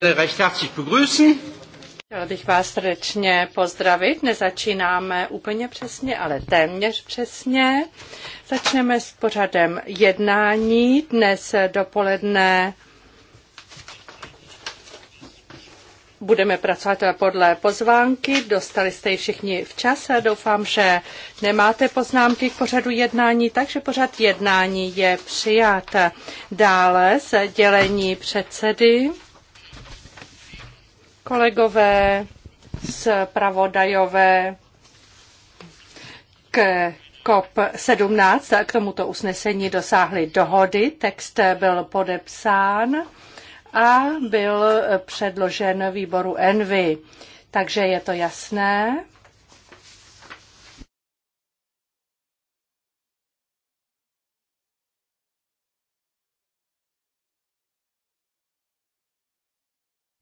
Äh, recht herzlich begrüßen. Chtěla bych vás srdečně pozdravit. Nezačínáme úplně přesně, ale téměř přesně. Začneme s pořadem jednání. Dnes dopoledne budeme pracovat podle pozvánky. Dostali jste ji všichni včas. Doufám, že nemáte poznámky k pořadu jednání, takže pořad jednání je přijat. Dále sdělení předsedy. Kolegové zpravodajové k COP17 k tomuto usnesení dosáhli dohody. Text byl podepsán a byl předložen výboru Envy. Takže je to jasné.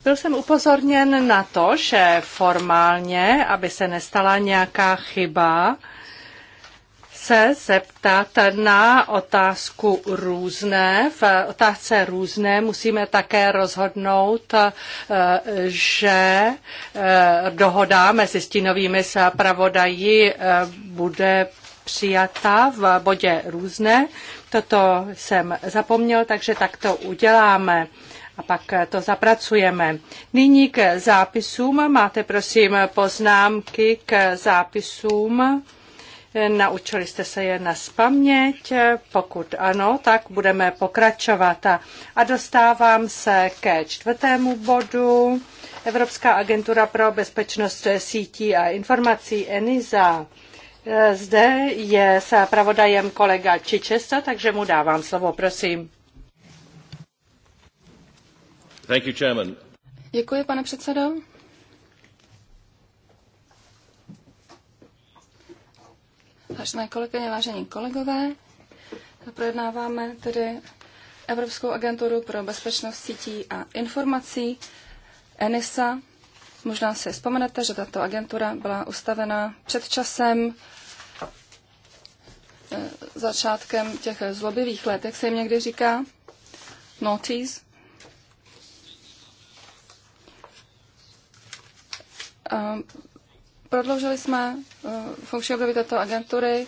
Byl jsem upozorněn na to, že formálně, aby se nestala nějaká chyba, se zeptat na otázku různé. V otázce různé musíme také rozhodnout, eh, že eh, dohoda mezi stínovými zpravodají eh, bude přijata v bodě různé. Toto jsem zapomněl, takže tak to uděláme a pak eh, to zapracujeme. Nyní k zápisům. Máte prosím poznámky k zápisům. Eh, naučili jste se je na spaměť? Pokud ano, tak budeme pokračovat. A dostávám se ke čtvrtému bodu. Evropská agentura pro bezpečnost sítí a informací ENISA. Eh, zde je s pravodajem kolega Čičesta, takže mu dávám slovo, prosím. Děkuji, pane předsedo. Vážené kolegyně, vážení kolegové, projednáváme tedy Evropskou agenturu pro bezpečnost sítí a informací, ENISA. Možná si vzpomenete, že tato agentura byla ustavena před časem, eh, začátkem těch zlobivých let, jak se jim někdy říká, noughties. Ehm, prodloužili jsme eh, funkční období této agentury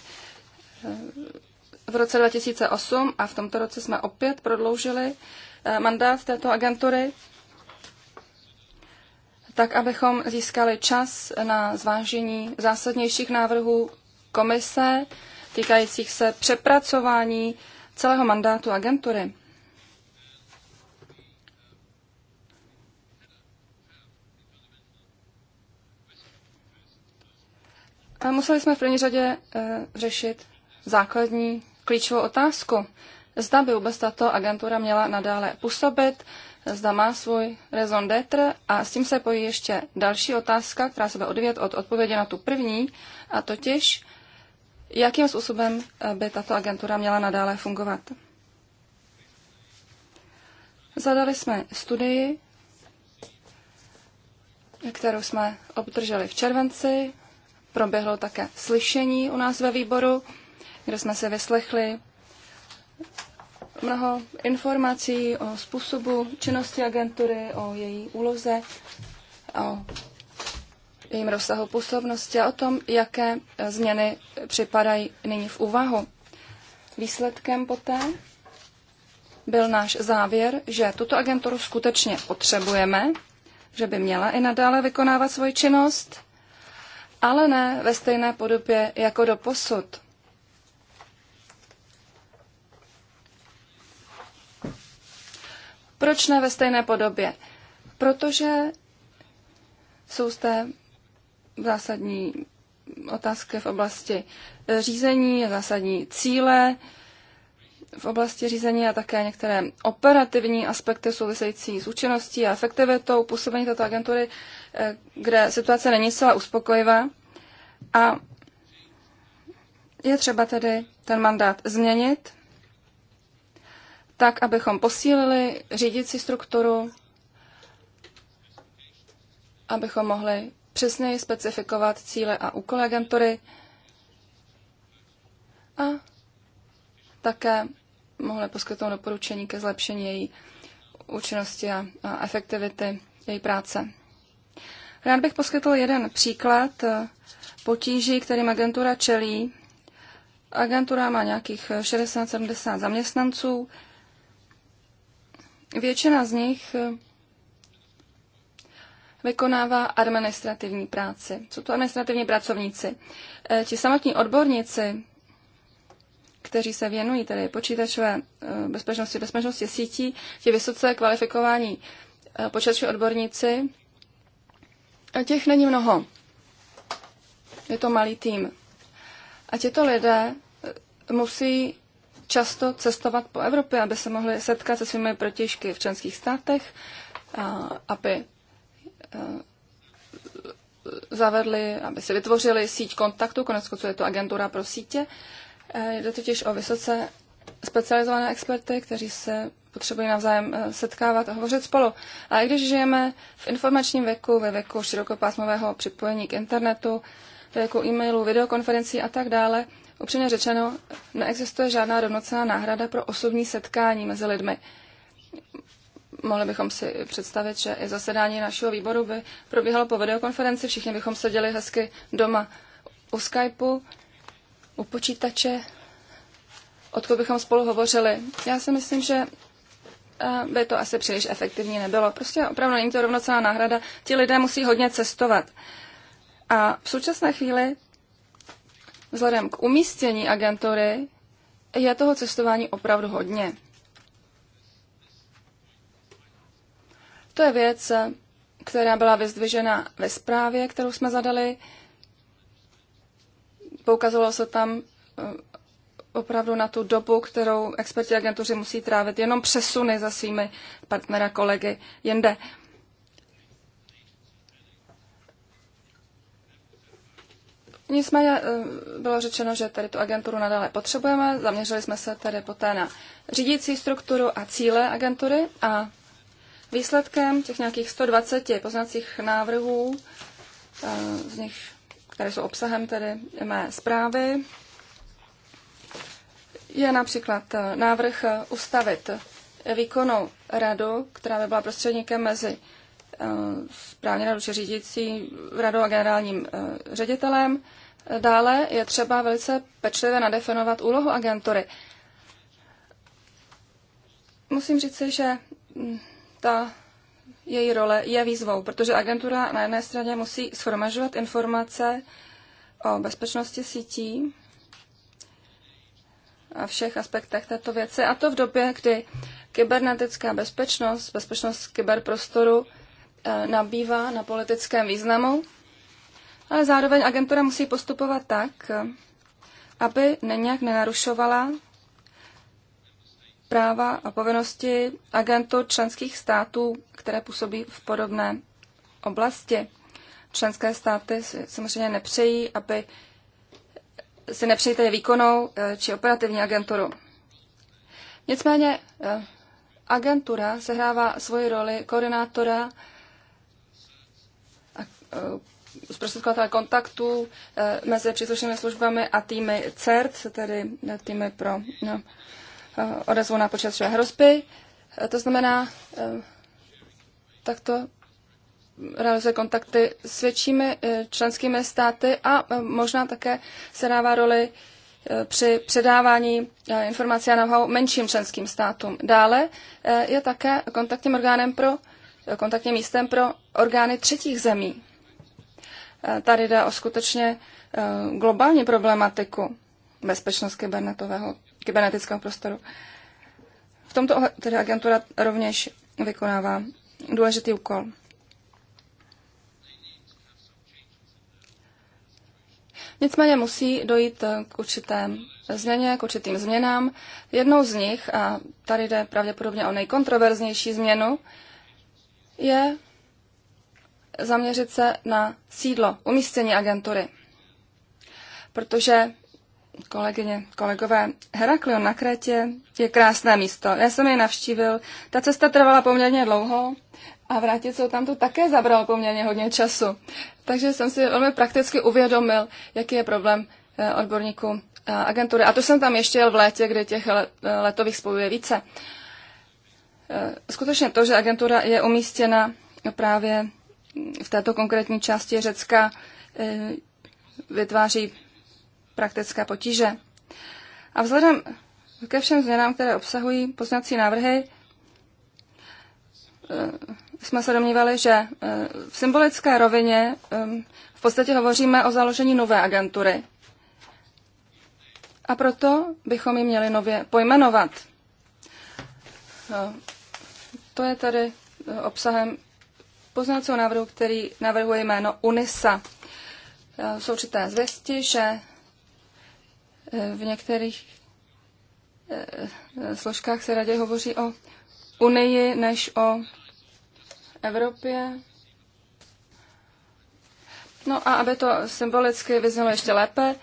eh, v roce 2008 a v tomto roce jsme opět prodloužili eh, mandát této agentury, tak abychom získali čas na zvážení zásadnějších návrhů komise týkajících se přepracování celého mandátu agentury. A museli jsme v první řadě e, řešit základní klíčovou otázku. Zda by vůbec tato agentura měla nadále působit, zda má svůj raison d'être a s tím se pojí ještě další otázka, která se bude odvět od odpovědi na tu první, a totiž, jakým způsobem eh, by tato agentura měla nadále fungovat. Zadali jsme studii, kterou jsme obdrželi v červenci proběhlo také slyšení u nás ve výboru, kde jsme se vyslechli mnoho informací o způsobu činnosti agentury, o její úloze, o jejím rozsahu působnosti a o tom, jaké změny připadají nyní v úvahu. Výsledkem poté byl náš závěr, že tuto agenturu skutečně potřebujeme, že by měla i nadále vykonávat svoji činnost ale ne ve stejné podobě jako do posud. Proč ne ve stejné podobě? Protože jsou zde zásadní otázky v oblasti řízení, zásadní cíle, v oblasti řízení a také některé operativní aspekty související s účinností a efektivitou působení této agentury, eh, kde situace není celá uspokojivá. A je třeba tedy ten mandát změnit, tak, abychom posílili řídící strukturu, abychom mohli přesněji specifikovat cíle a úkoly agentury a také mohly poskytnout doporučení ke zlepšení její účinnosti a, efektivity její práce. Rád bych poskytl jeden příklad eh, potíží, kterým agentura čelí. Agentura má nějakých 60-70 zaměstnanců. Většina z nich eh, vykonává administrativní práci. Jsou to administrativní pracovníci. Eh, ti samotní odborníci kteří se věnují tedy počítačové eh, bezpečnosti, bezpečnosti sítí, ti vysoce kvalifikovaní eh, počítačoví odborníci, a těch není mnoho. Je to malý tým. A těto lidé eh, musí často cestovat po Evropě, aby se mohli setkat se svými protěžky v členských státech, a aby zavedli, aby si vytvořili síť kontaktu, konec je to agentura pro sítě, Eh, jde totiž o vysoce specializované experty, kteří se potřebují navzájem eh, setkávat a hovořit spolu. A i když žijeme v informačním věku, ve věku širokopásmového připojení k internetu, ve věku e-mailů, videokonferencí a tak dále, upřímně řečeno, neexistuje žádná rovnocená náhrada pro osobní setkání mezi lidmi. Mohli bychom si představit, že i zasedání našeho výboru by probíhalo po videokonferenci, všichni bychom seděli hezky doma u Skypeu, u počítače, odkud bychom spolu hovořili. Já si myslím, že eh, by to asi příliš efektivní nebylo. Prostě opravdu není to rovnocená náhrada. Ti lidé musí hodně cestovat. A v současné chvíli, vzhledem k umístění agentury, je toho cestování opravdu hodně. To je věc, eh, která byla vyzdvižena ve zprávě, kterou jsme zadali poukazovalo se tam eh, opravdu na tu dobu, kterou experti agentuři musí trávit, jenom přesuny za svými partnera, kolegy jinde. Nicméně eh, bylo řečeno, že tady tu agenturu nadále potřebujeme. Zaměřili jsme se tedy poté na řídící strukturu a cíle agentury a výsledkem těch nějakých 120 poznacích návrhů, eh, z nich které jsou obsahem tedy mé zprávy, je například eh, návrh eh, ustavit výkonnou radu, která by byla prostředníkem mezi eh, správně radu či řídící radou a generálním ředitelem. Dále je třeba velice pečlivě nadefinovat úlohu agentury. Musím říci, že mm, ta její role je výzvou, protože agentura na jedné straně musí schromažovat informace o bezpečnosti sítí a všech aspektech této věci, a to v době, kdy kybernetická bezpečnost, bezpečnost kyberprostoru eh, nabývá na politickém významu, ale zároveň agentura musí postupovat tak, eh, aby nějak nenarušovala práva a povinnosti agentů členských států, které působí v podobné oblasti. Členské státy si samozřejmě nepřejí, aby si nepřejí tedy výkonnou eh, či operativní agenturu. Nicméně eh, agentura sehrává svoji roli koordinátora a eh, zprostředkovatele kontaktů mezi příslušnými službami a týmy CERT, tedy týmy pro no, Eh, odezvu na počítačové hrozby. Eh, to znamená, eh, takto realizuje kontakty s většími členskými státy a možná také se dává roli při předávání informací a know menším členským státům. Dále je také kontaktním orgánem pro kontaktním místem pro orgány třetích zemí. Tady jde o skutečně globální problematiku bezpečnost kybernetového kybernetického prostoru. V tomto tedy agentura rovněž vykonává důležitý úkol. Nicméně musí dojít k určité změně, k určitým změnám. Jednou z nich, a tady jde pravděpodobně o nejkontroverznější změnu, je zaměřit se na sídlo, umístění agentury. Protože kolegyně, kolegové, Heraklion na Krétě je krásné místo. Já jsem jej navštívil. Ta cesta trvala poměrně dlouho a vrátit se tam to také zabralo poměrně hodně času. Takže jsem si velmi prakticky uvědomil, jaký je problém eh, odborníků eh, agentury. A to jsem tam ještě jel v létě, kde těch eh, letových spojů je více. Skutečně to, že agentura je umístěna právě v této konkrétní části Řecka, vytváří praktické potíže. A vzhledem ke všem změnám, které obsahují poznací návrhy, e, jsme se domnívali, že e, v symbolické rovině e, v podstatě hovoříme o založení nové agentury. A proto bychom ji měli nově pojmenovat. To je tady obsahem poznacího návrhu, který navrhuje jméno UNISA. Jsou určité zvěsti, že v některých eh, složkách se raději hovoří o Unii než o Evropě. No a aby to symbolicky vyznělo ještě lépe,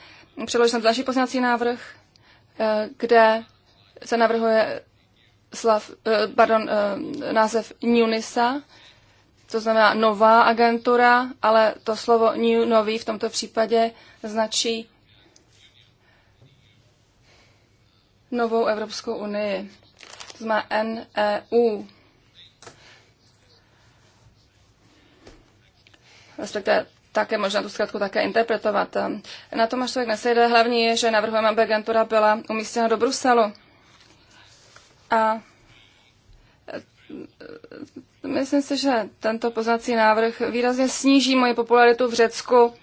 předložil jsem další poznací návrh, eh, kde se navrhuje slav, eh, pardon, název Nunisa, to znamená nová agentura, ale to slovo new, nový v tomto případě značí novou Evropskou unii. To znamená NEU. Respektive také možná tu zkrátku také interpretovat. Na tom, až člověk nesejde, hlavní je, že navrhujeme, aby agentura byla umístěna do Bruselu. A e, myslím si, že tento poznací návrh výrazně sníží moji popularitu v Řecku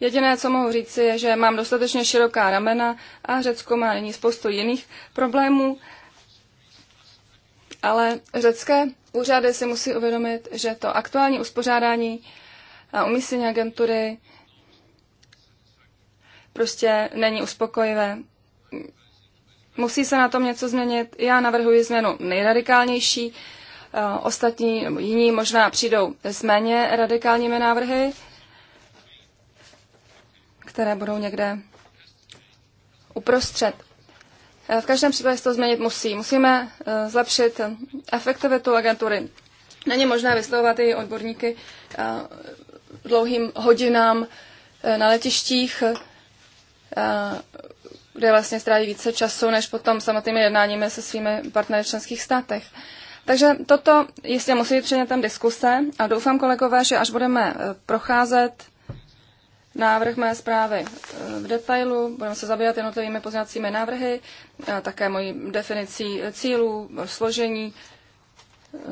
Jediné, co mohu říci, je, že mám dostatečně široká ramena a Řecko má nyní spoustu jiných problémů, ale řecké úřady si musí uvědomit, že to aktuální uspořádání a umístění agentury prostě není uspokojivé. Musí se na tom něco změnit. Já navrhuji změnu nejradikálnější. Eh, ostatní nebo jiní možná přijdou s méně radikálními návrhy které budou někde uprostřed. Eh, v každém případě se to změnit musí. Musíme eh, zlepšit eh, efektivitu agentury. Není možné vyslovovat její odborníky dlouhým hodinám na letištích, kde vlastně stráví více času, než potom samotnými jednáními se svými partnery v členských státech. Takže toto jistě musí být předmětem diskuse a doufám, kolegové, že až budeme procházet návrh mé zprávy eh, v detailu, budeme se zabývat jednotlivými pozměňovacími návrhy, také mojí definicí cílů, složení,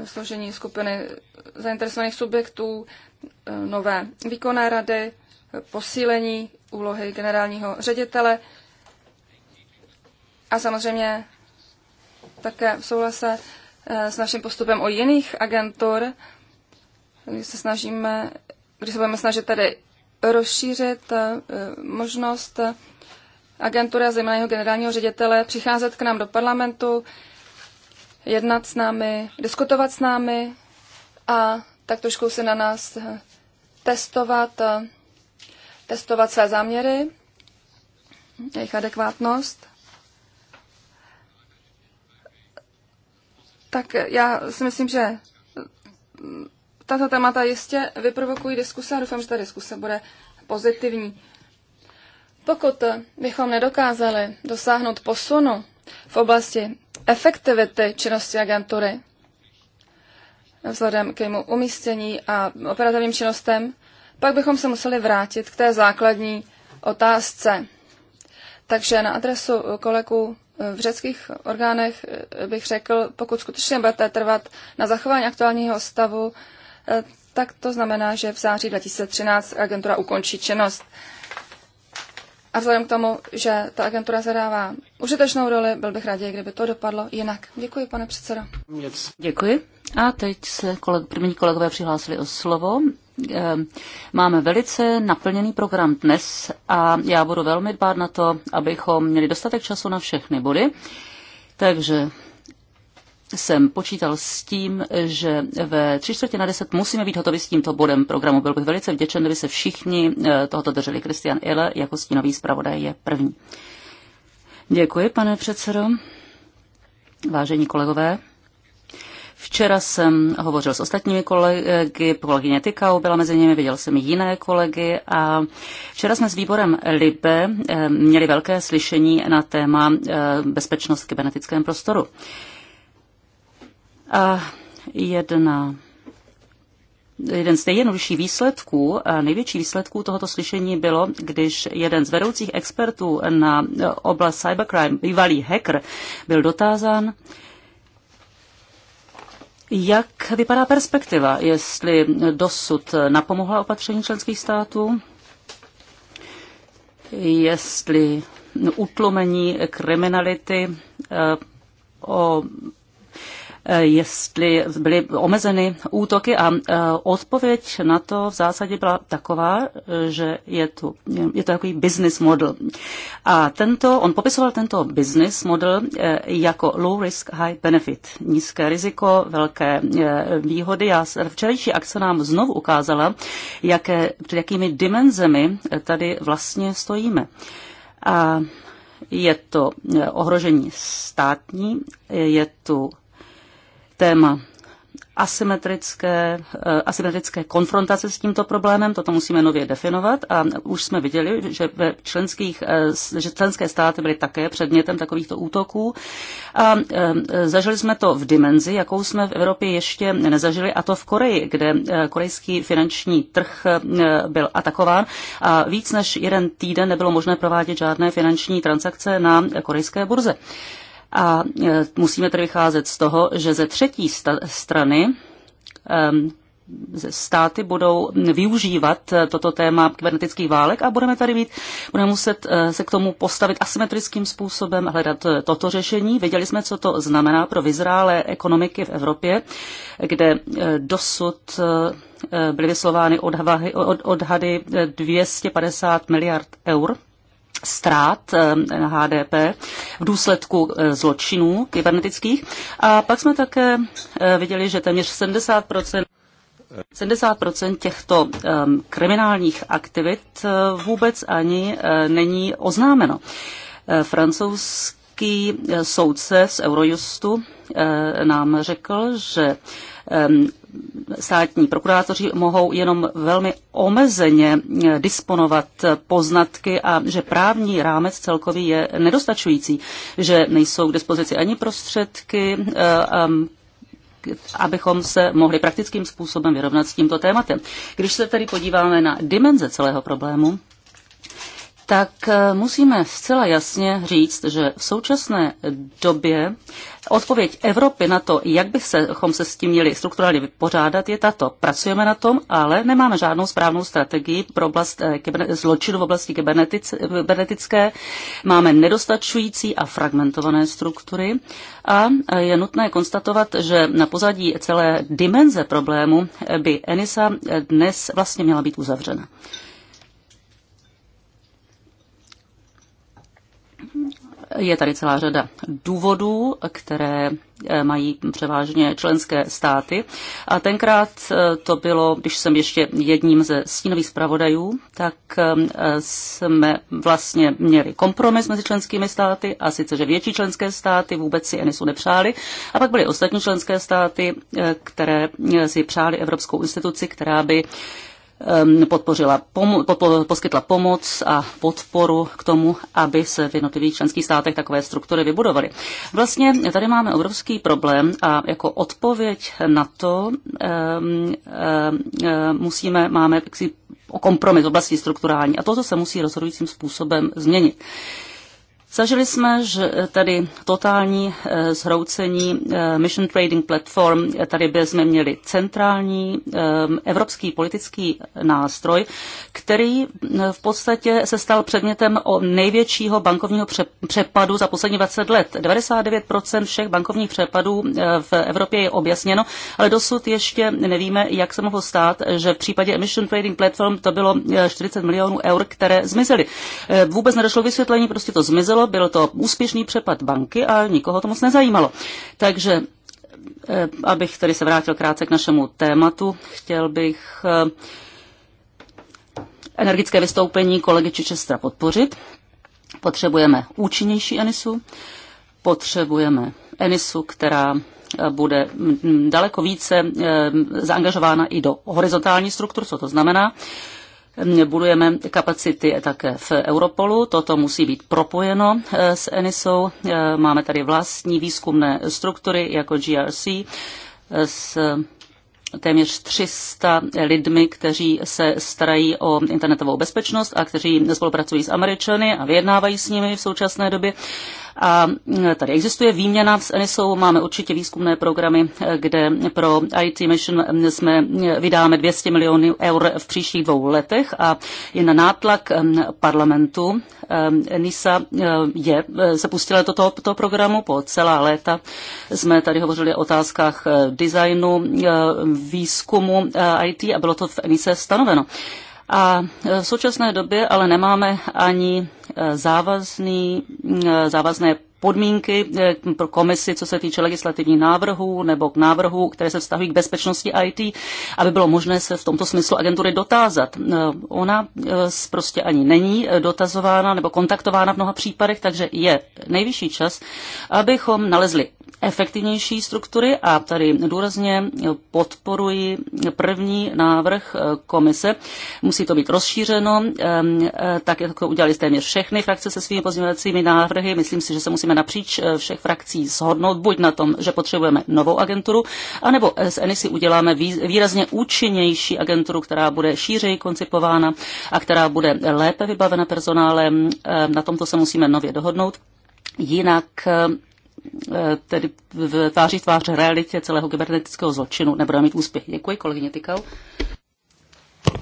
eh, složení skupiny zainteresovaných subjektů, eh, nové výkonné rady, posílení úlohy generálního ředitele a samozřejmě také v souhlase s naším postupem o jiných agentur, když se snažíme, když se budeme snažit tedy rozšířit eh, možnost agentury a zejména jeho generálního ředitele přicházet k nám do parlamentu, jednat s námi, diskutovat s námi a tak trošku si na nás eh, testovat, eh, testovat své záměry, jejich adekvátnost. Tak já si myslím, že tato témata jistě vyprovokují diskuse a doufám, že ta diskuse bude pozitivní. Pokud bychom nedokázali dosáhnout posunu v oblasti efektivity činnosti agentury, vzhledem k jejímu umístění a operativním činnostem, pak bychom se museli vrátit k té základní otázce. Takže na adresu kolegů v řeckých orgánech bych řekl, pokud skutečně budete trvat na zachování aktuálního stavu, tak to znamená, že v září 2013 agentura ukončí činnost. A vzhledem k tomu, že ta agentura zadává užitečnou roli, byl bych raději, kdyby to dopadlo jinak. Děkuji, pane předsedo. Děkuji. A teď se koleg, první kolegové přihlásili o slovo. Ehm, máme velice naplněný program dnes a já budu velmi dbát na to, abychom měli dostatek času na všechny body. Takže jsem počítal s tím, že ve tři čtvrtě na deset musíme být hotovi s tímto bodem programu. Byl bych velice vděčen, kdyby se všichni eh, tohoto drželi. Kristian Ile jako stínový zpravodaj je první. Děkuji, pane předsedo. Vážení kolegové, Včera jsem hovořil s ostatními kolegy, kolegyně Tykau byla mezi nimi, viděl jsem jiné kolegy a včera jsme s výborem LIBE eh, měli velké slyšení na téma eh, bezpečnost v kybernetickém prostoru. A jedna Jeden z nejjednodušších výsledků, největší výsledků tohoto slyšení bylo, když jeden z vedoucích expertů na oblast cybercrime, bývalý hacker, byl dotázán, jak vypadá perspektiva, jestli dosud napomohla opatření členských států, jestli utlumení kriminality eh, o Eh, jestli byly omezeny útoky a eh, odpověď na to v zásadě byla taková, eh, že je, tu, je to takový business model. A tento, on popisoval tento business model jako low risk, high benefit. Nízké riziko, velké výhody. Já včerejší akce nám znovu ukázala, jaké, před jakými dimenzemi tady vlastně stojíme. A je to ohrožení státní, je tu téma asymetrické, eh, asymetrické konfrontace s tímto problémem, toto musíme nově definovat a už jsme viděli, že, ve členských, eh, že členské státy byly také předmětem takovýchto útoků a eh, zažili jsme to v dimenzi, jakou jsme v Evropě ještě nezažili a to v Koreji, kde korejský finanční trh byl atakován a víc než jeden týden nebylo možné provádět žádné finanční transakce na korejské burze. A e, musíme tedy vycházet z toho, že ze třetí strany státy budou využívat e, toto téma kybernetických válek a budeme tady mít, budeme muset e, se k tomu postavit asymetrickým způsobem, hledat toto řešení. Věděli jsme, co to znamená pro vyzrálé ekonomiky v Evropě, kde dosud byly vyslovány odhady 250 miliard eur ztrát na eh, HDP v důsledku eh, zločinů kybernetických. A pak jsme také eh, viděli, že téměř 70 70 těchto ehm, kriminálních aktivit vůbec ani není oznámeno. francouzský soudce z Eurojustu nám řekl, že Ehm, státní prokurátoři mohou jenom velmi omezeně eh, disponovat eh, poznatky a že právní rámec celkový je nedostačující, že nejsou k dispozici ani prostředky, eh, ehm, abychom se mohli praktickým způsobem vyrovnat s tímto tématem. Když se tedy podíváme na dimenze celého problému, tak eh, musíme zcela jasně říct, že v současné době odpověď Evropy na to, jak bychom se s tím měli strukturálně vypořádat, je tato. Pracujeme na tom, ale nemáme žádnou správnou strategii pro oblast eh, zločinu v oblasti kybernetické. Máme nedostačující a fragmentované struktury a eh, je nutné konstatovat, že na pozadí celé dimenze problému by ENISA dnes vlastně měla být uzavřena. Je tady celá řada důvodů, které eh, mají převážně členské státy. A tenkrát eh, to bylo, když jsem ještě jedním ze stínových zpravodajů, tak eh, jsme vlastně měli kompromis mezi členskými státy a sice, že větší členské státy vůbec si Enisu nepřáli a pak byly ostatní členské státy, které si přáli Evropskou instituci, která by podpořila poskytla pomoc a podporu k tomu, aby se v jednotlivých členských státech takové struktury vybudovaly. Vlastně tady máme obrovský problém a jako odpověď na to musíme, máme o kompromis v oblasti strukturální a toto se musí rozhodujícím způsobem změnit. Zažili jsme že eh, tady totální eh, zhroucení eh, Mission Trading Platform. Tady by jsme měli centrální evropský politický nástroj, který v podstatě se stal předmětem o největšího bankovního přepadu za poslední 20 let. 99% všech bankovních přepadů v Evropě je objasněno, ale dosud ještě nevíme, jak se mohlo stát, že v případě mission Trading Platform to bylo 40 milionů eur, které zmizely. Vůbec nedošlo vysvětlení, prostě to zmizelo byl to úspěšný přepad banky a nikoho to moc nezajímalo. Takže eh, abych tedy se vrátil krátce k našemu tématu, chtěl bych eh, energické vystoupení kolegy Čičestra podpořit. Potřebujeme účinnější Enisu, potřebujeme Enisu, která eh, bude mm, daleko více zaangažována i do horizontální struktur, co to znamená budujeme kapacity také v Europolu. Toto musí být propojeno eh, s ENISou. Eh, máme tady vlastní výzkumné struktury jako GRC eh, s téměř 300 lidmi, kteří se starají o internetovou bezpečnost a kteří spolupracují s Američany a vyjednávají s nimi v současné době. A mm, tady existuje výměna s NSO, máme určitě výzkumné programy, eh, kde pro IT Mission mm, jsme mm, vydáme 200 milionů eur v příštích dvou letech a je na nátlak parlamentu eh, NISA eh, je, se pustila do toho, toho programu po celá léta. Jsme tady hovořili o otázkách designu, výzkumu IT a bylo to v NISA stanoveno. A v současné době ale nemáme ani závazný, eh, závazné podmínky eh, pro komisi, co se týče legislativních návrhů nebo k návrhu, které se vztahují k bezpečnosti IT, aby bylo možné se v tomto smyslu agentury dotázat. Eh, ona prostě ani není dotazována nebo kontaktována v mnoha případech, takže je nejvyšší čas, abychom nalezli efektivnější struktury a tady důrazně podporuji první návrh eh, komise. Musí to být rozšířeno, eh, tak jak to udělali téměř všechny frakce se svými pozměňovacími návrhy. Myslím si, že se musíme napříč eh, všech frakcí shodnout buď na tom, že potřebujeme novou agenturu, anebo z si uděláme výrazně účinnější agenturu, která bude šířeji koncipována a která bude lépe vybavena personálem. Na tomto se musíme nově dohodnout. Jinak Eh, tedy v tváří tvář realitě celého kybernetického zločinu nebudeme mít úspěch. Děkuji, kolegyně Tykal.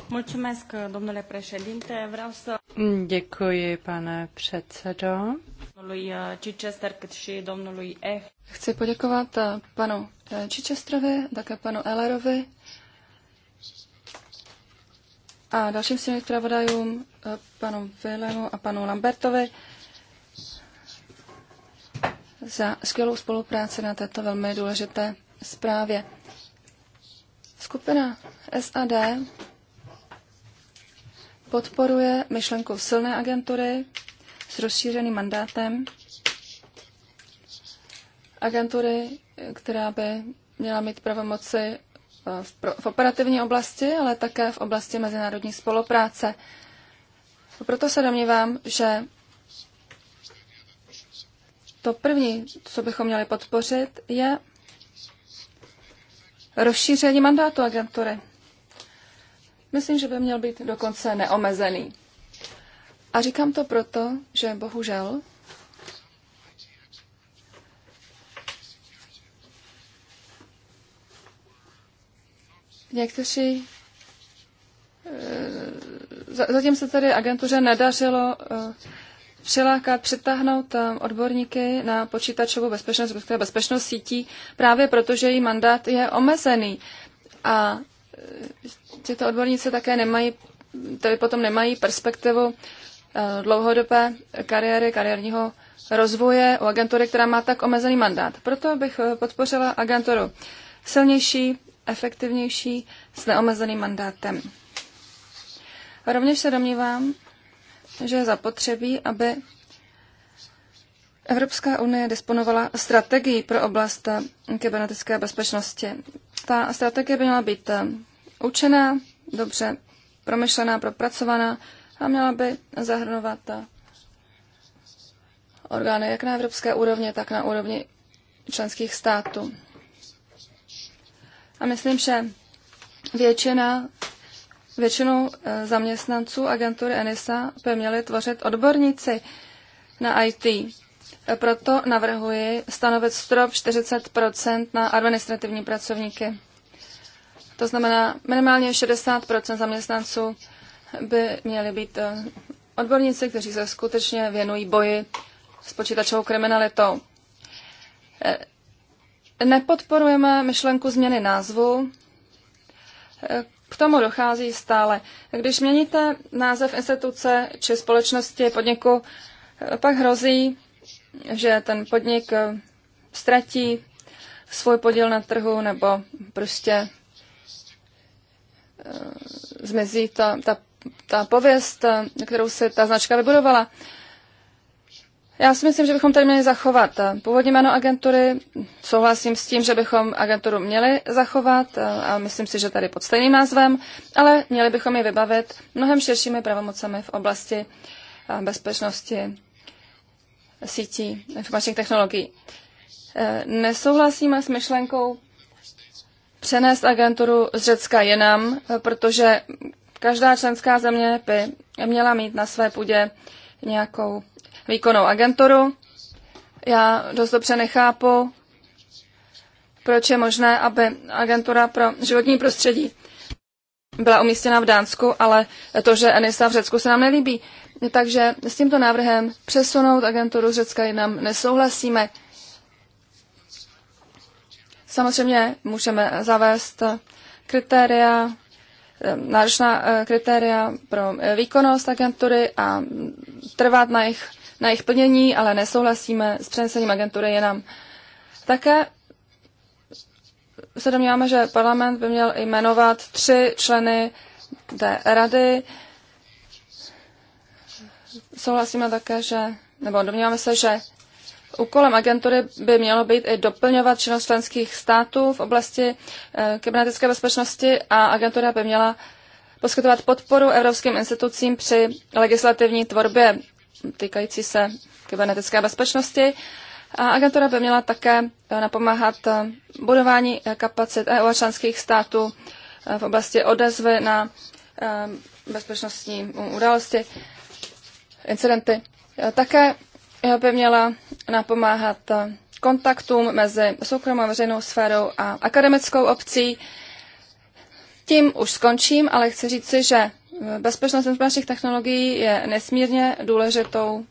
Mulțumesc, domnule președinte. Vreau să... Děkuji, pane předsedo. Eh, Chichester, și domnului Ech. Chci poděkovat eh, panu Chichesterovi, také panu Ellerovi a dalším svým zpravodajům, panu Vilemu a panu Lambertovi za skvělou spolupráci na této velmi důležité zprávě. Skupina SAD podporuje myšlenku silné agentury s rozšířeným mandátem, agentury, která by měla mít pravomoci eh, v, pro, v operativní oblasti, ale také v oblasti mezinárodní spolupráce. Proto se domnívám, že to první, co bychom měli podpořit, je rozšíření mandátu agentury. Myslím, že by měl být dokonce neomezený. A říkám to proto, že bohužel někteří e, Zatím se tedy agentuře nedařilo e, přilákat, přitáhnout eh, odborníky na počítačovou bezpečnost, respektive bezpečnost sítí, právě protože její mandát je omezený. A eh, tyto odborníci také nemají, tedy potom nemají perspektivu eh, dlouhodobé kariéry, kariérního rozvoje u agentury, která má tak omezený mandát. Proto bych podpořila agenturu silnější, efektivnější, s neomezeným mandátem. Rovněž se domnívám, že je zapotřebí, aby Evropská unie disponovala strategií pro oblast kybernetické bezpečnosti. Ta strategie by měla být učená, dobře promyšlená, propracovaná a měla by zahrnovat orgány jak na evropské úrovni, tak na úrovni členských států. A myslím, že většina Většinu eh, zaměstnanců agentury ENISA by měli tvořit odborníci na IT. Eh, proto navrhuji stanovit strop 40 na administrativní pracovníky. To znamená, minimálně 60 zaměstnanců by měli být eh, odborníci, kteří se skutečně věnují boji s počítačovou kriminalitou. Nepodporujeme myšlenku změny názvu. K tomu dochází stále. Když měníte název instituce či společnosti podniku, pak hrozí, že ten podnik eh, ztratí svůj podíl na trhu nebo prostě eh, zmizí ta, ta, ta pověst, eh, kterou se ta značka vybudovala. Já si myslím, že bychom tady měli zachovat eh, původní jméno agentury. Souhlasím s tím, že bychom agenturu měli zachovat eh, a myslím si, že tady pod stejným názvem, ale měli bychom ji vybavit mnohem širšími pravomocemi v oblasti eh, bezpečnosti sítí informačních technologií. Nesouhlasíme s myšlenkou přenést agenturu z Řecka jenom, protože každá členská země by měla mít na své půdě nějakou výkonnou agenturu. Já dost dobře nechápu, proč je možné, aby agentura pro životní prostředí byla umístěna v Dánsku, ale to, že Enisa v Řecku se nám nelíbí. Takže s tímto návrhem přesunout agenturu z Řecka nám nesouhlasíme. Samozřejmě můžeme zavést kritéria, náročná eh, kritéria pro eh, výkonnost agentury a trvat na jejich na jejich plnění, ale nesouhlasíme s přenesením agentury jinam. Také se domníváme, že parlament by měl jmenovat tři členy té rady. Souhlasíme také, že, nebo domníváme se, že Úkolem agentury by mělo být i doplňovat činnost členských států v oblasti eh, kybernetické bezpečnosti a agentura by měla poskytovat podporu evropským institucím při legislativní tvorbě týkající se kybernetické bezpečnosti. A agentura by měla také eh, napomáhat eh, budování eh, kapacit EU a členských států v oblasti odezvy na bezpečnostní události, incidenty. Také by měla napomáhat kontaktům mezi soukromou veřejnou sférou a akademickou obcí tím už skončím, ale chci říci, že eh, bezpečnost informačních technologií je nesmírně důležitou,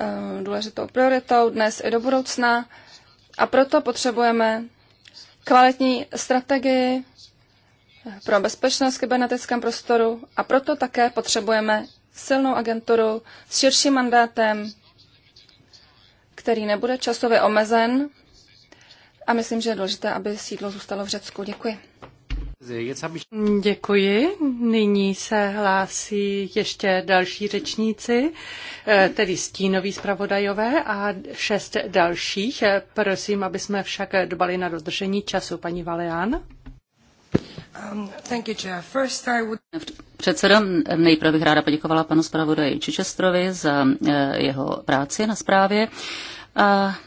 eh, důležitou prioritou dnes i do budoucna a proto potřebujeme kvalitní strategii eh, pro bezpečnost v kybernetickém prostoru a proto také potřebujeme silnou agenturu s širším mandátem, který nebude časově omezen a myslím, že je důležité, aby sídlo zůstalo v Řecku. Děkuji. Děkuji. Nyní se hlásí ještě další řečníci, eh, tedy stínoví zpravodajové a šest dalších. Prosím, aby jsme však dbali na dodržení času. Paní Valeán. Um, Předsedo, would... nejprve bych ráda poděkovala panu zpravodaji Čičestrovi za eh, jeho práci na zprávě. A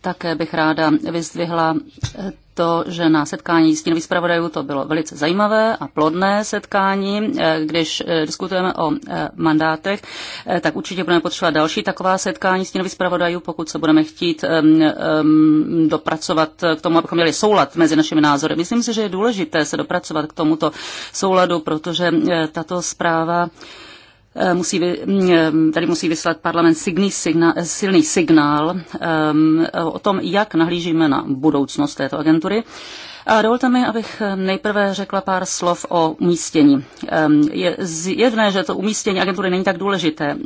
také bych ráda vyzdvihla eh, to, že na setkání stínových zpravodajů to bylo velice zajímavé a plodné setkání. Eh, když eh, diskutujeme o eh, mandátech, tak určitě budeme potřebovat další taková setkání stínových zpravodajů, pokud se budeme chtít dopracovat k tomu, abychom měli soulad mezi našimi názory. Myslím si, že je důležité se dopracovat k tomuto souladu, protože tato zpráva Eh, musí, mm, eh, tady musí vyslat parlament signý signál, eh, silný signál o tom, jak nahlížíme na budoucnost této agentury. A dovolte mi, abych nejprve řekla pár slov o umístění. Ehm, je zjevné, že to umístění agentury není tak důležité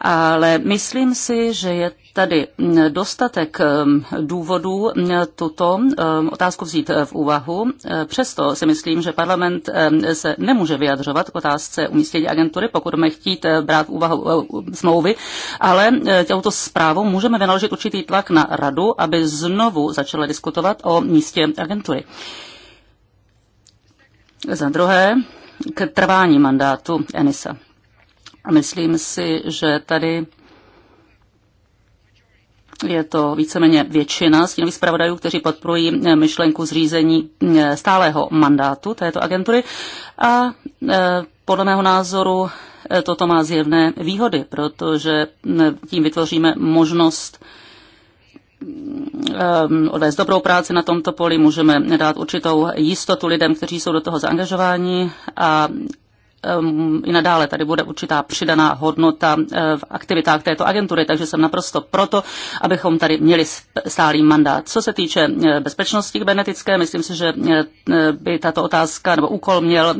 ale myslím si, že je tady dostatek um, důvodů um, tuto um, otázku vzít uh, v úvahu. Uh, přesto si myslím, že parlament se nemůže vyjadřovat k otázce umístění agentury, pokud budeme chtít uh, brát v úvahu smlouvy, ale těmto zprávou můžeme vynaložit určitý tlak na radu, aby znovu začala diskutovat o místě agentury. Za druhé, k trvání mandátu Enisa. A myslím si, že tady je to víceméně většina stínových zpravodajů, kteří podporují myšlenku zřízení eh, stálého mandátu této agentury. A eh, podle mého názoru eh, toto má zjevné výhody, protože hm, tím vytvoříme možnost hm, odvést dobrou práci na tomto poli, můžeme dát určitou jistotu lidem, kteří jsou do toho zaangažováni a Ehm, i nadále tady bude určitá přidaná hodnota eh, v aktivitách této agentury, takže jsem naprosto proto, abychom tady měli stálý mandát. Co se týče eh, bezpečnosti kybernetické, myslím si, že eh, by tato otázka nebo úkol měl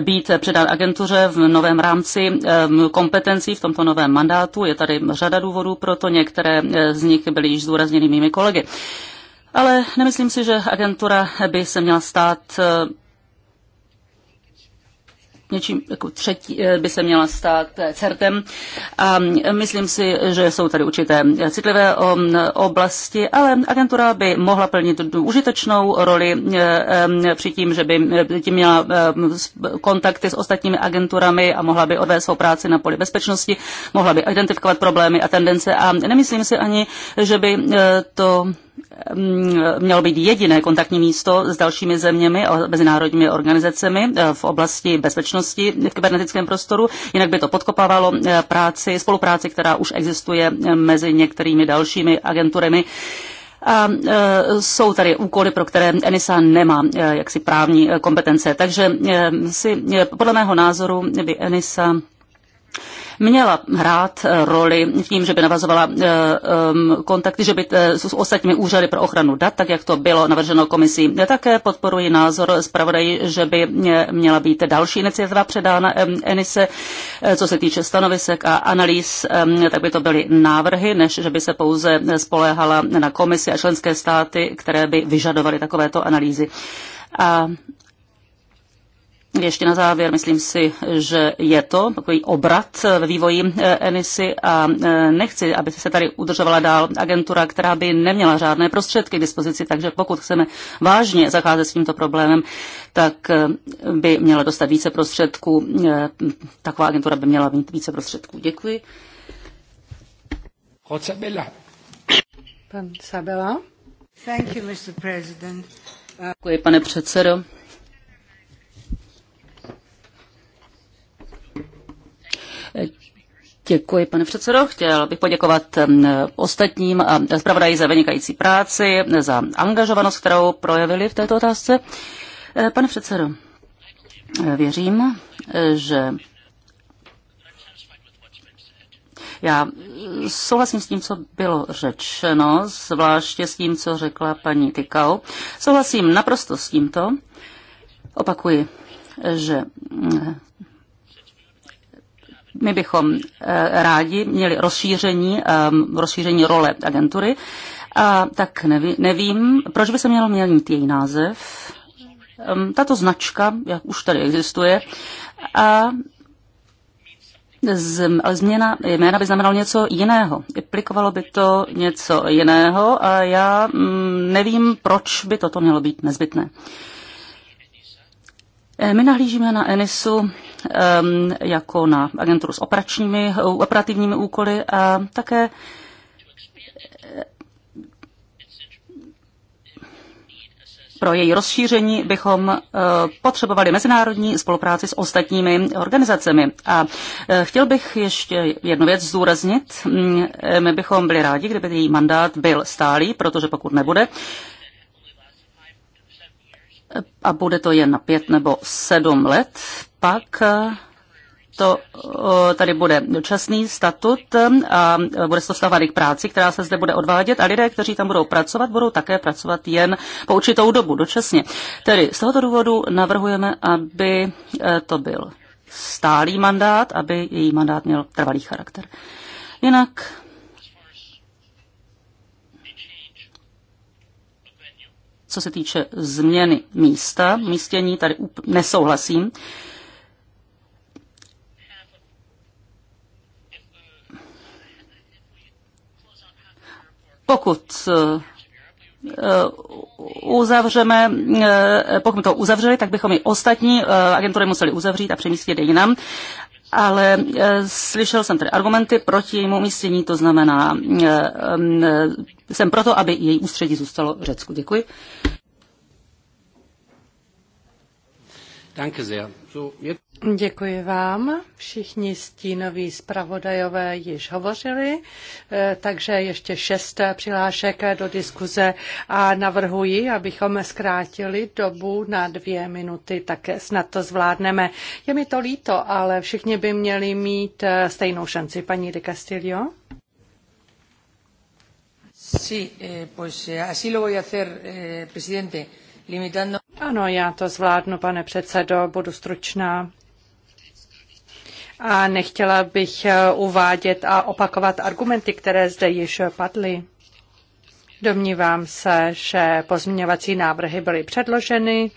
být předán agentuře v novém rámci ehm, kompetencí v tomto novém mandátu. Je tady řada důvodů pro to, některé z nich byly již zdůrazněny mými kolegy. Ale nemyslím si, že agentura by se měla stát něčím jako třetí, eh, by se měla stát eh, CERTem. A mm, myslím si, že jsou tady určité eh, citlivé um, oblasti, ale agentura by mohla plnit užitečnou roli při tím, že by tím měla kontakty s ostatními agenturami a mohla by odvést svou práci na poli bezpečnosti, mohla by identifikovat problémy a tendence a nemyslím si ani, že by to Ehm, mělo být jediné kontaktní místo s dalšími zeměmi a mezinárodními organizacemi eh, v oblasti bezpečnosti v kybernetickém prostoru, jinak by to podkopávalo eh, práci, spolupráci, která už existuje eh, mezi některými dalšími agenturami. A e, jsou tady úkoly, pro které ENISA nemá e, jaksi právní kompetence. Takže e, si, e, podle mého názoru by ENISA měla hrát eh, roli v tím, že by navazovala eh, kontakty, že by eh, s ostatními úřady pro ochranu dat, tak jak to bylo navrženo komisí. Také podporuji názor zpravodají, že by měla být další iniciativa předána Enise, co se týče stanovisek a analýz, tak by to byly návrhy, než že by se pouze spoléhala na komisi a členské státy, které by vyžadovaly takovéto analýzy. A ještě na závěr, myslím si, že je to takový obrat ve vývoji eh, Enisy a eh, nechci, aby se tady udržovala dál agentura, která by neměla žádné prostředky k dispozici, takže pokud chceme vážně zacházet s tímto problémem, tak eh, by měla dostat více prostředků. Taková agentura by měla mít více prostředků. Děkuji. Pan Sabela. Děkuji, pane předsedo. Děkuji, pane předsedo. Chtěl bych poděkovat mm, ostatním a zpravodaji za vynikající práci, za angažovanost, kterou projevili v této otázce. Eh, pane předsedo, eh, věřím, eh, že já souhlasím s tím, co bylo řečeno, zvláště s tím, co řekla paní Tykau. Souhlasím naprosto s tímto. Opakuji, že mm, my bychom eh, rádi měli rozšíření, ehm, rozšíření role agentury, a tak nevím, proč by se měl měnit její název. Ehm, tato značka, jak už tady existuje, a z, ale změna jména by znamenalo něco jiného. Implikovalo by to něco jiného a já mm, nevím, proč by toto mělo být nezbytné. Eh, my nahlížíme na Enisu Um, jako na agenturu s operačními, uh, operativními úkoly a také eh, Pro její rozšíření bychom eh, potřebovali mezinárodní spolupráci s ostatními organizacemi. A eh, chtěl bych ještě jednu věc zdůraznit. Mm, my bychom byli rádi, kdyby její mandát byl stálý, protože pokud nebude, a bude to jen na pět nebo sedm let, pak eh, to eh, tady bude dočasný statut a eh, bude se to vztahovat k práci, která se zde bude odvádět a lidé, kteří tam budou pracovat, budou také pracovat jen po určitou dobu, dočasně. Tedy z tohoto důvodu navrhujeme, aby to byl stálý mandát, aby její mandát měl trvalý charakter. Jinak co se týče změny místa, místění, tady nesouhlasím. Uh, pokud eh, uzavřeme, eh, pokud to uzavřeli, tak bychom i ostatní eh, agentury museli uzavřít a přemístit je jinam. Ale slyšel jsem tedy argumenty proti jejímu umístění, to znamená, jsem proto, aby její ústředí zůstalo v Řecku. Děkuji. Danke sehr. Děkuji vám. Všichni stínoví zpravodajové již hovořili, eh, takže ještě šest přihlášek do diskuze a navrhuji, abychom zkrátili dobu na dvě minuty, tak snad to zvládneme. Je mi to líto, ale všichni by měli mít eh, stejnou šanci. Paní de Castillo? Sí, eh, pues así lo voy a hacer, presidente limitando... Ano, já to zvládnu, pane předsedo, budu stručná. A nechtěla bych eh, uvádět a opakovat argumenty, které zde již padly. Domnívám se, že pozměňovací návrhy byly předloženy.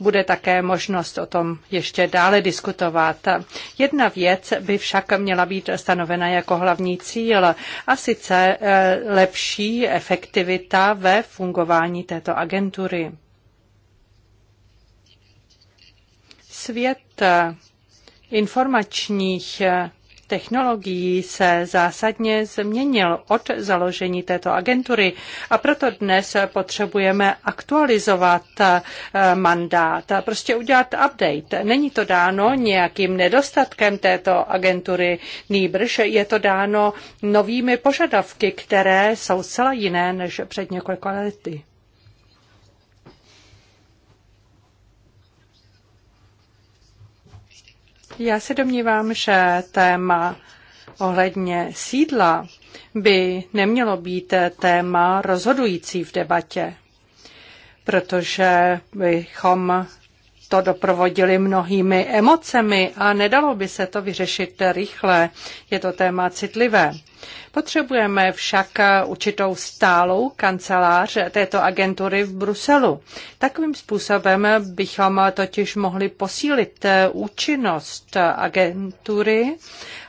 Bude také možnost o tom ještě dále diskutovat. Jedna věc by však měla být stanovena jako hlavní cíl, a sice eh, lepší efektivita ve fungování této agentury. svět informačních technologií se zásadně změnil od založení této agentury a proto dnes potřebujeme aktualizovat eh, mandát, prostě udělat update. Není to dáno nějakým nedostatkem této agentury, nýbrž je to dáno novými požadavky, které jsou zcela jiné než před několika lety. Já se domnívám, že téma ohledně sídla by nemělo být téma rozhodující v debatě, protože bychom to doprovodili mnohými emocemi a nedalo by se to vyřešit rychle. Je to téma citlivé. Potřebujeme však eh, určitou stálou kancelář této agentury v Bruselu. Takovým způsobem bychom totiž mohli posílit eh, účinnost agentury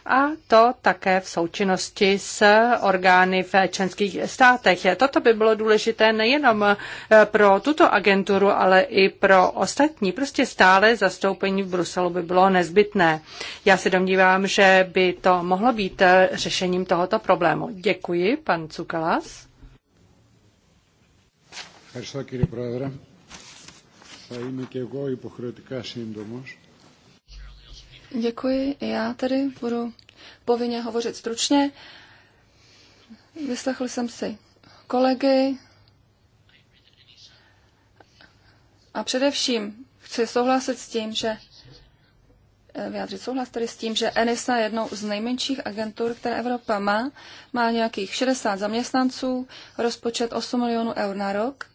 a to také v součinnosti s orgány v členských státech. Toto by bylo důležité nejenom eh, pro tuto agenturu, ale i pro ostatní. Prostě stále zastoupení v Bruselu by bylo nezbytné. Já se domnívám, že by to mohlo být řešením toho tohoto problému. Děkuji, pan Cukalas. Děkuji. Já tady budu povinně hovořit stručně. Vyslechl jsem si kolegy a především chci souhlasit s tím, že Eh, vyjádřit souhlas tedy s tím, že ENISA je jednou z nejmenších agentur, které Evropa má. Má nějakých 60 zaměstnanců, rozpočet 8 milionů eur na rok.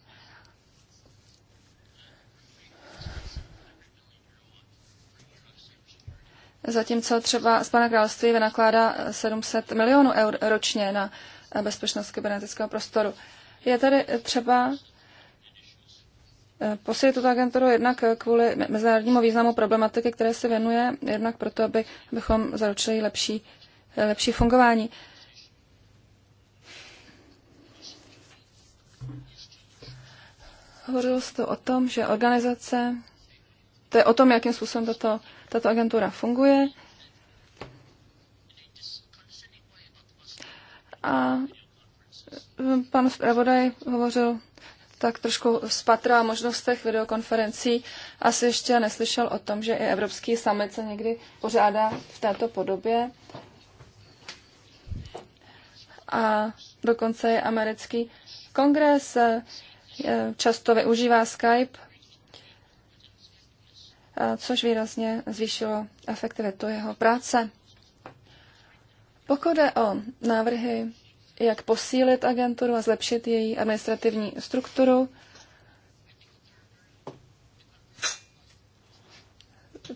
Zatímco třeba z pana království vynakládá 700 eh, milionů eur ročně na eh, bezpečnost kybernetického prostoru. Je tady třeba Posílit tuto agenturu jednak kvůli mezinárodnímu významu problematiky, které se věnuje, jednak proto, aby, abychom zaručili lepší, eh, lepší fungování. Hovořilo se to o tom, že organizace, to je o tom, jakým způsobem tato, tato agentura funguje. A eh, pan zpravodaj hovořil tak trošku spatrá možnostech videokonferencí, asi ještě neslyšel o tom, že i Evropský summit se někdy pořádá v této podobě. A dokonce je americký kongres, eh, často využívá Skype, eh, což výrazně zvýšilo efektivitu jeho práce. Pokud jde o návrhy jak posílit agenturu a zlepšit její administrativní strukturu.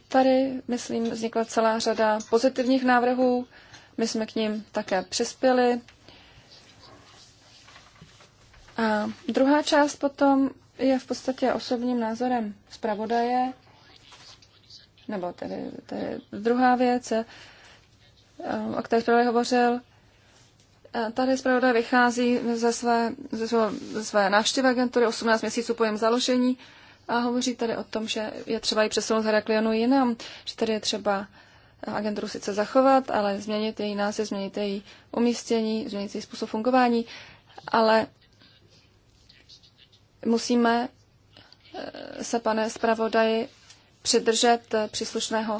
Tady, myslím, vznikla celá řada pozitivních návrhů. My jsme k ním také přispěli. A druhá část potom je v podstatě osobním názorem zpravodaje, nebo tedy, tedy druhá věc, eh, o které zpravodaj hovořil, Eh, tady zpravda vychází ze své, ze své, ze své návštěvy agentury 18 měsíců po jejím založení a hovoří tady o tom, že je třeba i přesunout Heraklionu jinam, že tady je třeba eh, agenturu sice zachovat, ale změnit její název, změnit její umístění, změnit její způsob fungování, ale musíme eh, se, pane zpravodaji, přidržet příslušného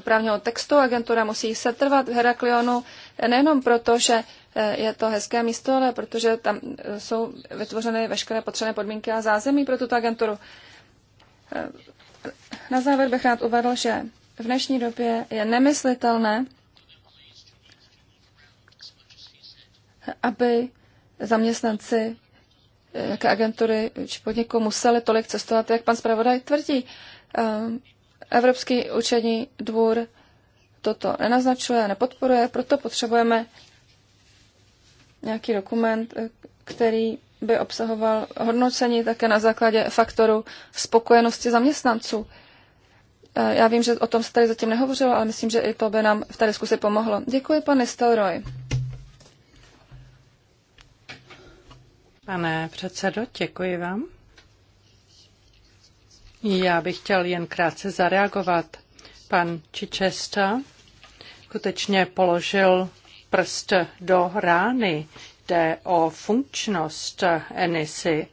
právního textu. Agentura musí setrvat v Heraklionu, nejenom proto, že eh, je to hezké místo, ale protože tam eh, jsou vytvořeny veškeré potřebné podmínky a zázemí pro tuto agenturu. Eh, na závěr bych rád uvedl, že v dnešní době je nemyslitelné, aby zaměstnanci jaké agentury či podniku museli tolik cestovat, jak pan zpravodaj tvrdí. Evropský účetní dvůr toto nenaznačuje a nepodporuje, proto potřebujeme nějaký dokument, eh, který by obsahoval hodnocení také na základě faktoru spokojenosti zaměstnanců. Eh, já vím, že o tom se tady zatím nehovořilo, ale myslím, že i to by nám v té diskusi pomohlo. Děkuji, pane Stelroy. Pane předsedo, děkuji vám. Já bych chtěl jen krátce zareagovat. Pan Čičesta skutečně položil prst do rány. Jde o funkčnost Enisy.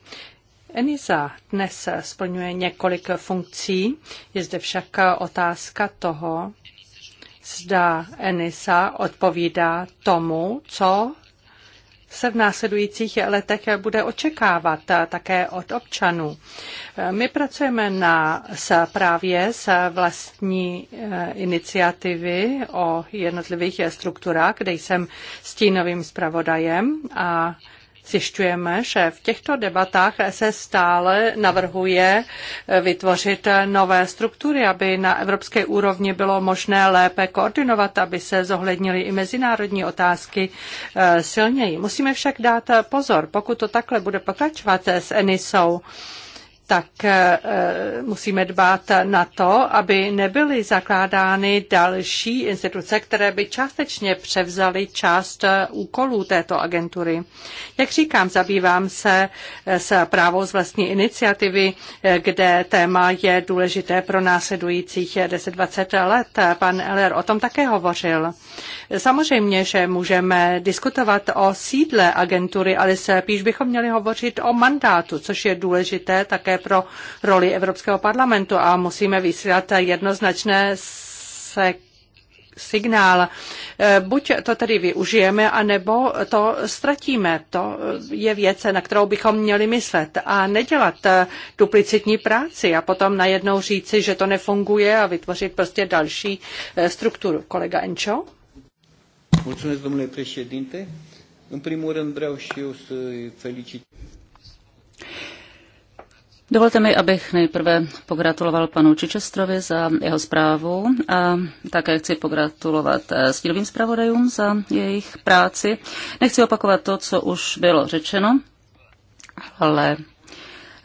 Enisa dnes splňuje několik funkcí. Je zde však otázka toho, zda Enisa odpovídá tomu, co se v následujících letech bude očekávat eh, také od občanů. Eh, my pracujeme na právě s vlastní eh, iniciativy o jednotlivých strukturách, kde jsem stínovým zpravodajem a Zjišťujeme, že v těchto debatách se stále navrhuje eh, vytvořit eh, nové struktury, aby na evropské úrovni bylo možné lépe koordinovat, aby se zohlednily i mezinárodní otázky eh, silněji. Musíme však dát pozor, pokud to takhle bude pokračovat s Enisou, tak eh, musíme dbát na to, aby nebyly zakládány další instituce, které by částečně převzaly část eh, úkolů této agentury. Jak říkám, zabývám se eh, s právou z vlastní iniciativy, kde téma je důležité pro následujících 10-20 let. Pan Eller o tom také hovořil. Samozřejmě, že můžeme diskutovat o sídle agentury, ale spíš bychom měli hovořit o mandátu, což je důležité také pro roli Evropského parlamentu a musíme vysílat jednoznačné se signál. E, buď to tedy využijeme, anebo to ztratíme. To je věc, na kterou bychom měli myslet a nedělat e, duplicitní práci a potom najednou říci, že to nefunguje a vytvořit prostě další e, strukturu. Kolega Enčo? Mulțumesc, domnule președinte. În primul rând vreau și eu să felicit. Dovolte mi, abych nejprve pogratuloval panu Čičestrovi za jeho zprávu a také chci pogratulovat eh, stílovým zpravodajům za jejich práci. Nechci opakovat to, co už bylo řečeno, ale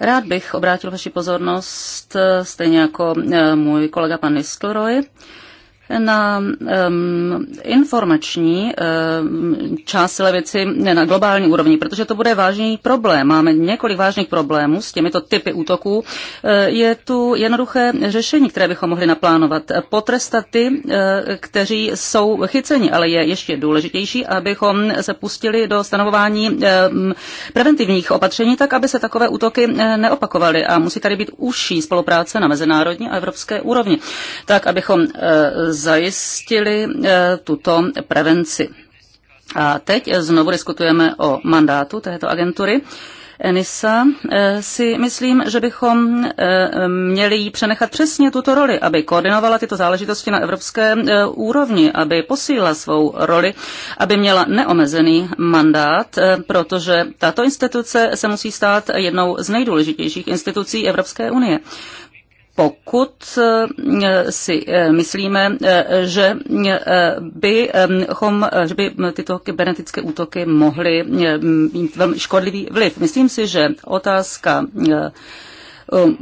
rád bych obrátil vaši pozornost, eh, stejně jako eh, můj kolega pan Nistelrooy, na um, informační um, část věci ne, na globální úrovni, protože to bude vážný problém. Máme několik vážných problémů s těmito typy útoků. Eh, je tu jednoduché řešení, které bychom mohli naplánovat. Potrestat ty, eh, kteří jsou chyceni, ale je ještě důležitější, abychom se pustili do stanovování um, preventivních opatření, tak aby se takové útoky eh, neopakovaly. A musí tady být užší spolupráce na mezinárodní a evropské úrovni, tak abychom zajistili eh, tuto prevenci. A teď znovu diskutujeme o mandátu této agentury. Enisa eh, si myslím, že bychom eh, měli jí přenechat přesně tuto roli, aby koordinovala tyto záležitosti na evropské úrovni, aby posílila svou roli, aby měla neomezený mandát, protože tato instituce se musí stát jednou z nejdůležitějších institucí Evropské unie pokud eh, si eh, myslíme, eh, že, bychom, že by tyto kybernetické útoky mohly mít velmi škodlivý vliv. Myslím si, že otázka Um,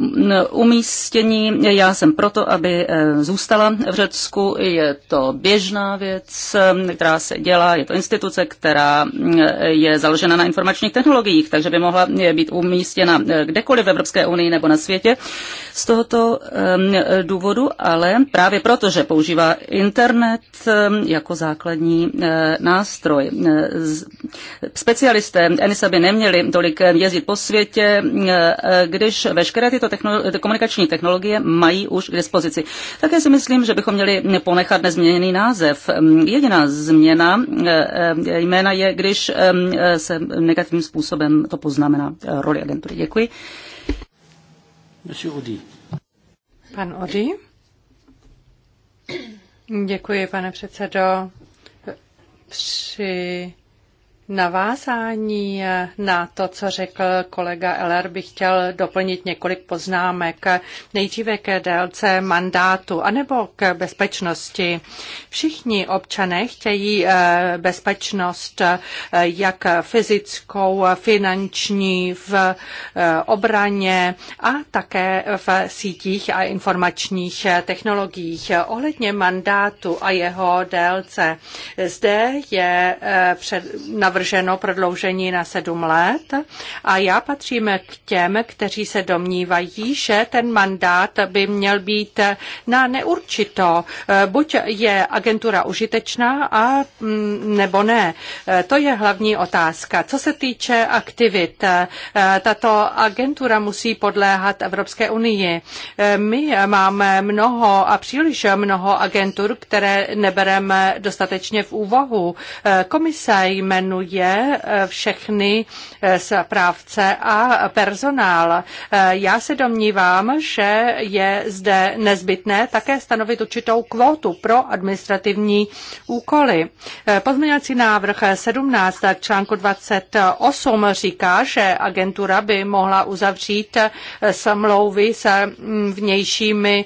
umístění. Já jsem proto, aby eh, zůstala v Řecku. Je to běžná věc, eh, která se dělá. Je to instituce, která eh, je založena na informačních technologiích, takže by mohla být umístěna kdekoliv v Evropské unii nebo na světě. Z tohoto důvodu, ale právě proto, že používá internet jako základní nástroj. Specialisté ENISA by neměli tolik jezdit po světě, když ve veškeré tyto technolo- komunikační technologie mají už k dispozici. Také si myslím, že bychom měli ponechat nezměněný název. Mm, jediná změna eh, eh, jména je, když eh, se negativním způsobem to poznamená roli agentury. Děkuji. Odi. Pan Odi. Děkuji, pane předsedo. Při navázání na to, co řekl kolega Eller, bych chtěl doplnit několik poznámek. Nejdříve k délce mandátu anebo k bezpečnosti. Všichni občané chtějí eh, bezpečnost eh, jak fyzickou, finanční, v eh, obraně a také v sítích a informačních technologiích. Ohledně mandátu a jeho délce. Zde je před, navrženo prodloužení na sedm let a já patřím k těm, kteří se domnívají, že ten mandát by měl být na neurčito. Buď je agentura užitečná a mm, nebo ne. To je hlavní otázka. Co se týče aktivit, tato agentura musí podléhat Evropské unii. My máme mnoho a příliš mnoho agentur, které nebereme dostatečně v úvahu. Komise jmenuje je eh, všechny eh, správce a personál. Eh, já se domnívám, že je zde nezbytné také stanovit určitou kvótu pro administrativní úkoly. Pozměňovací návrh 17 k článku 28 říká, že agentura by mohla uzavřít smlouvy s mm, vnějšími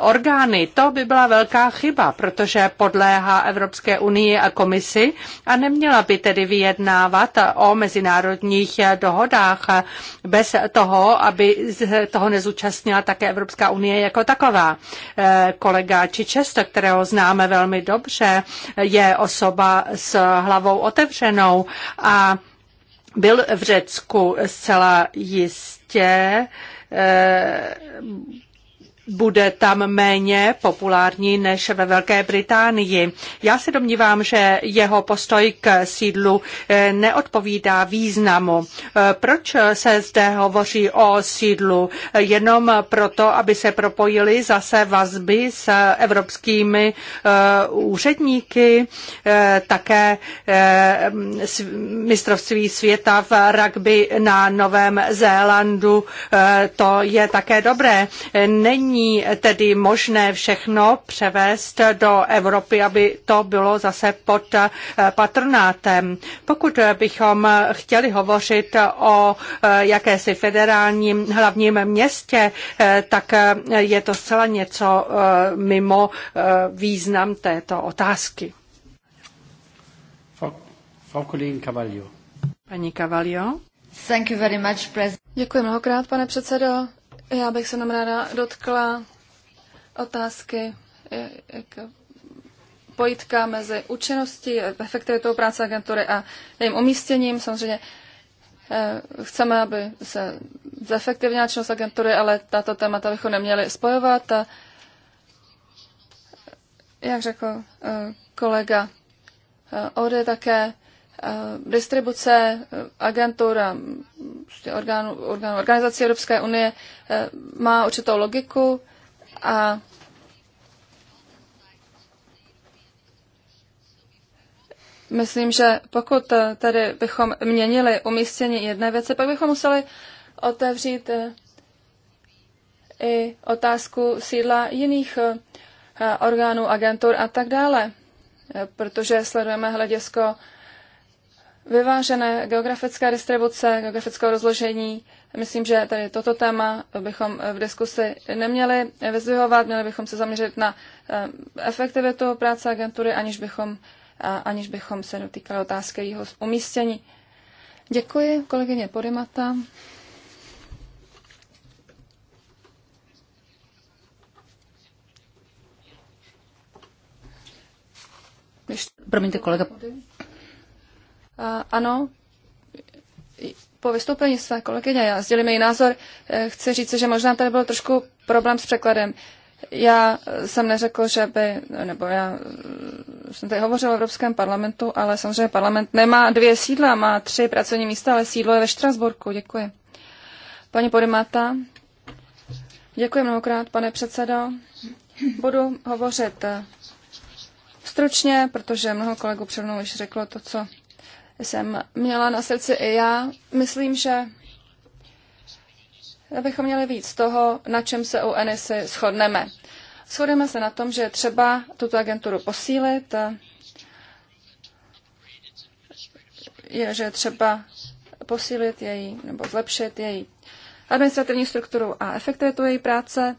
orgány. To by byla velká chyba, protože podléhá Evropské unii a komisi a neměla by tedy vyjednávat o mezinárodních dohodách bez toho, aby z toho nezúčastnila také Evropská unie jako taková. Eh, kolega Čičesto, kterého známe velmi dobře, je osoba s hlavou otevřenou a byl v Řecku zcela jistě, eh, bude tam méně populární než ve Velké Británii. Já se domnívám, že jeho postoj k sídlu eh, neodpovídá významu. Eh, proč se zde hovoří o sídlu? Eh, jenom proto, aby se propojily zase vazby s evropskými úředníky, také mistrovství světa v rugby na Novém Zélandu. To je také dobré. Není Není tedy možné všechno převést do Evropy, aby to bylo zase pod eh, patronátem. Pokud bychom chtěli hovořit o eh, jakési federálním hlavním městě, eh, tak je to zcela něco mimo význam této otázky. Frau Kollegin Cavallio. Paní Cavallio. Thank you very much, Děkuji mnohokrát, pane předsedo. Já bych se nám ráda dotkla otázky, eh, jak pojitka mezi účinností, efektivitou práce agentury a jejím umístěním. Samozřejmě eh, chceme, aby se zefektivnila činnost agentury, ale tato témata bychom neměli spojovat. A jak řekl eh, kolega Ode také, Eh, distribuce eh, agentura prostě orgánů, orgánů organizací Evropské unie eh, má určitou logiku a myslím, že pokud tady bychom měnili umístění jedné věci, pak bychom museli otevřít i otázku sídla jiných orgánů, agentur a tak dále, protože sledujeme hledisko vyvážené geografické distribuce, geografického rozložení. Myslím, že tady toto téma bychom v diskusi neměli vyzvihovat, měli bychom se zaměřit na eh, efektivitu práce agentury, aniž bychom, aniž bychom se dotýkali otázky jeho umístění. Děkuji, kolegyně Podimata. Promiňte, kolega ano, po vystoupení své kolegyně, já sdělím její názor, eh, chci říct, že možná tady byl trošku problém s překladem. Já jsem neřekl, že by, nebo já eh, jsem tady hovořil o Evropském parlamentu, ale samozřejmě parlament nemá dvě sídla, má tři pracovní místa, ale sídlo je ve Štrasburku. Děkuji. Paní Podimata, děkuji mnohokrát, pane předsedo. Budu hovořit eh, stručně, protože mnoho kolegů před mnou již řeklo to, co jsem měla na srdci i já. Myslím, že bychom měli víc toho, na čem se u Enisy shodneme. Shodneme se na tom, že třeba tuto agenturu posílit, je, že třeba posílit její nebo zlepšit její administrativní strukturu a efektivitu její práce.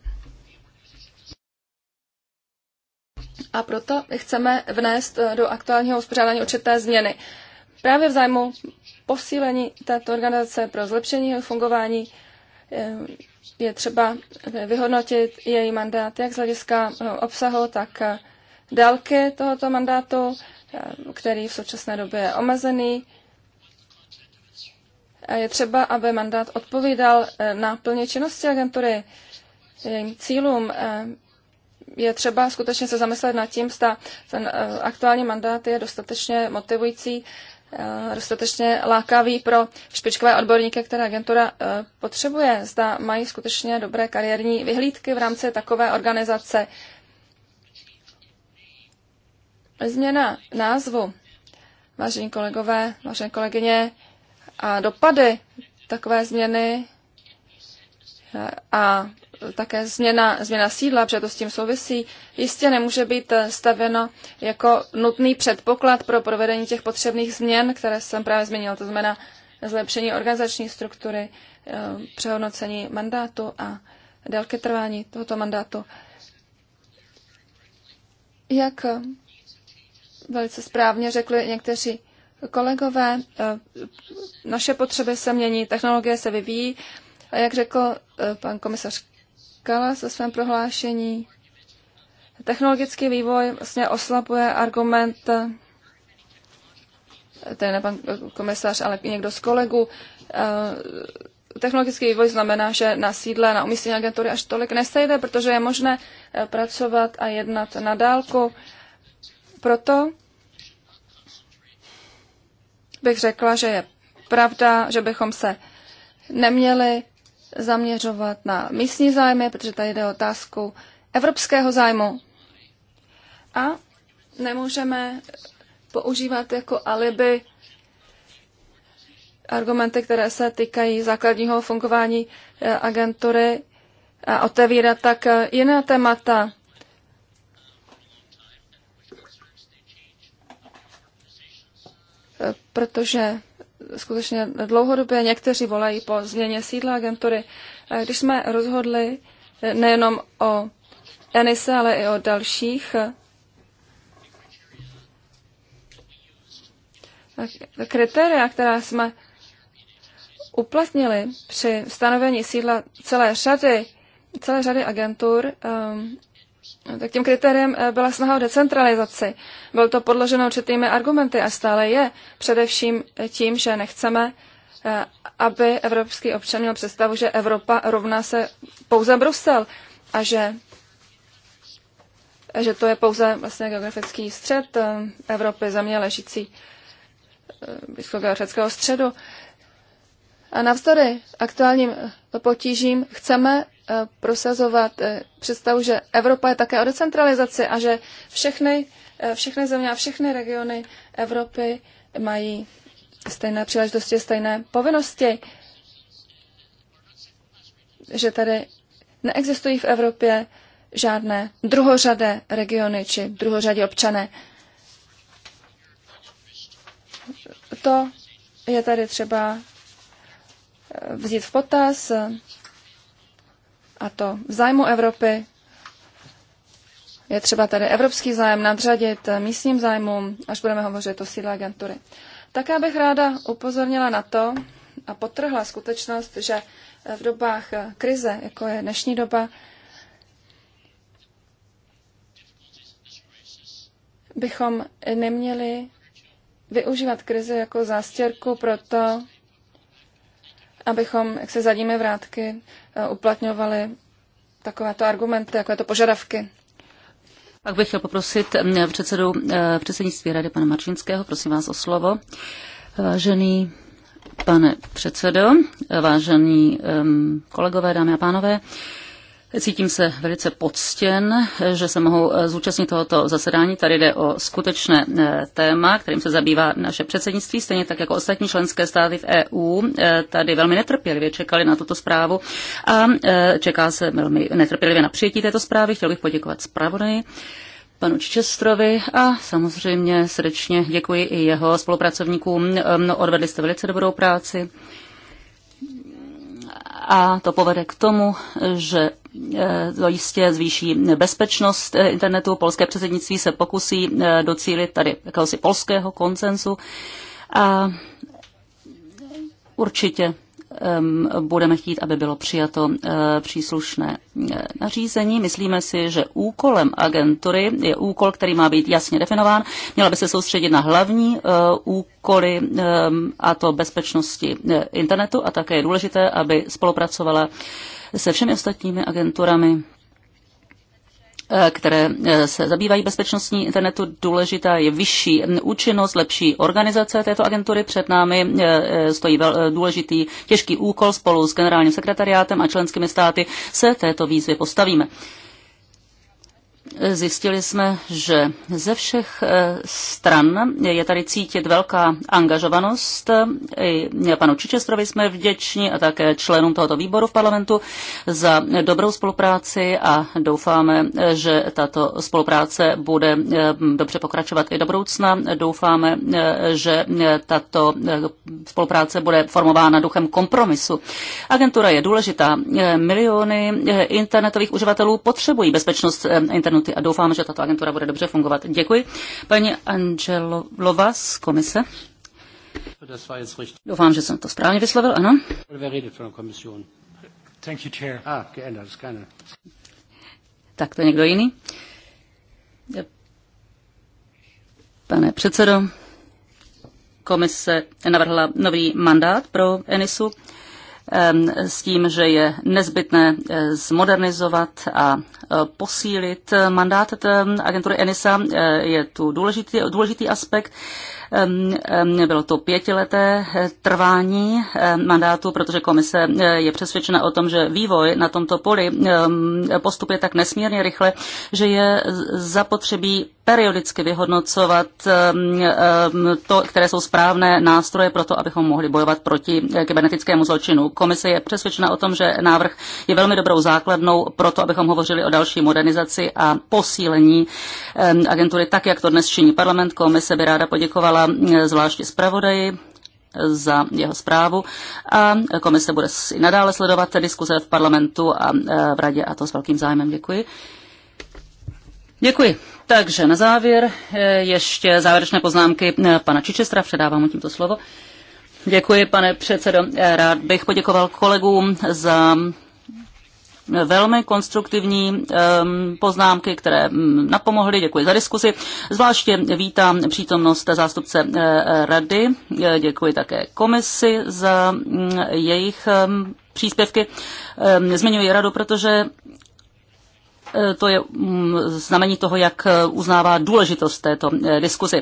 A proto chceme vnést do aktuálního uspořádání určité změny právě v zájmu posílení této organizace pro zlepšení jeho fungování eh, je třeba vyhodnotit její mandát jak z hlediska eh, obsahu, tak eh, délky tohoto mandátu, který v současné době je omezený. Je třeba, aby mandát odpovídal náplně činnosti agentury, jejím cílům. Je třeba skutečně se zamyslet nad tím, zda ten aktuální mandát je dostatečně motivující Eh, dostatečně lákavý pro špičkové odborníky, které agentura eh, potřebuje. Zda mají skutečně dobré kariérní vyhlídky v rámci takové organizace. Změna názvu, vážení kolegové, vážené kolegyně, a dopady takové změny eh, a také změna, změna sídla, protože to s tím souvisí, jistě nemůže být staveno jako nutný předpoklad pro provedení těch potřebných změn, které jsem právě zmínil. To znamená zlepšení organizační struktury, eh, přehodnocení mandátu a délky trvání tohoto mandátu. Jak eh, velice správně řekli někteří kolegové, eh, naše potřeby se mění, technologie se vyvíjí. A jak řekl pan komisař říkala se svém prohlášení. Technologický vývoj vlastně oslabuje argument, ten je pan komisař, ale i někdo z kolegů, eh, technologický vývoj znamená, že na sídle, na umístění agentury až tolik nesejde, protože je možné eh, pracovat a jednat na dálku. Proto bych řekla, že je pravda, že bychom se neměli zaměřovat na místní zájmy, protože tady jde o otázku evropského zájmu. A nemůžeme používat jako alibi argumenty, které se týkají základního fungování eh, agentury a otevírat tak eh, jiná témata. Eh, protože skutečně dlouhodobě někteří volají po změně sídla agentury. Když jsme rozhodli eh, nejenom o Enise, ale i o dalších eh, kritéria, která jsme uplatnili při stanovení sídla celé řady, celé řady agentur, ehm, tak tím kritériem eh, byla snaha o decentralizaci. Byl to podloženo určitými argumenty a stále je především eh, tím, že nechceme, eh, aby evropský občan měl představu, že Evropa rovná se pouze Brusel a že, že to je pouze vlastně geografický střed Evropy, země ležící blízko geografického středu. A navzdory aktuálním potížím chceme Eh, prosazovat eh, představu, že Evropa je také o decentralizaci a že všechny, eh, všechny země a všechny regiony Evropy mají stejné příležitosti, stejné povinnosti. Že tady neexistují v Evropě žádné druhořadé regiony či druhořadí občané. To je tady třeba vzít v potaz, a to v zájmu Evropy je třeba tady evropský zájem nadřadit místním zájmům, až budeme hovořit o síle agentury. Také bych ráda upozornila na to a potrhla skutečnost, že v dobách krize, jako je dnešní doba, bychom neměli využívat krizi jako zástěrku pro to, abychom jak se zadíme vrátky eh, uplatňovali takovéto argumenty, to požadavky. Pak bych chtěl poprosit mm, předsedu eh, předsednictví rady pana Marčinského, prosím vás o slovo. Vážený pane předsedo, eh, vážení ehm, kolegové, dámy a pánové, Cítím se velice poctěn, že se mohu eh, zúčastnit tohoto zasedání. Tady jde o skutečné eh, téma, kterým se zabývá naše předsednictví, stejně tak jako ostatní členské státy v EU. Eh, tady velmi netrpělivě čekali na tuto zprávu a čeká se velmi netrpělivě na přijetí této zprávy. Chtěl bych poděkovat zpravodaji panu Čestrovi a samozřejmě srdečně děkuji i jeho spolupracovníkům. Ehm, no, odvedli jste velice dobrou práci a to povede k tomu, že to eh, jistě zvýší bezpečnost eh, internetu. Polské předsednictví se pokusí eh, docílit tady jakéhosi polského konsenzu a určitě ehm, budeme chtít, aby bylo přijato příslušné nařízení. Myslíme si, že úkolem agentury je úkol, který má být jasně definován. Měla by se soustředit na hlavní úkoly ehm, a to bezpečnosti internetu a také je důležité, aby spolupracovala se všemi ostatními agenturami eh, které eh, se zabývají bezpečnostní internetu. Důležitá je vyšší účinnost, lepší organizace této agentury. Před námi eh, stojí důležitý těžký úkol spolu s generálním sekretariátem a členskými státy se této výzvy postavíme zjistili jsme, že ze všech eh, stran je tady cítit velká angažovanost. I panu Čičestrovi jsme vděční a také členům tohoto výboru v parlamentu za dobrou spolupráci a doufáme, že tato spolupráce bude eh, dobře pokračovat i do budoucna. Doufáme, eh, že tato spolupráce bude formována duchem kompromisu. Agentura je důležitá. Miliony internetových uživatelů potřebují bezpečnost internetu minuty a doufám, že tato agentura bude dobře fungovat. Děkuji. Paní Angelova z komise. Doufám, že jsem to správně vyslovil, ano. Ah, no, tak to někdo jiný? Pane předsedo, komise navrhla nový mandát pro ENISu s tím, že je nezbytné eh, zmodernizovat a eh, posílit eh, mandát agentury ENISA. Je tu důležitý, důležitý aspekt. Bylo to pětileté trvání mandátu, protože komise je přesvědčena o tom, že vývoj na tomto poli postupuje tak nesmírně rychle, že je zapotřebí periodicky vyhodnocovat eh, eh, to, které jsou správné nástroje pro to, abychom mohli bojovat proti eh, kybernetickému zločinu. Komise je přesvědčena o tom, že návrh je velmi dobrou základnou pro to, abychom hovořili o další modernizaci a posílení agentury tak, jak to dnes činí parlament. Komise by ráda poděkovala zvláště zpravodaji za jeho zprávu a komise bude i nadále sledovat diskuze v parlamentu a v radě a to s velkým zájmem. Děkuji. Děkuji. Takže na závěr eh, ještě závěrečné poznámky eh, pana Čičestra, předávám mu tímto slovo. Děkuji, pane předsedo. Eh, rád bych poděkoval kolegům za mm, velmi konstruktivní ehm, poznámky, které mm, napomohly. Děkuji za diskusi. Zvláště vítám přítomnost zástupce rady. Děkuji také komisi za mm, jejich ehm, příspěvky. Ehm, zmiňuji radu, protože Eh, to je mm, znamení toho, jak eh, uznává důležitost této eh, diskuzi.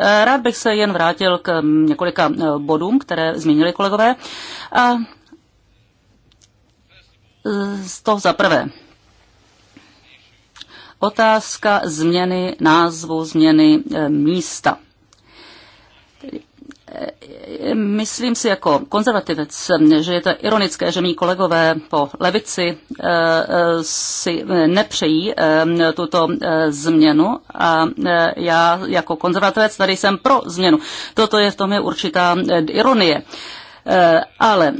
Rád bych se jen vrátil k mm, několika bodům, které zmínili kolegové. A z toho za prvé. Otázka změny názvu, změny místa myslím si jako konzervativec, že je to ironické, že mý kolegové po levici eh, eh, si nepřejí eh, tuto změnu a já jako konzervativec tady jsem pro změnu. Toto je v tom je určitá ironie. Ale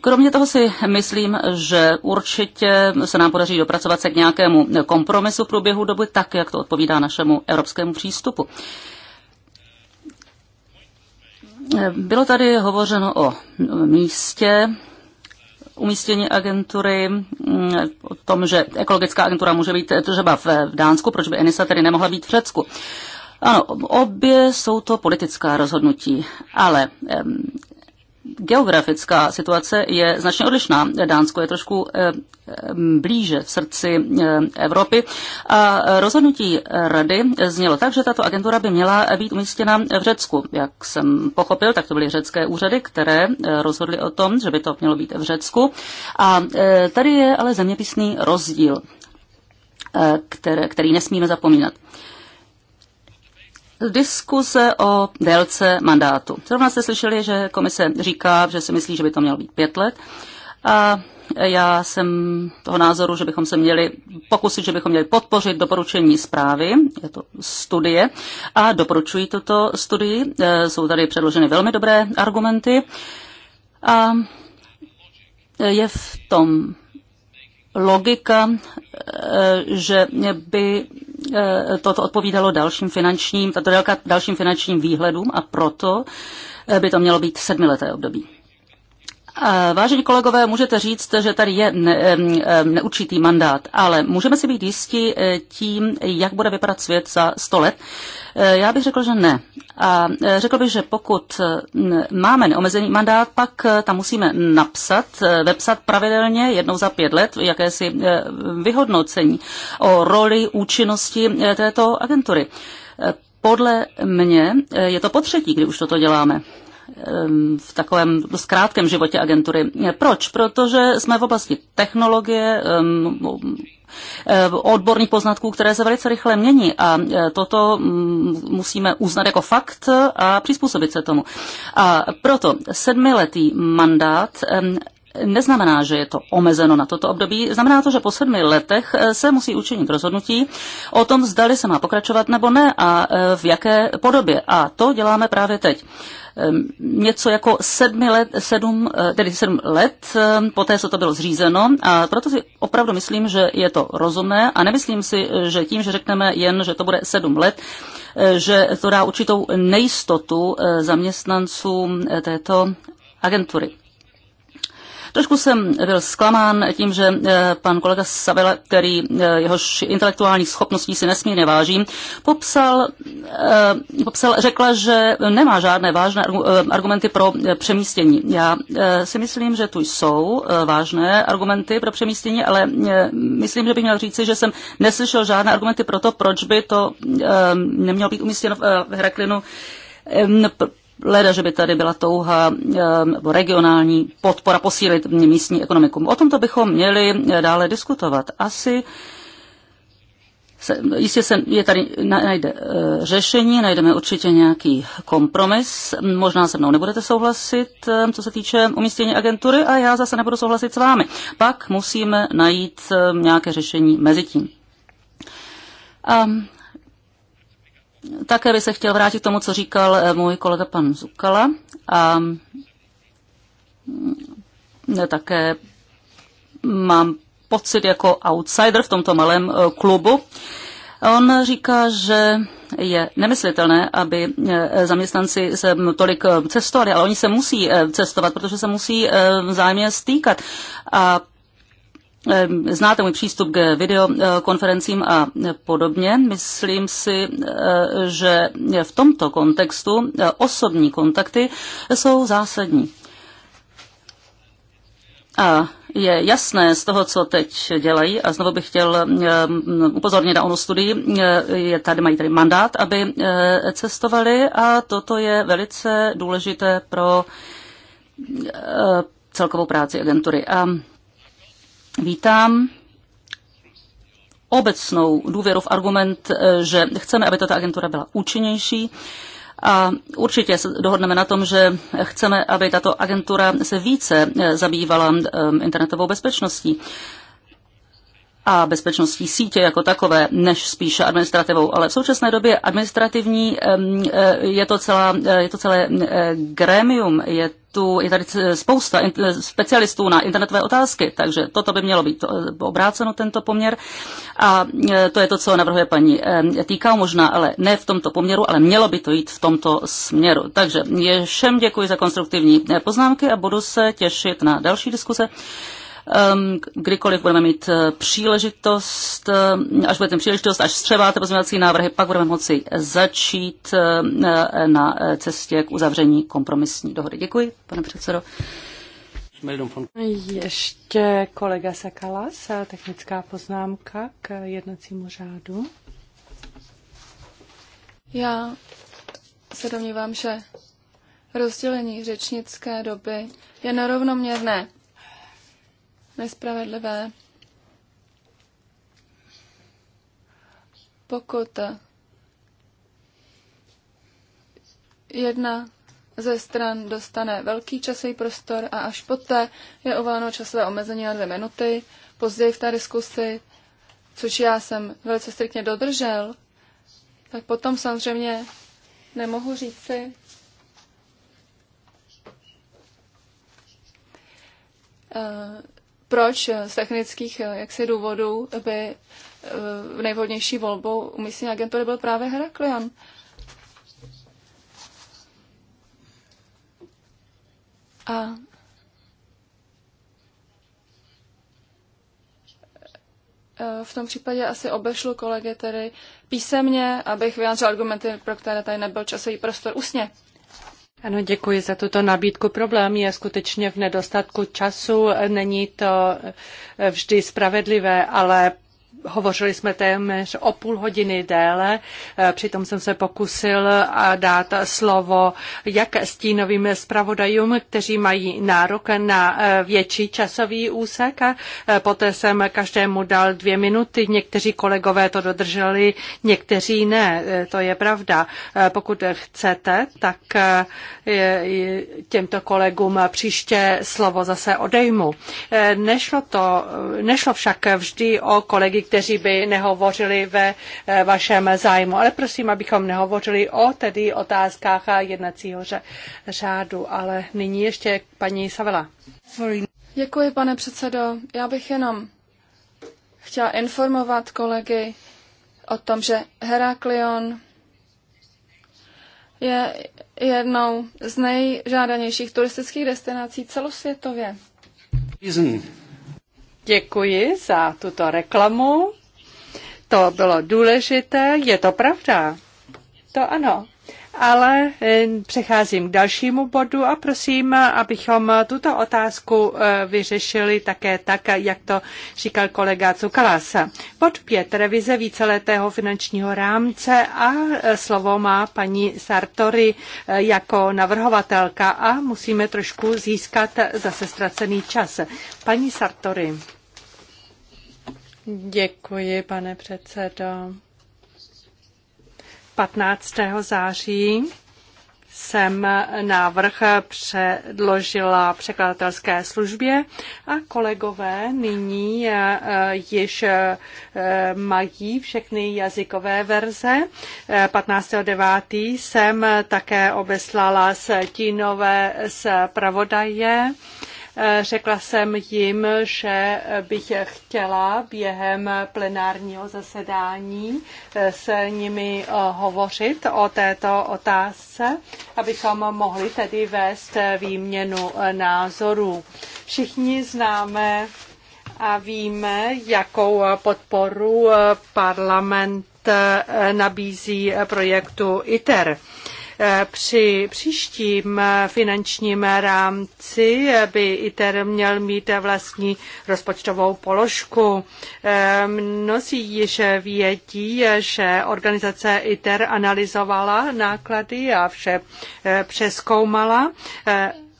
kromě toho si myslím, že určitě se nám podaří dopracovat se k nějakému kompromisu v průběhu doby, tak jak to odpovídá našemu evropskému přístupu. Bylo tady hovořeno o místě umístění agentury, mm, o tom, že ekologická agentura může být třeba v Dánsku, proč by ENISA tedy nemohla být v Řecku. Ano, obě jsou to politická rozhodnutí, ale geografická situace je značně odlišná. Dánsko je trošku eh, eh, blíže v srdci eh, Evropy a rozhodnutí rady znělo tak, že tato agentura by měla být umístěna v Řecku. Jak jsem pochopil, tak to byly řecké úřady, které rozhodly o tom, že by to mělo být v Řecku. A tady je ale zeměpisný rozdíl, který nesmíme zapomínat diskuze o délce mandátu. Zrovna jste slyšeli, že komise říká, že si myslí, že by to mělo být pět let. A já jsem toho názoru, že bychom se měli pokusit, že bychom měli podpořit doporučení zprávy, je to studie, a doporučuji tuto studii. E, jsou tady předloženy velmi dobré argumenty. A je v tom logika, e, že by Eh, toto odpovídalo dalším finančním, tato délka dalším finančním výhledům a proto eh, by to mělo být sedmileté období. Vážení kolegové, můžete říct, že tady je ne, neurčitý mandát, ale můžeme si být jistí eh, tím, jak bude vypadat svět za 100 let? Eh, já bych řekl, že ne. A eh, řekl bych, že pokud máme neomezený mandát, pak tam musíme napsat, vepsat pravidelně jednou za pět let jakési vyhodnocení o roli účinnosti této agentury. Podle mě je to potřetí, kdy už toto děláme v takovém zkrátkém životě agentury. Proč? Protože jsme v oblasti technologie, odborných poznatků, které se velice rychle mění a toto musíme uznat jako fakt a přizpůsobit se tomu. A proto sedmiletý mandát neznamená, že je to omezeno na toto období. Znamená to, že po sedmi letech eh, se musí učinit rozhodnutí o tom, zdali se má pokračovat nebo ne a eh, v jaké podobě. A to děláme právě teď ehm, něco jako sedmi let, sedm, eh, tedy sedm let ehm, poté, co to bylo zřízeno. A proto si opravdu myslím, že je to rozumné a nemyslím si, že tím, že řekneme jen, že to bude sedm let, že to dá určitou nejistotu zaměstnancům této agentury. Trošku jsem byl zklamán tím, že eh, pan kolega Savela, který eh, jehož intelektuálních schopností si nesmírně vážím, popsal, eh, popsal, řekla, že nemá žádné vážné argumenty pro přemístění. Já si myslím, že tu jsou vážné argumenty pro přemístění, ale myslím, že bych měl říci, že jsem neslyšel žádné argumenty pro to, proč by to nemělo být umístěno v Heraklinu leda, že by tady byla touha eh, regionální podpora posílit místní ekonomiku. O tomto bychom měli eh, dále diskutovat. Asi se, jistě se je tady najde eh, řešení, najdeme určitě nějaký kompromis. Možná se mnou nebudete souhlasit, co se týče umístění agentury, a já zase nebudu souhlasit s vámi. Pak musíme najít nějaké řešení mezi tím. A také by se chtěl vrátit k tomu, co říkal eh, můj kolega pan Zukala a mm, také mám pocit jako outsider v tomto malém eh, klubu. On říká, že je nemyslitelné, aby eh, zaměstnanci se tolik cestovali, ale oni se musí cestovat, protože se musí vzájemně stýkat. A Ehm, znáte můj přístup k videokonferencím a podobně. Myslím si, eh, že v tomto kontextu eh, osobní kontakty jsou zásadní. A je jasné z toho, co teď dělají, a znovu bych chtěl ehm, upozornit na onu studii, eh, je tady, mají tady mandát, aby cestovali a toto je velice důležité pro celkovou práci agentury. A Vítám obecnou důvěru v argument, eh, že chceme, aby tato agentura byla účinnější. A určitě se dohodneme na tom, že chceme, aby tato agentura se více eh, zabývala eh, internetovou bezpečností a bezpečností sítě jako takové, než spíše administrativou. Ale v současné době administrativní eh, je to, celá, eh, je to celé eh, grémium, je tu, je tady spousta specialistů na internetové otázky, takže toto by mělo být obráceno, tento poměr. A to je to, co navrhuje paní Týká, možná, ale ne v tomto poměru, ale mělo by to jít v tomto směru. Takže všem děkuji za konstruktivní poznámky a budu se těšit na další diskuse. Ehm, kdykoliv budeme mít eh, příležitost, eh, až bude ten příležitost, až střeváte pozměňovací návrhy, pak budeme moci začít eh, na cestě k uzavření kompromisní dohody. Děkuji, pane předsedo. Ještě kolega Sakala, technická poznámka k jednacímu řádu. Já se domnívám, že rozdělení řečnické doby je nerovnoměrné nespravedlivé, pokud jedna ze stran dostane velký časový prostor a až poté je uvoleno časové omezení na dvě minuty, později v té diskusi, což já jsem velice striktně dodržel, tak potom samozřejmě nemohu říci, eh, proč z technických eh, jaksi důvodů by eh, nejvhodnější volbou umístění agentury byl právě Heraklion. A eh, v tom případě asi obešlu kolegy tedy písemně, abych vyjádřil argumenty, pro které tady nebyl časový prostor Usně. Ano, děkuji za tuto nabídku. Problém je skutečně v nedostatku času. Není to vždy spravedlivé, ale hovořili jsme téměř o půl hodiny déle, eh, přitom jsem se pokusil eh, dát slovo jak stínovým zpravodajům, kteří mají nárok na eh, větší časový úsek. Poté jsem každému dal dvě minuty, někteří kolegové to dodrželi, někteří ne, to je pravda. Pokud chcete, tak těmto kolegům příště slovo zase odejmu. Nešlo, to, nešlo však vždy o kolegy, kteří by nehovořili ve eh, vašem zájmu. Ale prosím, abychom nehovořili o tedy otázkách jednacího řádu. Ale nyní ještě paní Savela. Děkuji, pane předsedo. Já bych jenom chtěla informovat kolegy o tom, že Heraklion je jednou z nejžádanějších turistických destinací celosvětově. Děkuji za tuto reklamu. To bylo důležité, je to pravda. To ano. Ale eh, přecházím k dalšímu bodu a prosím, abychom tuto otázku eh, vyřešili také tak, jak to říkal kolega Cukalas. Pod pět Revize víceletého finančního rámce a eh, slovo má paní Sartori jako navrhovatelka a musíme trošku získat zase ztracený čas. Paní Sartori. Děkuji, pane předsedo. 15. září jsem návrh předložila překladatelské službě a kolegové nyní eh, již eh, mají všechny jazykové verze. 15.9. Eh, jsem také obeslala tínové z pravodaje Řekla jsem jim, že bych chtěla během plenárního zasedání s nimi hovořit o této otázce, abychom mohli tedy vést výměnu názorů. Všichni známe a víme, jakou podporu parlament nabízí projektu ITER. Eh, při příštím eh, finančním rámci by ITER měl mít vlastní rozpočtovou položku. Eh, mnozí již vědí, že organizace ITER analyzovala náklady a vše přeskoumala.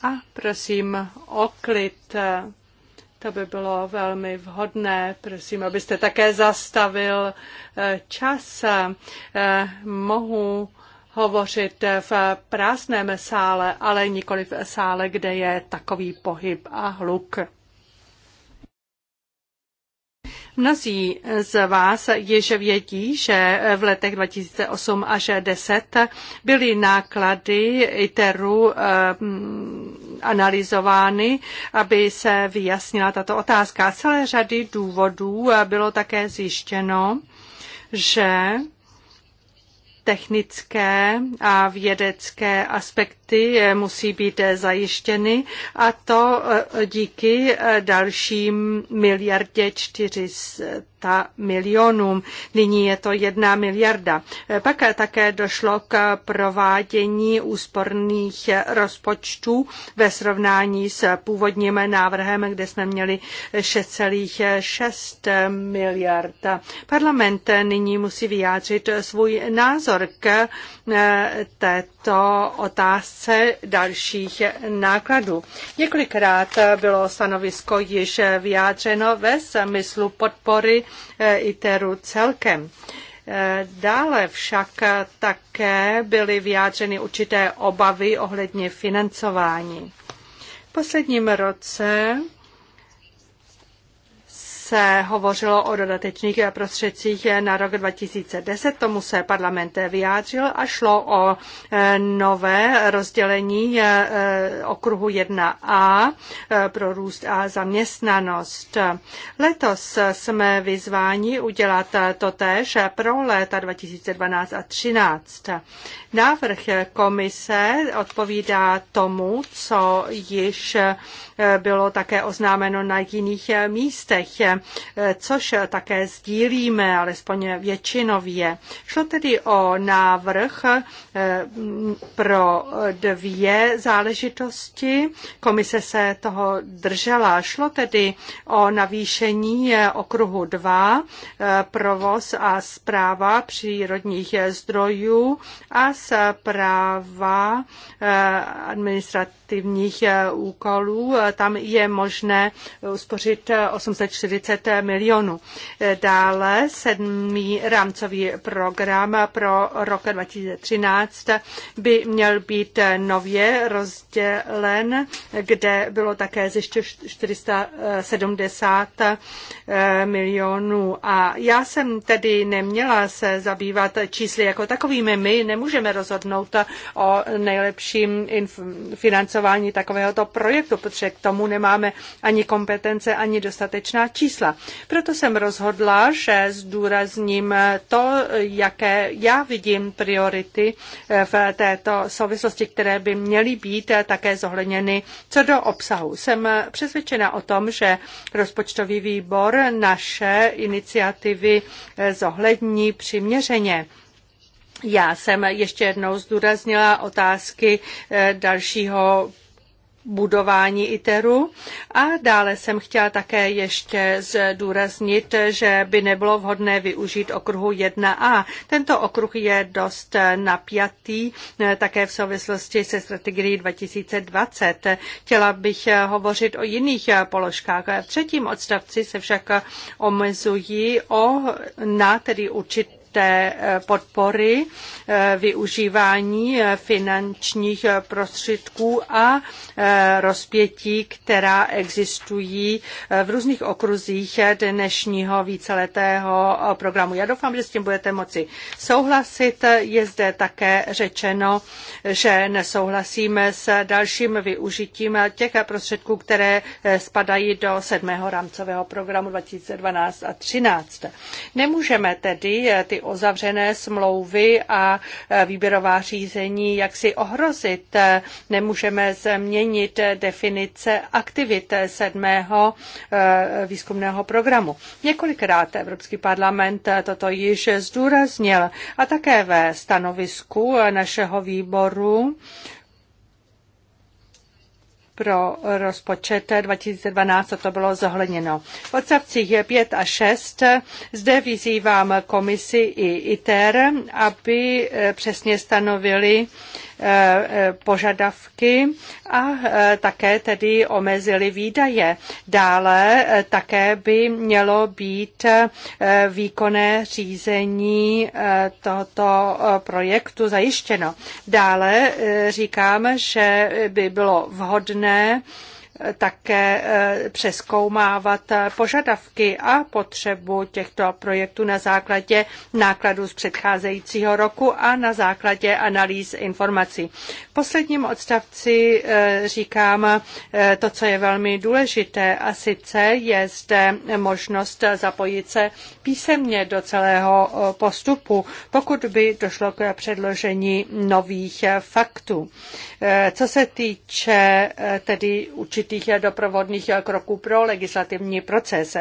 A prosím o klid. To by bylo velmi vhodné. Prosím, abyste také zastavil čas. Mohu hovořit v prázdném sále, ale nikoli v sále, kde je takový pohyb a hluk. Mnozí z vás již vědí, že v letech 2008 až 10 byly náklady ITERu eh, analyzovány, aby se vyjasnila tato otázka. Celé řady důvodů bylo také zjištěno, že technické a vědecké aspekty eh, musí být eh, zajištěny a to eh, díky dalším miliardě 400 300 milionům. Nyní je to 1 miliarda. Eh, Pak také došlo k provádění úsporných rozpočtů ve srovnání s původním návrhem, kde jsme měli 6,6 miliard. Parlament nyní musí vyjádřit svůj názor k eh, této to otázce dalších nákladů. Několikrát bylo stanovisko již vyjádřeno ve smyslu podpory eh, ITERu celkem. Eh, dále však také byly vyjádřeny určité obavy ohledně financování. V posledním roce se hovořilo o dodatečných prostředcích na rok 2010. Tomu se parlament vyjádřil a šlo o e, nové rozdělení e, e, okruhu 1a pro růst a zaměstnanost. Letos jsme vyzváni udělat to též pro léta 2012 a 2013. Návrh komise odpovídá tomu, co již bylo také oznámeno na jiných místech což také sdílíme, alespoň většinově. Šlo tedy o návrh eh, pro dvě záležitosti. Komise se toho držela. Šlo tedy o navýšení eh, okruhu 2, eh, provoz a zpráva přírodních zdrojů a zpráva administrativních úkolů. Tam je možné uspořit 840 40 milionů. Dále sedmý rámcový program pro rok 2013 by měl být nově rozdělen, kde bylo také ještě 470 eh, milionů. A já jsem tedy neměla se zabývat čísly jako takovými. My nemůžeme rozhodnout o nejlepším financování takovéhoto projektu, protože k tomu nemáme ani kompetence, ani dostatečná čísla čísla. Proto jsem rozhodla, že zdůrazním to, jaké já vidím priority eh, v této souvislosti, které by měly být eh, také zohledněny co do obsahu. Jsem eh, přesvědčena o tom, že rozpočtový výbor naše iniciativy zohlední přiměřeně. Já jsem ještě jednou zdůraznila otázky dalšího budování ITERu. A dále jsem chtěla také ještě zdůraznit, že by nebylo vhodné využít okruhu 1a. Tento okruh je dost napjatý eh, také v souvislosti se strategií 2020. Chtěla bych eh, hovořit o jiných eh, položkách. V třetím odstavci se však omezují o, na tedy určitě té eh, podpory, eh, využívání eh, finančních prostředků a rozpětí, která existují v různých okruzích dnešního víceletého programu. Já doufám, že s tím budete moci souhlasit. Je zde také řečeno, že nesouhlasíme s dalším využitím těch prostředků, které spadají do sedmého rámcového programu 2012 a 2013. Nemůžeme tedy ty uzavřené smlouvy a e, výběrová řízení jak si ohrozit. E, nemůžeme změnit definice aktivit sedmého e, výzkumného programu. Několikrát Evropský parlament toto již zdůraznil a také ve stanovisku našeho výboru pro rozpočet 2012 co to bylo zohledněno. V odstavcích 5 a 6 zde vyzývám komisi i ITER, aby eh, přesně stanovili Eh, eh, požadavky a eh, také tedy omezili výdaje. Dále také by mělo být výkonné řízení tohoto projektu zajištěno. Dále říkám, že by bylo vhodné, také eh, přeskoumávat požadavky a potřebu těchto projektů na základě nákladů z předcházejícího roku a na základě analýz informací. V posledním odstavci eh, říkám eh, to, co je velmi důležité a sice je zde možnost zapojit se písemně do celého postupu, pokud by došlo k předložení nových faktů. Co se týče tedy učitelů, důležitých doprovodných kroků pro legislativní proces.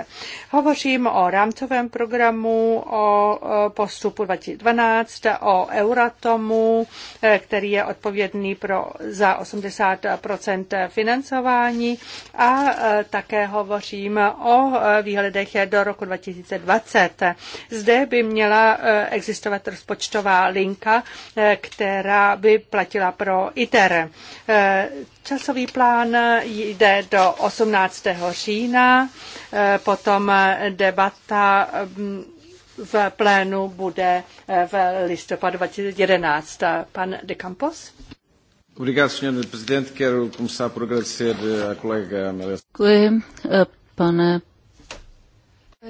Hovořím o rámcovém programu, o postupu 2012, o Euratomu, eh, který je odpovědný pro, za 80 financování a eh, také hovořím o eh, výhledech do roku 2020. Zde by měla existovat rozpočtová linka, která by platila pro ITER. Časový plán jde do 18. října, eh, potom debata mm, v plénu bude eh, v listopadu 2011. Pan de Campos? Obrigado, senhor presidente. Quero começar por agradecer eh, à colega Amélia. Děkuji, pane.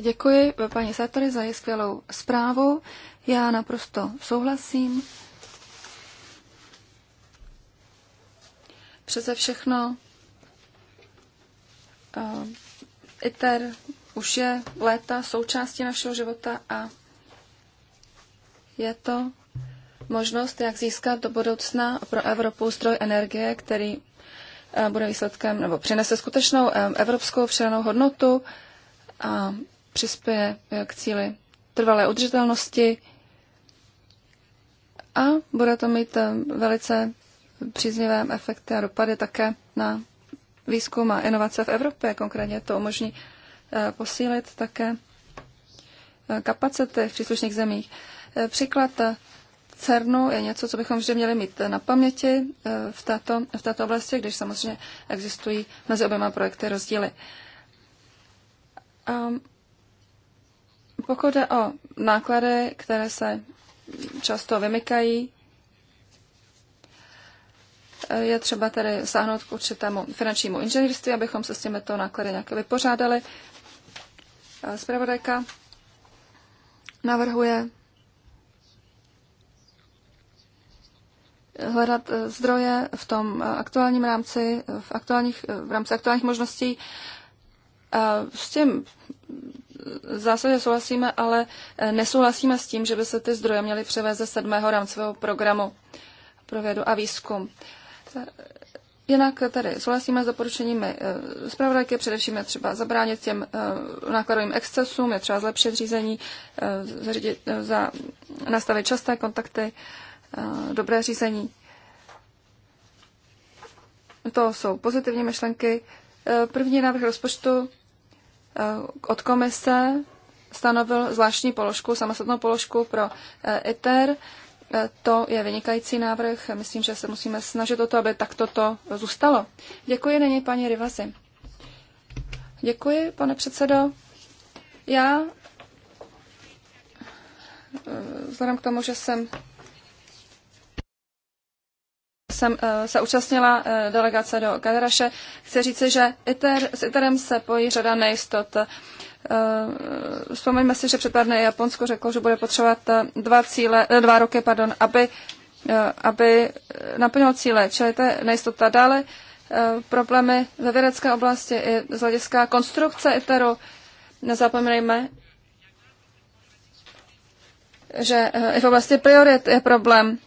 Děkuji paní Sartori za její skvělou zprávu. Já naprosto souhlasím Přeze všechno uh, ITER už je léta součástí našeho života a je to možnost, jak získat do budoucna pro Evropu stroj energie, který eh, bude výsledkem, nebo přinese skutečnou eh, evropskou přidanou hodnotu a přispěje k cíli trvalé udržitelnosti a bude to mít velice příznivé efekty a dopady také na výzkum a inovace v Evropě. Konkrétně to umožní eh, posílit také eh, kapacity v příslušných zemích. Eh, příklad CERNu je něco, co bychom vždy měli mít na paměti v této, v této oblasti, když samozřejmě existují mezi oběma projekty rozdíly. A pokud jde o náklady, které se často vymykají Eh, je třeba tedy sáhnout k určitému finančnímu inženýrství, abychom se s těmito náklady nějak vypořádali. Eh, zpravodajka navrhuje hledat eh, zdroje v tom aktuálním rámci, v, aktuálních, v rámci aktuálních možností. S tím v zásadě souhlasíme, ale nesouhlasíme s tím, že by se ty zdroje měly převést ze sedmého rámcového programu pro vědu a výzkum. Jinak tady souhlasíme s doporučeními eh, zpravodajky, především je třeba zabránit těm eh, nákladovým excesům, je třeba zlepšit řízení, eh, zařídit, za, nastavit časté kontakty, dobré řízení. To jsou pozitivní myšlenky. První návrh rozpočtu od komise stanovil zvláštní položku, samostatnou položku pro ITER. E to je vynikající návrh. Myslím, že se musíme snažit o to, aby takto to zůstalo. Děkuji nyní paní Rivasi. Děkuji, pane předsedo. Já eh, vzhledem k tomu, že jsem jsem eh, se účastnila eh, delegace do Kadaraše. Chci říci, že ITER, s ITERem se pojí řada nejistot. Eh, vzpomeňme si, že před pár dny Japonsko řeklo, že bude potřebovat eh, dva, cíle, eh, dva roky, pardon, aby, aby naplnilo cíle. Čili to je nejistota. Dále problémy ve vědecké oblasti i z hlediska konstrukce ITERu. Nezapomeňme, že i v oblasti priorit je problém.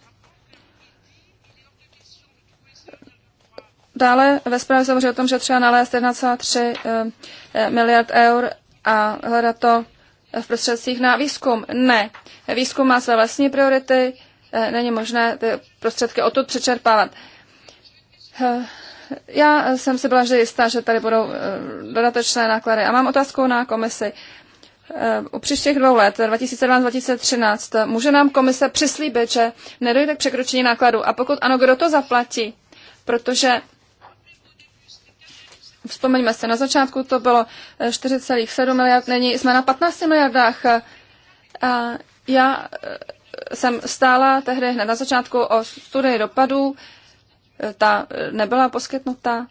Dále ve zprávě se hovoří o tom, že třeba nalézt 1,3 miliard eur a hledat to v prostředcích na výzkum. Ne. Výzkum má své vlastní priority, eh, není možné ty prostředky odtud přečerpávat. Eh, já jsem si byla vždy jistá, že tady budou eh, dodatečné náklady. A mám otázku na komisi. U příštích dvou let, 2012-2013, může nám komise přislíbit, že nedojde k překročení nákladu? A pokud ano, kdo to zaplatí? Protože Vzpomeňme se, na začátku to bylo 4,7 eh, miliard, není, jsme na 15 miliardách. Eh, a já eh, jsem stála tehdy hned na začátku o studii dopadů, ta nebyla poskytnuta.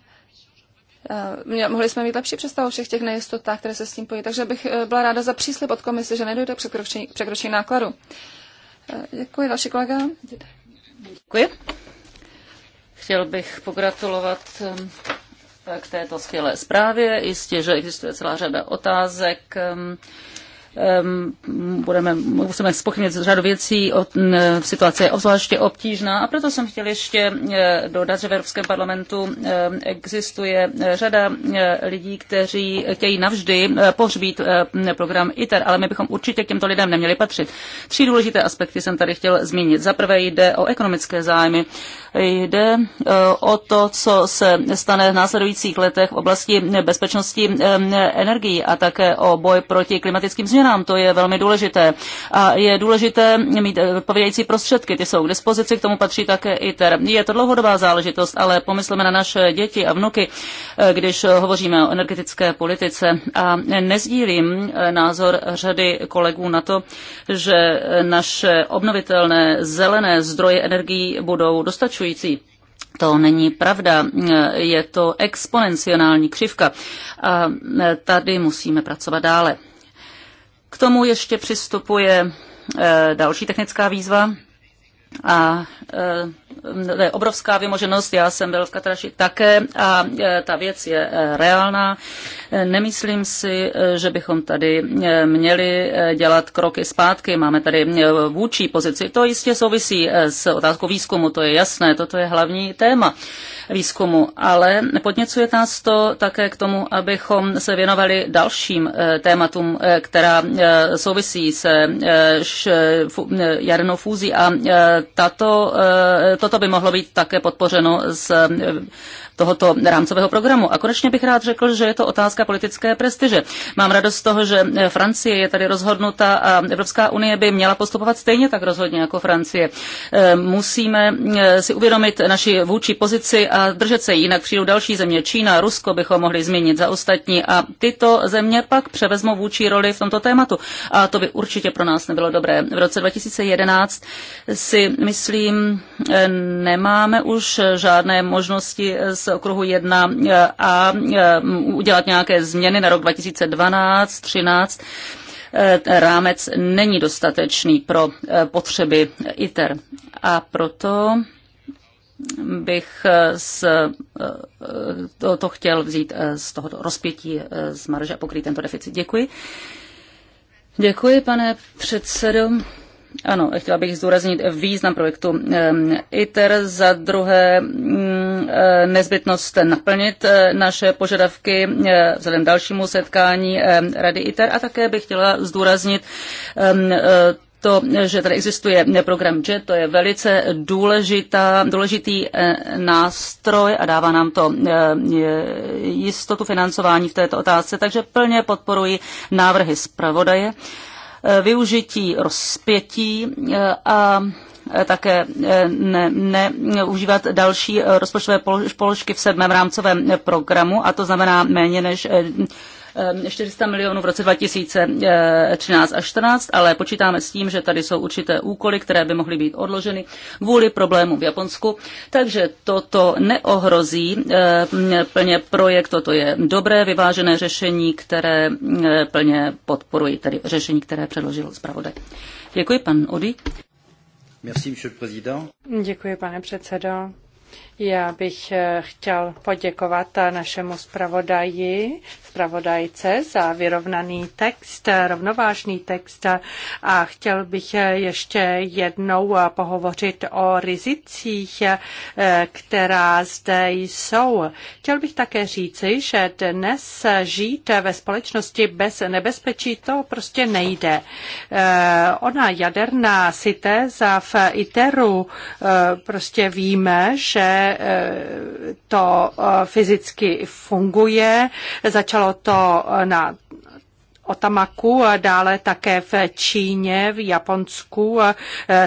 Mohli jsme mít lepší představu o všech těch nejistotách, které se s tím pojí. Takže bych byla ráda za příslip od komise, že nedojde k překročení, překročení nákladu. Děkuji, další kolega. Děkuji. Chtěl bych pogratulovat k této skvělé zprávě. Jistě, že existuje celá řada otázek, um, Ehm, budeme, musíme spochybnit řadu věcí, o, situace je obzvláště obtížná a proto jsem chtěl ještě e, dodat, že v Evropském parlamentu e, existuje e, řada lidí, kteří chtějí navždy pohřbít program ITER, ale my bychom určitě k těmto lidem neměli patřit. Tři důležité aspekty jsem tady chtěl zmínit. Za prvé jde o ekonomické zájmy. Jde o to, co se stane v následujících letech v oblasti bezpečnosti energií a také o boj proti klimatickým změnám změnám, to je velmi důležité. A je důležité mít eh, odpovědějící prostředky, ty jsou k dispozici, k tomu patří také ITER. Je to dlouhodobá záležitost, ale pomysleme na naše děti a vnuky, eh, když hovoříme o energetické politice. A nezdílím eh, názor řady kolegů na to, že naše obnovitelné zelené zdroje energií budou dostačující. To není pravda, je to exponenciální křivka. A tady musíme pracovat dále. K tomu ještě přistupuje eh, další technická výzva a eh, to je obrovská vymoženost, já jsem byl v Katraši také a e, ta věc je e, reálná. E, nemyslím si, že bychom tady měli dělat kroky zpátky. Máme tady vůči pozici. To jistě souvisí s otázkou výzkumu, to je jasné, toto je hlavní téma výzkumu, ale podněcuje nás to také k tomu, abychom se věnovali dalším tématům, která souvisí se jadernou fúzí a tato, toto by mohlo být také podpořeno z tohoto rámcového programu. A konečně bych rád řekl, že je to otázka politické prestiže. Mám radost z toho, že Francie je tady rozhodnuta a Evropská unie by měla postupovat stejně tak rozhodně jako Francie. Eh, musíme eh, si uvědomit naši vůči pozici a držet se jinak přijdou další země. Čína, Rusko bychom mohli změnit za ostatní a tyto země pak převezmou vůči roli v tomto tématu. A to by určitě pro nás nebylo dobré. V roce 2011 si myslím, eh, nemáme už žádné možnosti s okruhu 1 eh, a eh, udělat nějaké změny na rok 2012, 13 eh, rámec není dostatečný pro potřeby ITER. A proto bych z, to, to chtěl vzít z tohoto rozpětí z marže a pokrýt tento deficit. Děkuji. Děkuji, pane předsedo. Ano, chtěla bych zdůraznit význam projektu ITER, za druhé mm, e, nezbytnost naplnit e, naše požadavky e, vzhledem dalšímu setkání Rady ITER a také bych chtěla zdůraznit to, že tady existuje program JET, to je velice důležitá, důležitý nástroj a dává nám to jistotu financování v této otázce, takže plně podporuji návrhy zpravodaje využití rozpětí eh, a eh, také neužívat eh, ne, ne další rozpočtové položky v sedmém rámcovém programu, a to znamená méně než 400 ehm, milionů v roce 2013 a 14, ale počítáme s tím, že tady jsou určité úkoly, které by mohly být odloženy kvůli problému v Japonsku. Takže toto neohrozí eh, plně projekt, toto je dobré vyvážené řešení, které eh, plně podporuji, tedy řešení, které předložil zpravodaj. Děkuji, pan Odi. Merci, Děkuji, pane předsedo. Já bych eh, chtěl poděkovat eh, našemu zpravodaji, zpravodajce za vyrovnaný text, eh, rovnovážný text a chtěl bych ještě jednou pohovořit o rizicích, která zde jsou. Chtěl bych také říci, že dnes žít ve společnosti bez nebezpečí to prostě nejde. Ona jaderná sytéza v ITERu prostě víme, že to eh, fyzicky funguje. Začalo to eh, na Otamaku, dále také v Číně, v Japonsku eh,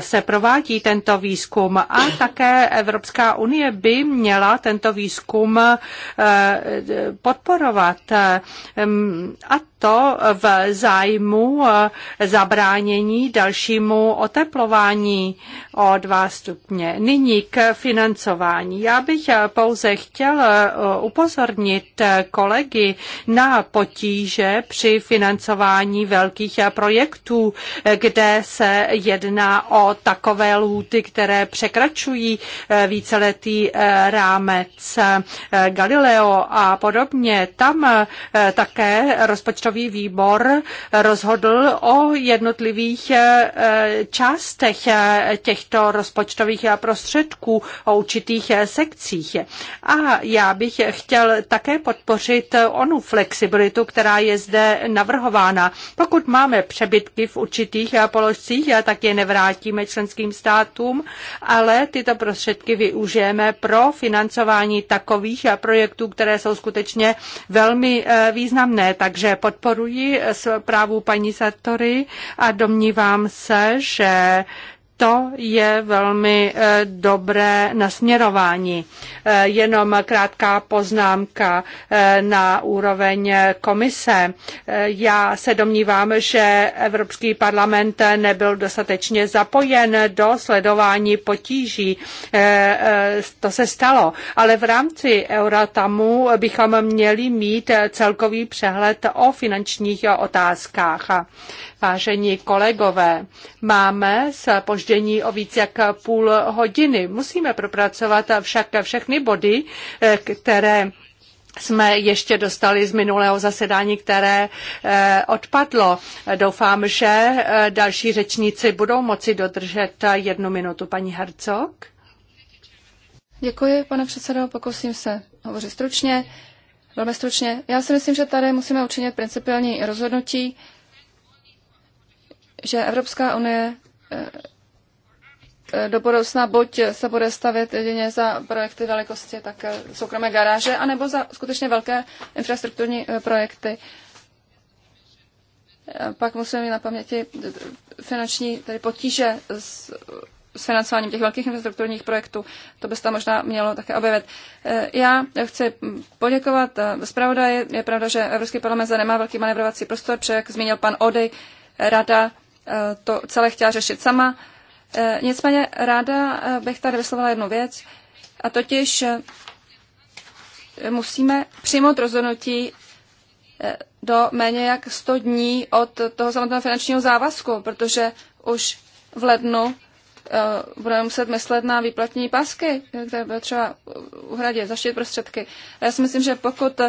se provádí tento výzkum a také Evropská unie by měla tento výzkum podporovat. A to v zájmu eh, zabránění dalšímu oteplování o 2 stupně. Nyní k financování. Já bych eh, pouze chtěl eh, upozornit kolegy na potíže při financování velkých projektů, kde se jedná o takové lhůty, které překračují víceletý rámec Galileo a podobně. Tam také rozpočtové rozpočtový výbor rozhodl o jednotlivých eh, částech eh, těchto rozpočtových prostředků, o určitých eh, sekcích. A já bych chtěl také podpořit onu flexibilitu, která je zde navrhována. Pokud máme přebytky v určitých položcích, tak je nevrátíme členským státům, ale tyto prostředky využijeme pro financování takových projektů, které jsou skutečně velmi významné. Takže pod podporuji zprávu paní Sartory a domnívám se, že to je velmi eh, dobré nasměrování. Eh, jenom krátká poznámka eh, na úroveň komise. Já se domnívám, že Evropský parlament nebyl dostatečně zapojen do sledování potíží. To se stalo. Ale v rámci Euratamu bychom měli mít celkový přehled o finančních otázkách. Vážení kolegové, máme spoždění o víc jak půl hodiny. Musíme propracovat však všechny body, eh, které jsme ještě dostali z minulého zasedání, které eh, odpadlo. Doufám, že eh, další řečníci budou moci dodržet jednu minutu. Paní Hercog? Děkuji, pane předsedo, pokusím se hovořit stručně. Velmi stručně. Já si myslím, že tady musíme učinit principiální rozhodnutí že Evropská unie eh, eh, do budoucna buď se bude stavit jedině za projekty velikosti tak eh, soukromé garáže, anebo za skutečně velké infrastrukturní projekty. Pak musíme mít na paměti finanční tedy potíže s, s financováním těch velkých infrastrukturních projektů. To by se tam možná mělo také objevit. Já chci poděkovat zpravodaji. Je pravda, že Evropský parlament zde nemá velký manevrovací prostor, protože, jak zmínil pan Ody, rada Eh, to celé chtěla řešit sama. Eh, nicméně ráda eh, bych tady vyslovila jednu věc, a totiž musíme přijmout rozhodnutí do méně jak 100 dní od toho samotného finančního závazku, protože už v lednu budeme muset myslet na výplatní pásky, které bude třeba uhradit, zaštit prostředky. Já si myslím, že pokud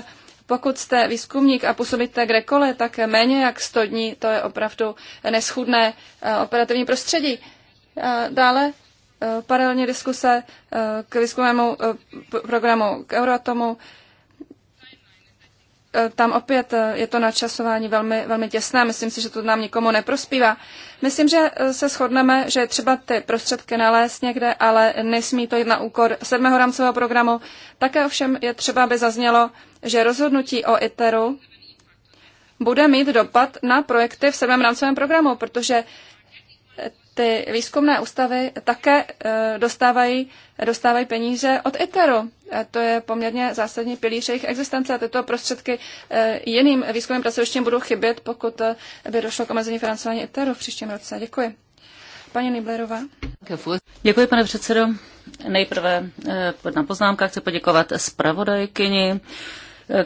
pokud jste výzkumník a působíte kdekoliv, tak méně jak 100 dní, to je opravdu neschudné eh, operativní prostředí. Eh, dále eh, paralelně diskuse k výzkumnému programu k Euroatomu. Eh, tam opět eh, je to načasování velmi, velmi těsné, myslím si, že to nám nikomu neprospívá. Myslím, že eh, se shodneme, že třeba ty prostředky nalézt někde, ale nesmí to jít na úkor sedmého rámcového programu. Také ovšem je třeba, aby zaznělo, že rozhodnutí o ITERu bude mít dopad na projekty v sedmém rámcovém programu, protože ty výzkumné ústavy také eh, dostávají, dostávají peníze od ITERu. To je poměrně zásadní pilíř jejich existence a tyto prostředky eh, jiným výzkumným pracovištěm budou chybět, pokud eh, by došlo k omezení financování ITERu v příštím roce. Děkuji. Paní Niblerová. Děkuji, pane předsedo. Nejprve na poznámka chci poděkovat zpravodajkyni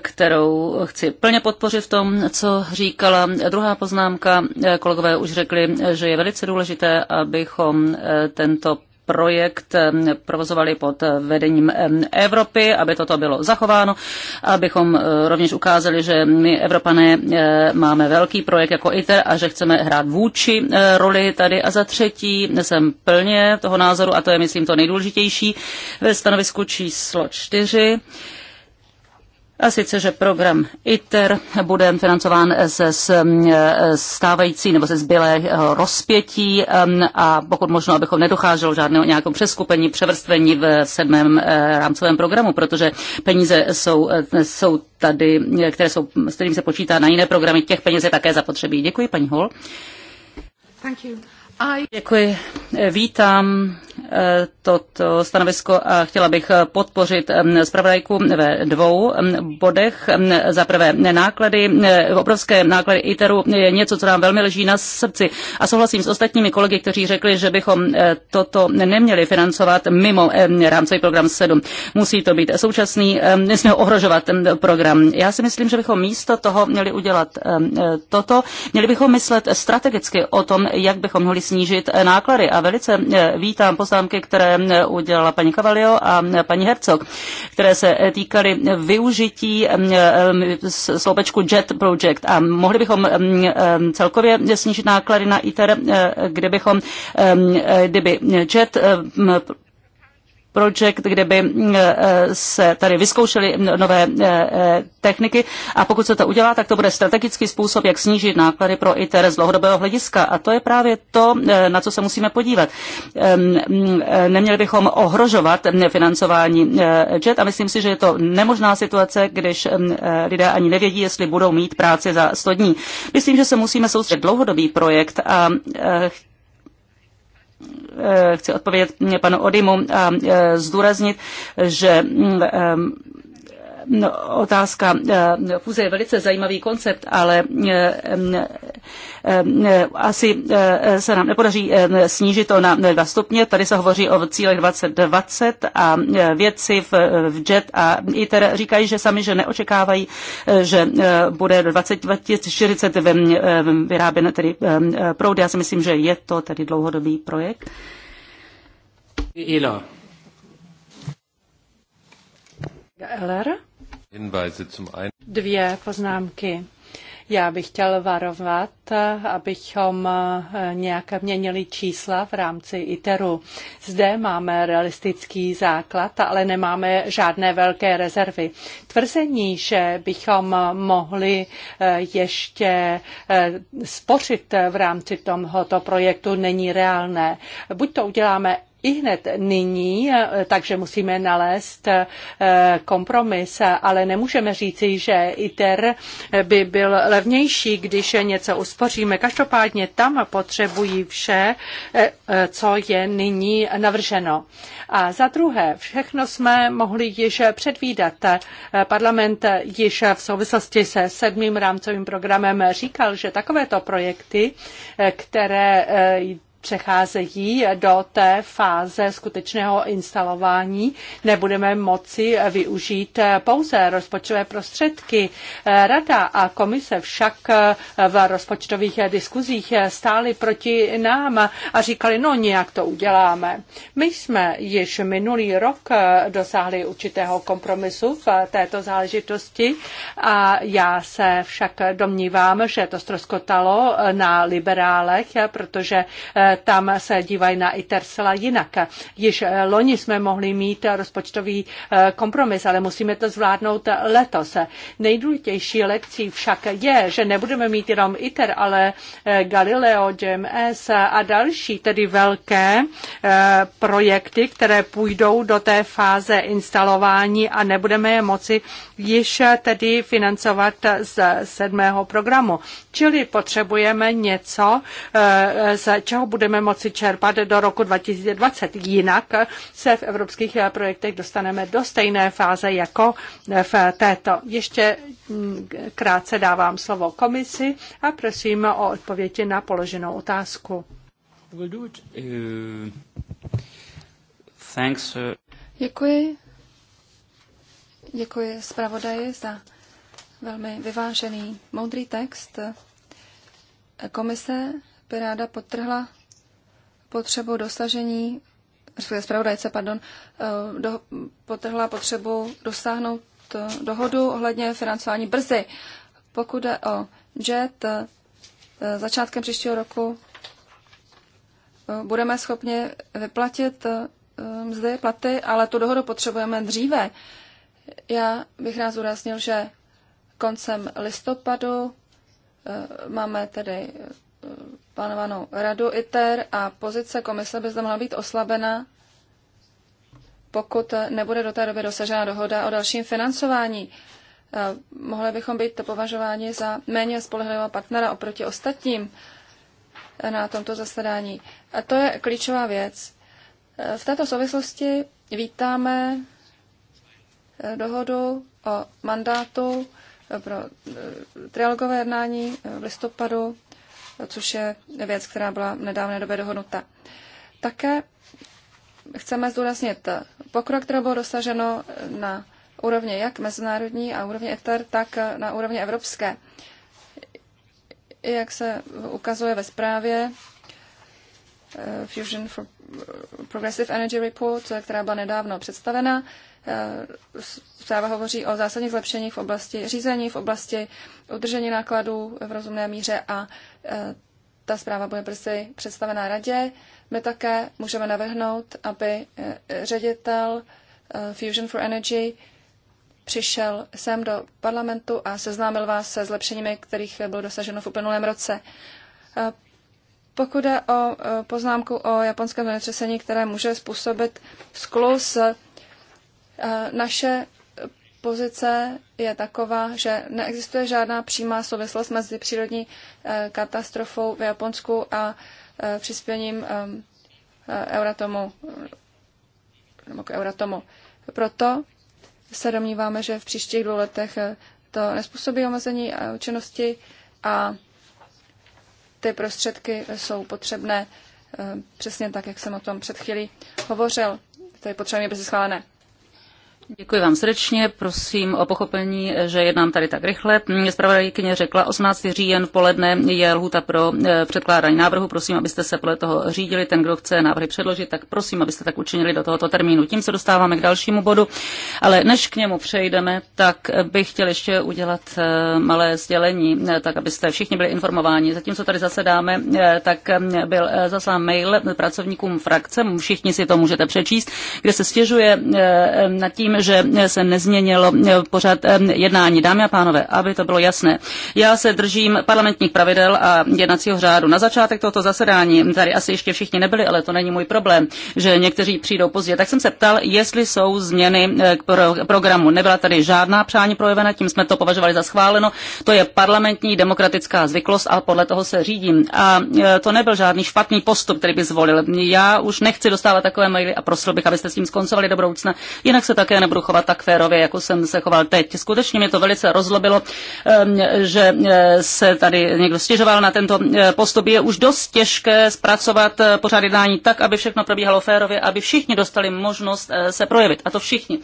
kterou chci plně podpořit v tom, co říkala. Druhá poznámka, kolegové už řekli, že je velice důležité, abychom eh, tento projekt eh, provozovali pod eh, vedením Evropy, aby toto bylo zachováno, abychom rovněž ukázali, že my Evropané máme velký projekt jako ITER a že chceme hrát vůči roli tady. A za třetí jsem plně toho názoru, a to je myslím to nejdůležitější, ve stanovisku číslo čtyři, a sice, že program ITER bude financován ze stávající nebo ze zbylého rozpětí a pokud možno, abychom nedocházelo žádného nějakého přeskupení, převrstvení v sedmém eh, rámcovém programu, protože peníze jsou, eh, jsou tady, které jsou, s kterým se počítá na jiné programy, těch peněz je také zapotřebí. Děkuji, paní Hol. Thank you. Děkuji. Vítám toto stanovisko a chtěla bych podpořit zpravodajku ve dvou bodech. Za prvé náklady, eh, obrovské náklady ITERu je něco, co nám velmi leží na srdci. A souhlasím s ostatními kolegy, kteří řekli, že bychom eh, toto neměli financovat mimo rámcový program 7. Musí to být současný, nesmíme ohrožovat ten program. Já si myslím, že bychom místo toho měli udělat eh, toto. Měli bychom myslet strategicky o tom, jak bychom mohli snížit náklady. A velice vítám poslání poznámky, které udělala paní Cavalio a paní Hercog, které se týkaly využití mm, mm, sloupečku JET Project. A mohli bychom mm, celkově snížit náklady na ITER, kdybychom, kdyby JET Project, kde by eh, se tady vyzkoušely nové eh, techniky a pokud se to udělá, tak to bude strategický způsob, jak snížit náklady pro ITER z dlouhodobého hlediska a to je právě to, eh, na co se musíme podívat. Ehm, neměli bychom ohrožovat financování JET a myslím si, že je to nemožná situace, když ehm, lidé ani nevědí, jestli budou mít práci za 100 dní. Myslím, že se musíme soustředit dlouhodobý projekt a Eh, chci odpovědět panu Odimu a eh, zdůraznit, že mm, eh, No, otázka eh, fúze je velice zajímavý koncept, ale eh, eh, asi se nám nepodaří snížit to na dva stupně. Tady se hovoří o cílech 2020 a vědci v, JET a ITER říkají, že sami, že neočekávají, že bude do 2040 vyráběn tedy proud. Já si myslím, že je to tedy dlouhodobý projekt. Ila. Eller? Dvě poznámky. Já bych chtěl varovat, abychom eh, nějak měnili čísla v rámci ITERu. Zde máme realistický základ, ale nemáme žádné velké rezervy. Tvrzení, že bychom mohli eh, ještě eh, spořit v rámci tohoto projektu, není reálné. Buď to uděláme i hned nyní, eh, takže musíme nalézt eh, kompromis, ale nemůžeme říci, že ITER eh, by byl levnější, když něco uspoříme. Každopádně tam potřebují vše, co je nyní navrženo. A za druhé, všechno jsme mohli již předvídat. Parlament již v souvislosti se sedmým rámcovým programem říkal, že takovéto projekty, které přecházejí do té fáze skutečného instalování, nebudeme moci využít pouze rozpočtové prostředky. Rada a komise však v rozpočtových diskuzích stály proti nám a říkali, no nějak to uděláme. My jsme již minulý rok dosáhli určitého kompromisu v této záležitosti a já se však domnívám, že to stroskotalo na liberálech, protože tam se dívají na Itersela jinak. Již loni jsme mohli mít rozpočtový eh, kompromis, ale musíme to zvládnout letos. Nejdůležitější lekcí však je, že nebudeme mít jenom ITER, ale eh, Galileo, GMS a další, tedy velké eh, projekty, které půjdou do té fáze instalování a nebudeme je moci již tedy financovat z sedmého programu. Čili potřebujeme něco, eh, z čeho budeme moci čerpat do roku 2020. Jinak se v evropských eh, projektech dostaneme do stejné fáze jako v eh, této. Ještě mm, krátce dávám slovo komisi a prosím o odpovědi na položenou otázku. Děkuji. Děkuji zpravodaji za velmi vyvážený, moudrý text. Komise by ráda potrhla potřebu dosažení, zpravodajce, pardon, eh, do, potrhla potřebu dosáhnout eh, dohodu ohledně financování brzy. Pokud jde o JET, eh, začátkem příštího roku budeme schopni vyplatit mzdy, platy, ale tu dohodu potřebujeme dříve. Já bych rád zúraznil, že koncem listopadu eh, máme tedy eh, plánovanou radu ITER a pozice komise by zde mohla být oslabena, pokud nebude do té doby dosažena dohoda o dalším financování. Eh, mohli bychom být to považováni za méně spolehlivého partnera oproti ostatním na tomto zasedání. A to je klíčová věc. V této souvislosti vítáme dohodu o mandátu pro eh, trialogové jednání eh, v listopadu, což je věc, která byla v nedávné době dohodnuta. Také chceme zdůraznit pokrok, který byl dosaženo eh, na úrovni jak mezinárodní a úrovni ETER, tak na úrovni evropské. Jak se ukazuje ve zprávě, Eh, Fusion for eh, Progressive Energy Report, eh, která byla nedávno představena. Zpráva hovoří o zásadních zlepšeních v oblasti řízení, v oblasti udržení nákladů v rozumné míře a ta zpráva bude brzy představená radě. My také můžeme navrhnout, aby ředitel Fusion for Energy přišel sem do parlamentu a seznámil vás se zlepšeními, kterých bylo dosaženo v uplynulém roce. Pokud jde o e, poznámku o japonském zemětřesení, které může způsobit sklus, e, naše pozice je taková, že neexistuje žádná přímá souvislost mezi přírodní e, katastrofou v Japonsku a přispěním Euratomu. Nebo k Euratomu. Proto se domníváme, že v příštích dvou letech to nespůsobí omezení činnosti a ty prostředky jsou potřebné eh, přesně tak, jak jsem o tom před chvílí hovořil. To je potřeba, aby se schválené Děkuji vám srdečně, prosím o pochopení, že jednám tady tak rychle. Spravodajkyně řekla, 18. říjen v poledne je lhuta pro eh, předkládání návrhu. Prosím, abyste se podle toho řídili. Ten, kdo chce návrhy předložit, tak prosím, abyste tak učinili do tohoto termínu. Tím se dostáváme k dalšímu bodu, ale než k němu přejdeme, tak bych chtěl ještě udělat eh, malé sdělení, eh, tak abyste všichni byli informováni. Zatímco tady zasedáme, tak mm, byl zaslán mail pracovníkům frakce, všichni si to můžete přečíst, kde se stěžuje nad tím, že se nezměnilo pořad eh, jednání. Dámy a pánové, aby to bylo jasné, já se držím parlamentních pravidel a jednacího řádu. Na začátek tohoto zasedání, tady asi ještě všichni nebyli, ale to není můj problém, že někteří přijdou pozdě, tak jsem se ptal, jestli jsou změny eh, k pro- programu. Nebyla tady žádná přání projevena, tím jsme to považovali za schváleno. To je parlamentní demokratická zvyklost a podle toho se řídím. A eh, to nebyl žádný špatný postup, který by zvolil. Já už nechci dostávat takové maily a prosil bych, abyste s tím skoncovali do budoucna. Jinak se také nebudu chovat tak férově, jako jsem se choval teď. Skutečně mě to velice rozlobilo, že eh, se tady někdo stěžoval na tento eh, postup. Je už dost těžké zpracovat eh, pořád jednání tak, aby všechno probíhalo férově, aby všichni dostali možnost se projevit. A to všichni.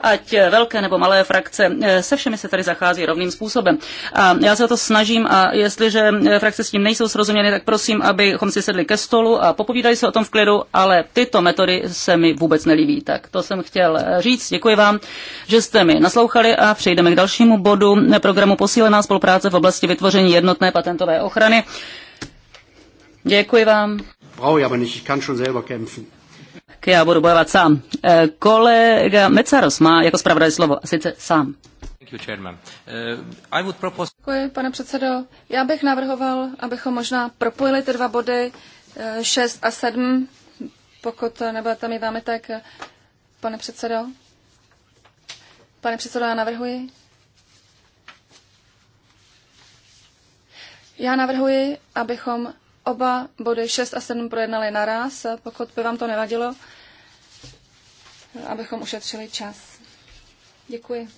Ať velké nebo malé frakce, se všemi se tady zachází rovným způsobem. A já se o to snažím a jestliže frakce s tím nejsou srozuměny, tak prosím, abychom si sedli ke stolu a popovídali se o tom v klidu, ale tyto metody se mi vůbec nelíbí. Tak to jsem chtěl říct. Děkuji. Děkuji vám, že jste mi naslouchali a přejdeme k dalšímu bodu programu Posílená spolupráce v oblasti vytvoření jednotné patentové ochrany. Děkuji vám. Brauche aber nicht, ich kann schon selber kämpfen. Já budu bojovat sám. Eh, kolega Mecaros má jako zpravodaj slovo, a sice sám. Eh, děkuji, pane předsedo. Já bych navrhoval, abychom možná propojili ty dva body 6 eh, a 7, pokud nebudete vámi, tak pane předsedo. Pane předsedo, já navrhuji. Já navrhuji, abychom oba body 6 a 7 projednali naraz, pokud by vám to nevadilo, abychom ušetřili čas. Děkuji.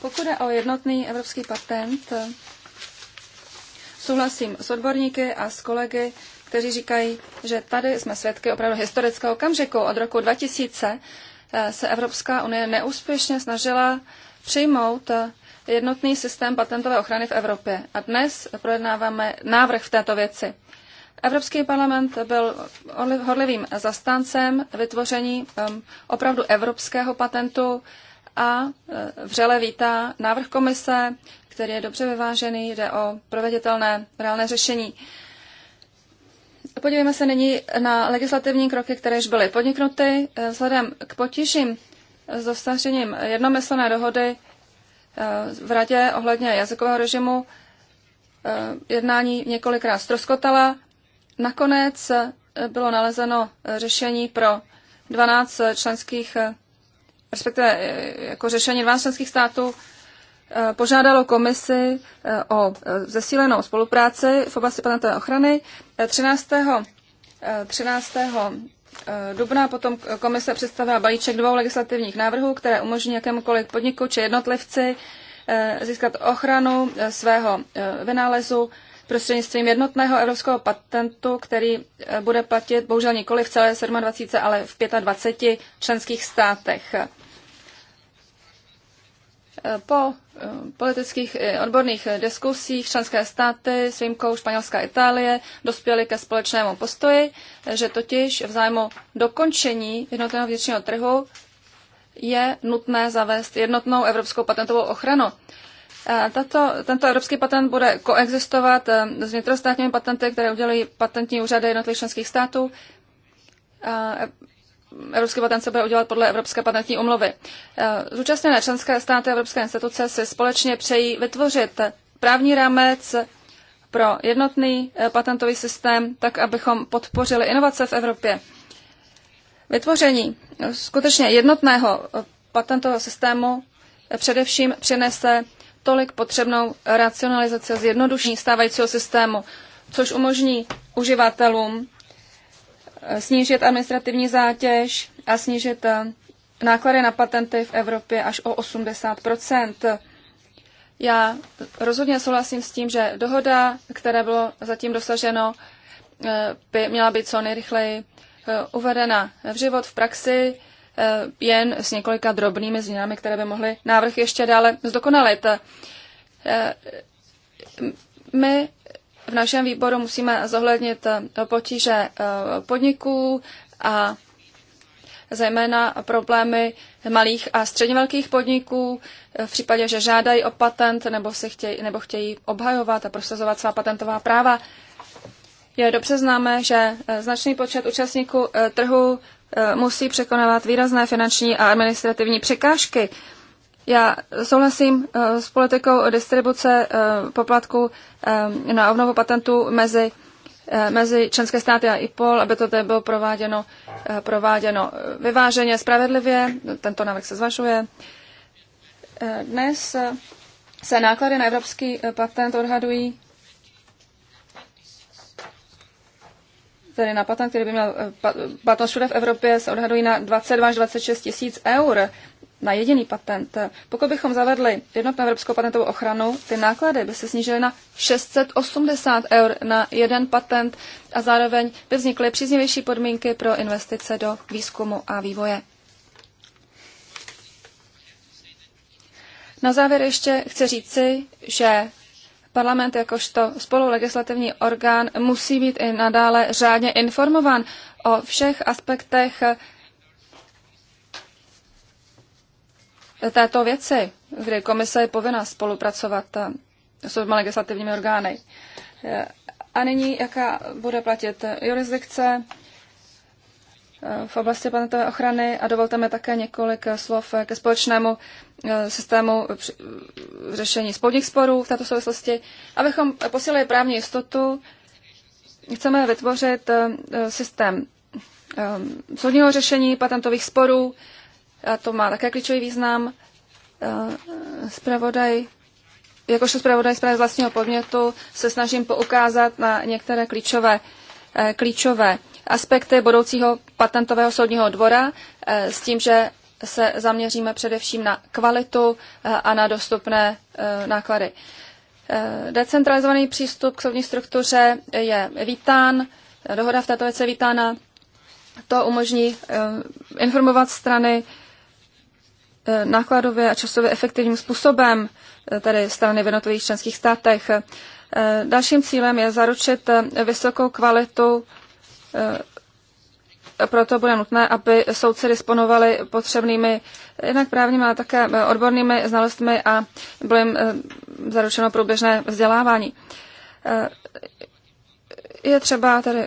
Pokud je o jednotný evropský patent, souhlasím s odborníky a s kolegy, kteří říkají, že tady jsme svědky opravdu historického okamžiku. Od roku 2000 Eh, se Evropská unie neúspěšně snažila přijmout eh, jednotný systém patentové ochrany v Evropě. A dnes projednáváme návrh v této věci. Evropský parlament byl horlivým zastáncem vytvoření opravdu evropského patentu a eh, vřele vítá návrh komise, který je dobře vyvážený, jde o proveditelné reálné řešení. Podívejme se nyní na legislativní kroky, které již byly podniknuty. Eh, vzhledem k potížím s dosažením jednomyslné dohody eh, v radě ohledně jazykového režimu eh, jednání několikrát stroskotala. Nakonec bylo nalezeno řešení pro 12 členských, respektive jako řešení 12 členských států Eh, požádalo komisi eh, o eh, zesílenou spolupráci v oblasti patentové ochrany. 13. 13. dubna potom komise představila balíček dvou legislativních návrhů, které umožní jakémukoliv podniku či jednotlivci získat ochranu svého vynálezu prostřednictvím jednotného evropského patentu, který bude platit bohužel nikoli v celé 27, ale v 25 členských státech. Po eh, politických eh, odborných diskusích členské státy s výjimkou Španělská Itálie dospěly ke společnému postoji, že totiž v zájmu dokončení jednotného vnitřního trhu je nutné zavést jednotnou evropskou patentovou ochranu. Eh, tato, tento evropský patent bude koexistovat s vnitrostátními patenty, které udělují patentní úřady jednotlivých členských států. Evropský se bude udělat podle Evropské patentní umluvy. Eh, zúčastněné členské státy Evropské instituce si společně přejí vytvořit právní rámec pro jednotný eh, patentový systém, tak abychom podpořili inovace v Evropě. Vytvoření skutečně jednotného eh, patentového systému především přinese tolik potřebnou racionalizaci a zjednodušení stávajícího systému, což umožní uživatelům snížit administrativní zátěž a snížit eh, náklady na patenty v Evropě až o 80 Já rozhodně souhlasím s tím, že dohoda, které bylo zatím dosaženo, eh, by měla být co nejrychleji eh, uvedena v život v praxi jen s několika drobnými změnami, které by mohly návrh ještě dále zdokonalit. My v našem výboru musíme zohlednit eh, potíže eh, podniků a zejména problémy malých a středně velkých podniků eh, v případě, že žádají o patent nebo, si chtějí, nebo chtějí obhajovat a prosazovat svá patentová práva. Je dobře známé, že značný počet účastníků trhu musí překonávat výrazné finanční a administrativní překážky já souhlasím eh, s politikou distribuce eh, poplatku eh, na obnovu patentů mezi mezi členské státy a IPOL, aby to bylo prováděno, prováděno vyváženě, spravedlivě. Tento návrh se zvažuje. Dnes se náklady na evropský patent odhadují tedy na patent, který by měl platnost všude v Evropě, se odhadují na 22 až 26 tisíc eur na jediný patent. Pokud bychom zavedli jednotnou evropskou patentovou ochranu, ty náklady by se snížily na 680 eur na jeden patent a zároveň by vznikly příznivější podmínky pro investice do výzkumu a vývoje. Na závěr ještě chci říci, že parlament jakožto spolulegislativní orgán musí být i nadále řádně informován o všech aspektech této věci, kdy komise je povinna spolupracovat eh, s legislativními orgány. Eh, a nyní, jaká bude platit eh, jurisdikce v oblasti patentové ochrany a dovolte mi také několik slov ke společnému systému řešení spolních sporů v této souvislosti. Abychom posílili právní jistotu, chceme vytvořit systém soudního řešení patentových sporů a to má také klíčový význam. Spravodaj, e, jakožto zpravodaj z vlastního podmětu se snažím poukázat na některé klíčové, e, klíčové aspekty budoucího patentového soudního dvora e, s tím, že se zaměříme především na kvalitu a na dostupné náklady. Decentralizovaný přístup k soudní struktuře je vítán, dohoda v této věci je vítána. To umožní informovat strany Eh, nákladově a časově efektivním způsobem, eh, tedy strany v jednotlivých členských státech. Eh, dalším cílem je zaručit vysokou kvalitu, proto bude nutné, aby soudci disponovali potřebnými jednak právními, ale také odbornými znalostmi a bylo jim zaručeno průběžné vzdělávání. Je třeba tedy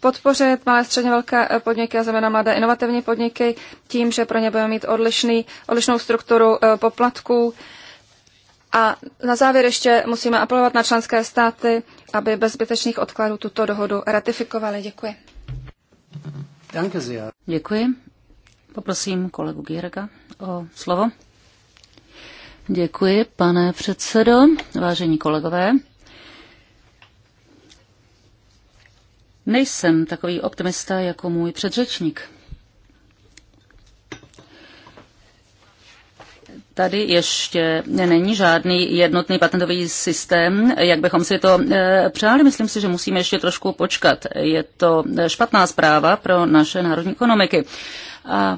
podpořit malé středně velké eh, podniky a zejména mladé inovativní podniky tím, že pro ně budeme mít odlišný, odlišnou strukturu eh, poplatků. A na závěr ještě musíme apelovat na členské státy, aby bez zbytečných odkladů tuto dohodu ratifikovali. Děkuji. Děkuji. Poprosím kolegu Gierga o slovo. Děkuji, pane předsedo, vážení kolegové. Nejsem takový optimista jako můj předřečník. Tady ještě není žádný jednotný patentový systém, jak bychom si to eh, přáli. Myslím si, že musíme ještě trošku počkat. Je to špatná zpráva pro naše národní ekonomiky. A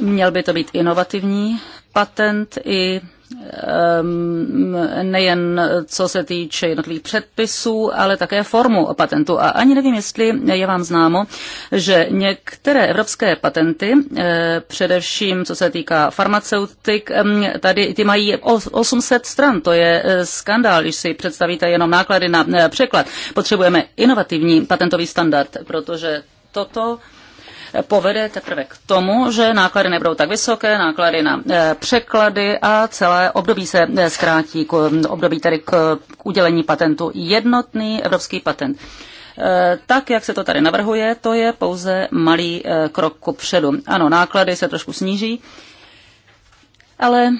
měl by to být inovativní patent i Ehm, nejen co se týče jednotlivých předpisů, ale také formu patentu. A ani nevím, jestli je vám známo, že některé evropské patenty, eh, především co se týká farmaceutik, ehm, tady ty mají 800 stran. To je eh, skandál, když si představíte jenom náklady na eh, překlad. Potřebujeme inovativní patentový standard, protože toto povede teprve k tomu, že náklady nebudou tak vysoké, náklady na eh, překlady a celé období se eh, zkrátí, eh, období tedy k udělení patentu. Jednotný evropský patent. Tak, jak se to tady navrhuje, to je pouze malý krok předu. Ano, náklady se trošku sníží, ale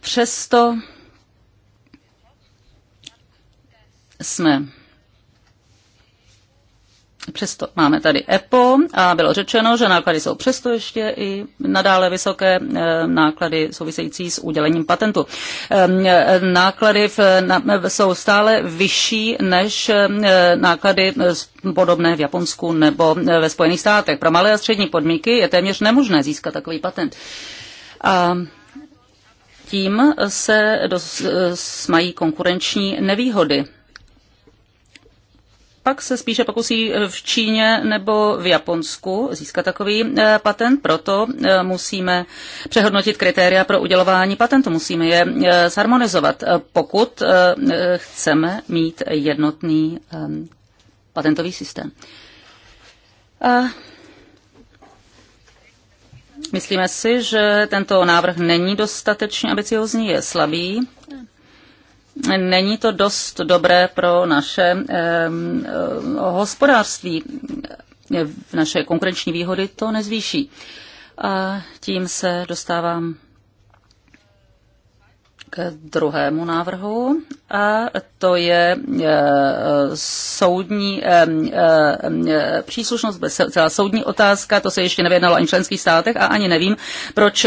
přesto jsme Přesto máme tady EPO a bylo řečeno, že náklady jsou přesto ještě i nadále vysoké e, náklady související s udělením patentu. E, e, náklady v, na, jsou stále vyšší než náklady podobné v Japonsku nebo ve Spojených státech. Pro malé a střední podmínky je téměř nemožné získat takový patent. A tím se dos, mají konkurenční nevýhody pak se spíše pokusí v Číně nebo v Japonsku získat takový eh, patent, proto eh, musíme přehodnotit kritéria pro udělování patentu, musíme je eh, zharmonizovat, pokud chceme mít jednotný patentový systém. A myslíme si, že tento návrh není dostatečně ambiciozní, je slabý není to dost dobré pro naše hospodářství. Naše konkurenční výhody to nezvýší. A tím se dostávám k druhému návrhu a to je e, soudní e, e, příslušnost, celá soudní otázka, to se ještě nevědnalo ani v členských státech a ani nevím, proč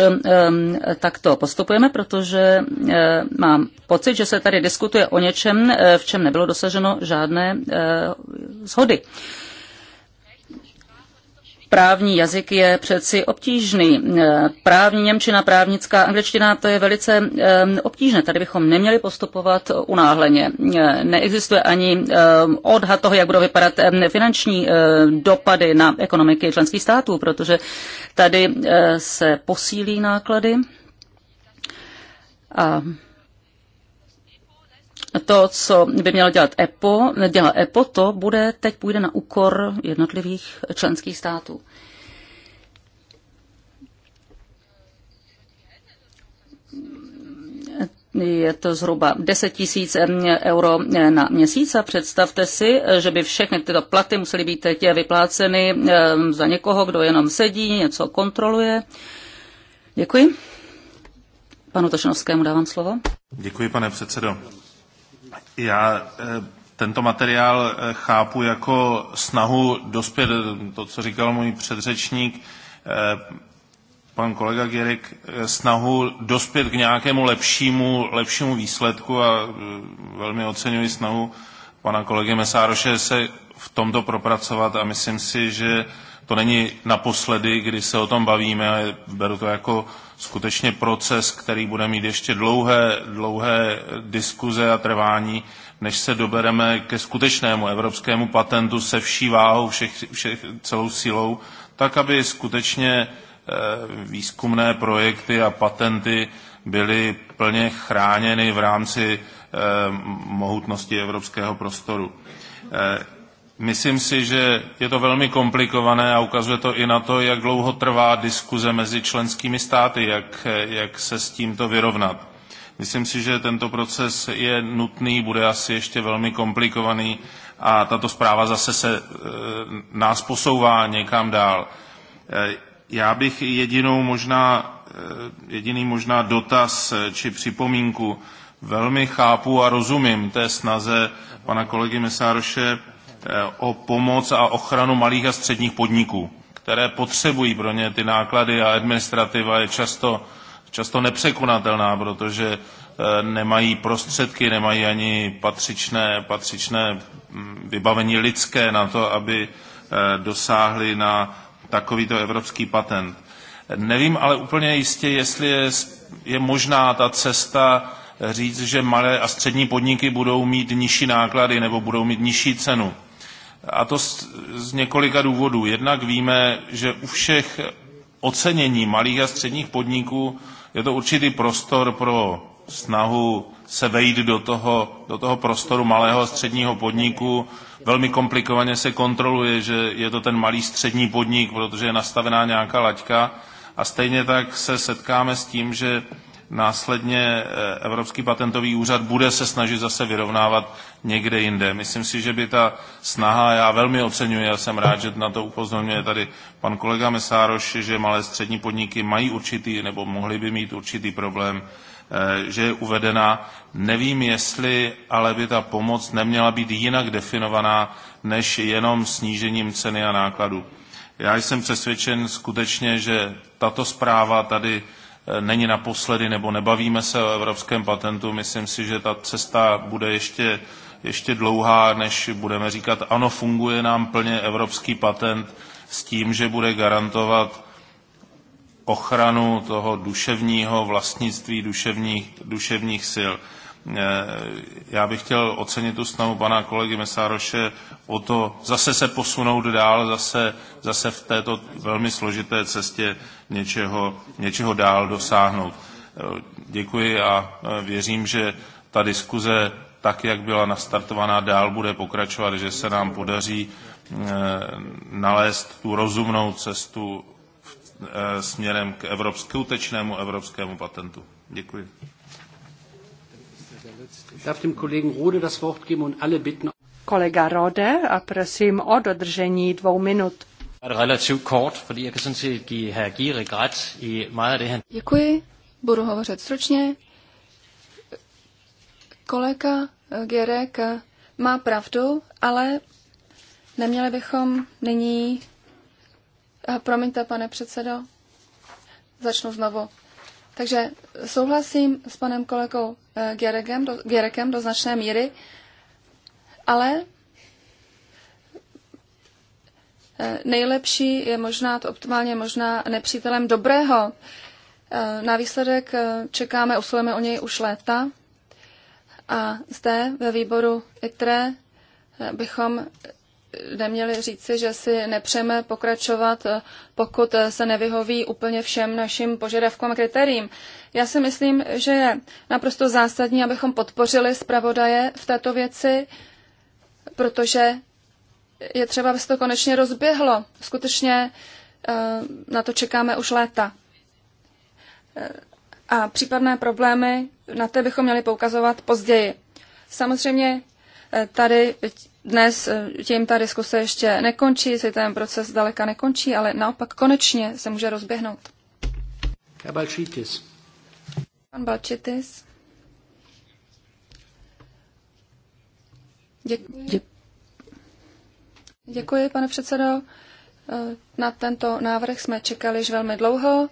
takto postupujeme, protože mám pocit, že se tady diskutuje o něčem, v čem nebylo dosaženo žádné shody právní jazyk je přeci obtížný. Eh, právní Němčina, právnická angličtina, to je velice eh, obtížné. Tady bychom neměli postupovat unáhleně. Eh, neexistuje ani odhad toho, jak budou vypadat finanční dopady na ekonomiky členských států, protože tady se posílí náklady. A to, co by mělo dělat EPO, dělá EPO, to bude, teď půjde na úkor jednotlivých členských států. je to zhruba 10 tisíc euro eh, na měsíc a představte si, že by všechny tyto platy musely být teď vypláceny za někoho, kdo jenom sedí, něco kontroluje. Děkuji. Panu Tošenovskému dávám slovo. Děkuji, pane předsedo. Já eh, tento materiál eh, chápu jako snahu dospět, eh, to, co říkal můj předřečník, pan kolega Gerek, snahu dospět k nějakému lepšímu, lepšímu výsledku a velmi oceňuji snahu pana kolegy Mesároše se v tomto propracovat a myslím si, že to není naposledy, kdy se o tom bavíme a beru to jako skutečně proces, který bude mít ještě dlouhé, dlouhé diskuze a trvání, než se dobereme ke skutečnému evropskému patentu se vší váhou, všech, všech, celou silou, tak aby skutečně eh, výzkumné projekty a patenty byly plně chráněny v rámci eh, mohutnosti evropského prostoru. Eh, Myslím si, že je to velmi komplikované a ukazuje to i na to, jak dlouho trvá diskuze mezi členskými státy, jak, jak se s tímto vyrovnat. Myslím si, že tento proces je nutný, bude asi ještě velmi komplikovaný a tato zpráva zase se e, nás posouvá někam dál. E, já bych jedinou možná, e, jediný možná dotaz či připomínku velmi chápu a rozumím té snaze pana kolegy Mesároše Eh, o pomoc a ochranu malých a středních podniků, které potřebují pro ně ty náklady a administrativa je často, často nepřekonatelná, protože eh, nemají prostředky, nemají ani patřičné, patřičné hm, vybavení lidské na to, aby eh, dosáhli na takovýto evropský patent. Nevím ale úplně jistě, jestli je, je možná ta cesta říct, že malé a střední podniky budou mít nižší náklady nebo budou mít nižší cenu. A to z, z několika důvodů. Jednak víme, že u všech ocenění malých a středních podniků je to určitý prostor pro snahu se vejít do toho, do toho prostoru malého a středního podniku. Velmi komplikovaně se kontroluje, že je to ten malý střední podnik, protože je nastavená nějaká laťka. A stejně tak se setkáme s tím, že následně eh, Evropský patentový úřad bude se snažit zase vyrovnávat někde jinde. Myslím si, že by ta snaha, já velmi oceňuji a jsem rád, že na to upozorňuje tady pan kolega Mesároš, že malé střední podniky mají určitý nebo mohly by mít určitý problém eh, že je uvedena. Nevím, jestli ale by ta pomoc neměla být jinak definovaná než jenom snížením ceny a nákladu. Já jsem přesvědčen skutečně, že tato zpráva tady není naposledy nebo nebavíme se o evropském patentu. Myslím si, že ta cesta bude ještě, ještě dlouhá, než budeme říkat, ano, funguje nám plně evropský patent s tím, že bude garantovat ochranu toho duševního vlastnictví, duševních, duševních sil. Já bych chtěl ocenit tu snahu pana kolegy Mesároše o to zase se posunout dál, zase, zase v této velmi složité cestě něčeho, něčeho dál dosáhnout. Děkuji a věřím, že ta diskuze, tak jak byla nastartovaná, dál bude pokračovat, že se nám podaří eh, nalézt tu rozumnou cestu eh, směrem k evropskému, skutečnému evropskému patentu. Děkuji darf dem Kollegen Rode Kolega Rode a prosím o dodržení dvou minut. Er relativt kort, fordi jeg kan sådan set give herr i meget af det, han... Děkuji, budu hovořit stručně. Kolega eh, Gierek eh, má pravdu, ale neměli bychom nyní... Eh, promiňte, pane předsedo, začnu znovu. Takže souhlasím s panem kolegou eh, Gerekem do, Gerekem do značné míry, ale eh, nejlepší je možná, to optimálně možná nepřítelem dobrého. Eh, na výsledek čekáme, usilujeme o něj už léta a zde ve výboru ITRE bychom neměli říci, že si nepřeme pokračovat, eh, pokud eh, se nevyhoví úplně všem našim požadavkům a kritériím. Já si myslím, že je naprosto zásadní, abychom podpořili zpravodaje v této věci, protože je třeba, aby se to konečně rozběhlo. Skutečně eh, na to čekáme už léta. A případné problémy, na té bychom měli poukazovat později. Samozřejmě tady dnes eh, tím ta diskuse ještě nekončí, si ten proces daleka nekončí, ale naopak konečně se může rozběhnout. Balčitis. Pan Balčitis. Děkuji. Děkuji, pane předsedo. Eh, na tento návrh jsme čekali již velmi dlouho.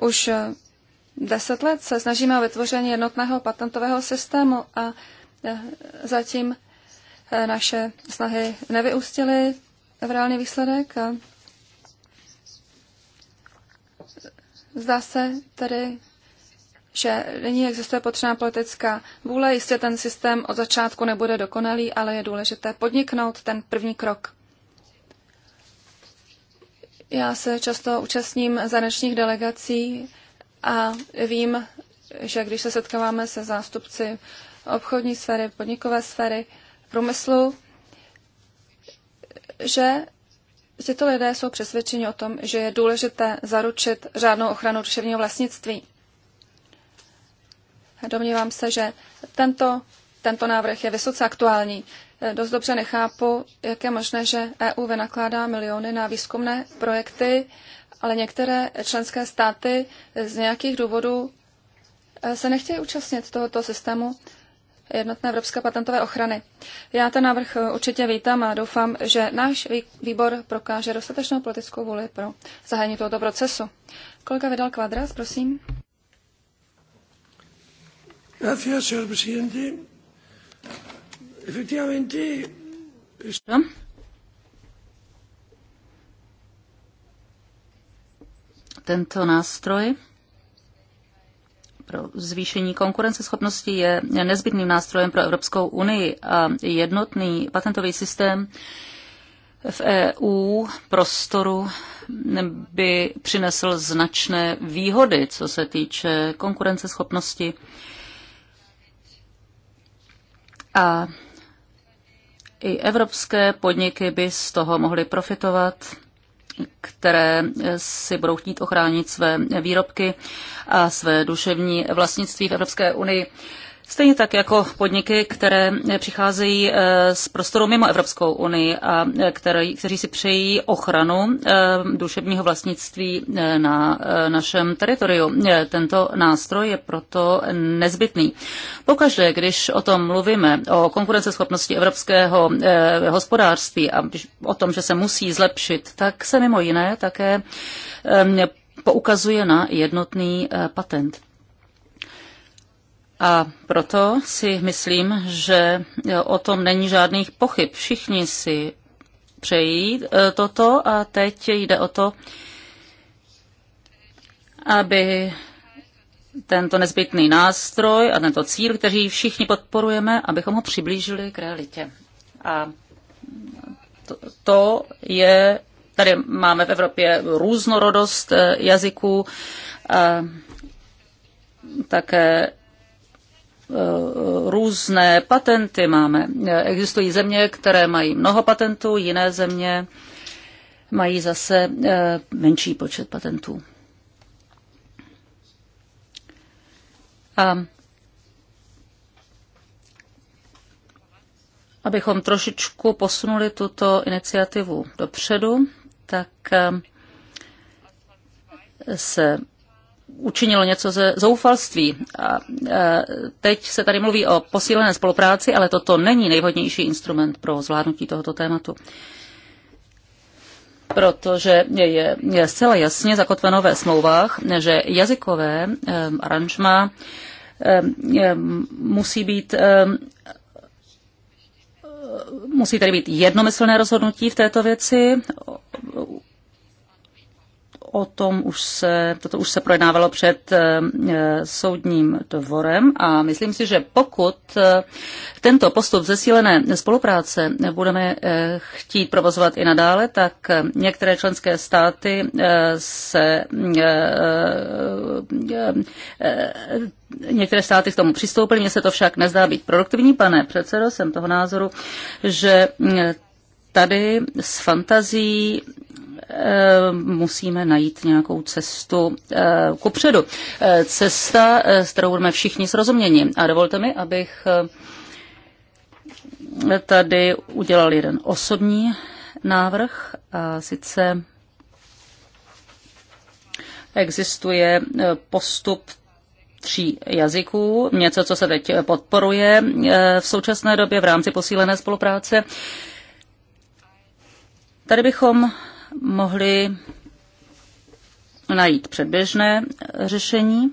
Už eh, deset let se snažíme o vytvoření jednotného patentového systému a Eh, zatím eh, naše snahy nevyústily v reálný výsledek. Zdá se tedy, že nyní existuje potřebná politická vůle. Jistě ten systém od začátku nebude dokonalý, ale je důležité podniknout ten první krok. Já se často účastním zanečních delegací a vím, že když se setkáváme se zástupci obchodní sféry, podnikové sféry, průmyslu, že tyto lidé jsou přesvědčeni o tom, že je důležité zaručit řádnou ochranu duševního vlastnictví. Domnívám se, že tento, tento návrh je vysoce aktuální. Dost dobře nechápu, jak je možné, že EU vynakládá miliony na výzkumné projekty, ale některé členské státy z nějakých důvodů se nechtějí účastnit tohoto systému jednotné evropské patentové ochrany. Já ten návrh eh, určitě vítám a doufám, že náš výbor prokáže dostatečnou politickou vůli pro zahájení tohoto procesu. Kolega Vidal Kvadras, prosím. Tento nástroj pro zvýšení konkurenceschopnosti je nezbytným nástrojem pro Evropskou unii a jednotný patentový systém v EU prostoru by přinesl značné výhody, co se týče konkurenceschopnosti. A i evropské podniky by z toho mohly profitovat které si budou chtít ochránit své výrobky a své duševní vlastnictví v Evropské unii. Stejně tak jako podniky, které přicházejí eh, z prostoru mimo Evropskou unii a eh, které, kteří si přejí ochranu eh, duševního vlastnictví na našem teritoriu. Tento nástroj je proto nezbytný. Pokaždé, když o tom mluvíme, o konkurenceschopnosti evropského hospodářství a o tom, že se musí zlepšit, tak se mimo jiné také poukazuje na jednotný patent. A proto si myslím, že o tom není žádných pochyb. Všichni si přejí e, toto a teď jde o to, aby tento nezbytný nástroj a tento cíl, který všichni podporujeme, abychom ho přiblížili k realitě. A to, to je, tady máme v Evropě různorodost e, jazyků, také Eh, různé patenty máme. Existují země, které mají mnoho patentů, jiné země mají zase eh, menší počet patentů. A abychom trošičku posunuli tuto iniciativu dopředu, tak eh, se učinilo něco ze zoufalství. A e, teď se tady mluví o posílené spolupráci, ale toto není nejvhodnější instrument pro zvládnutí tohoto tématu protože je, je zcela jasně zakotveno ve smlouvách, že jazykové um, aranžma e, musí být musí tady být jednomyslné rozhodnutí v této věci o tom už se, toto už se projednávalo před eh, soudním dvorem a myslím si, že pokud eh, tento postup zesílené spolupráce budeme eh, chtít provozovat i nadále, tak některé členské státy se Některé státy k tomu přistoupily, mně se to však nezdá být produktivní. Pane předsedo, jsem toho názoru, že tady s fantazí Eh, musíme najít nějakou cestu eh, kupředu. Eh, cesta, s kterou budeme všichni srozuměni. A dovolte mi, abych tady udělal jeden osobní návrh, a sice existuje postup tří jazyků, něco, co se teď podporuje v současné době v rámci posílené spolupráce. Tady bychom mohli najít předběžné řešení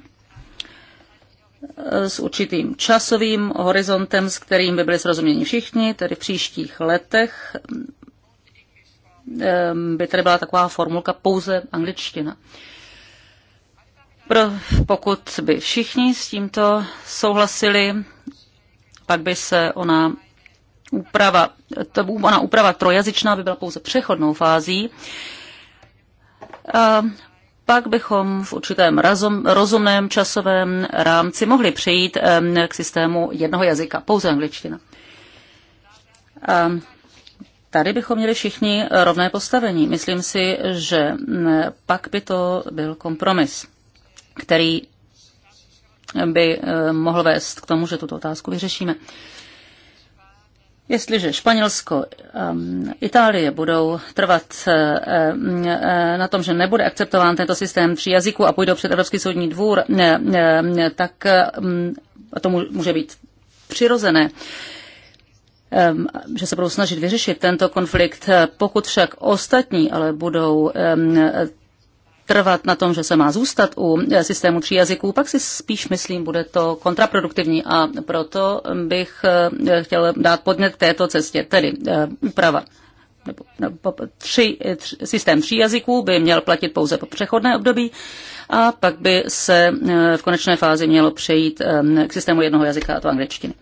eh, s určitým časovým horizontem, s kterým by byli srozuměni všichni, tedy v příštích letech eh, by tady byla taková formulka pouze angličtina. Pro, pokud by všichni s tímto souhlasili, pak by se ona úprava, to ona úprava trojazyčná by byla pouze přechodnou fází. A pak bychom v určitém razum, rozumném časovém rámci mohli přejít k systému jednoho jazyka, pouze angličtina. A tady bychom měli všichni rovné postavení. Myslím si, že pak by to byl kompromis, který by mohl vést k tomu, že tuto otázku vyřešíme. Jestliže Španělsko a um, Itálie budou trvat eh, eh, na tom, že nebude akceptován tento systém tří jazyků a půjdou před Evropský soudní dvůr, eh, tak mm, to může být přirozené ehm, že se budou snažit vyřešit tento konflikt. Pokud však ostatní ale budou ehm, trvat na tom, že se má zůstat u eh, systému tří jazyků, pak si spíš myslím, bude to kontraproduktivní a proto bych eh, chtěl dát podnět k této cestě, tedy eh, úprava. Nebo, nebo tři, tři, systém tří jazyků by měl platit pouze po přechodné období a pak by se v konečné fázi mělo přejít k systému jednoho jazyka, a to angličtiny.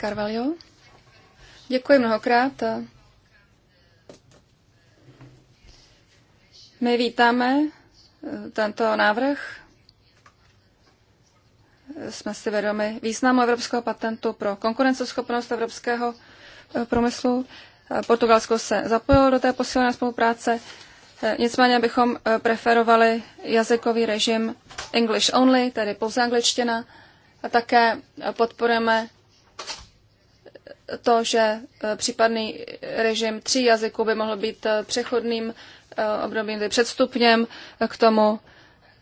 Carvalho. Děkuji mnohokrát. My vítáme eh, tento návrh. Jsme si vědomi významu evropského patentu pro konkurenceschopnost evropského eh, průmyslu. Eh, Portugalsko se zapojilo do té posílené spolupráce. Nicméně bychom preferovali jazykový režim English only, tedy pouze angličtina. A také podporujeme to, že případný režim tří jazyků by mohl být přechodným Eh, obdobím, tedy před stupněm k tomu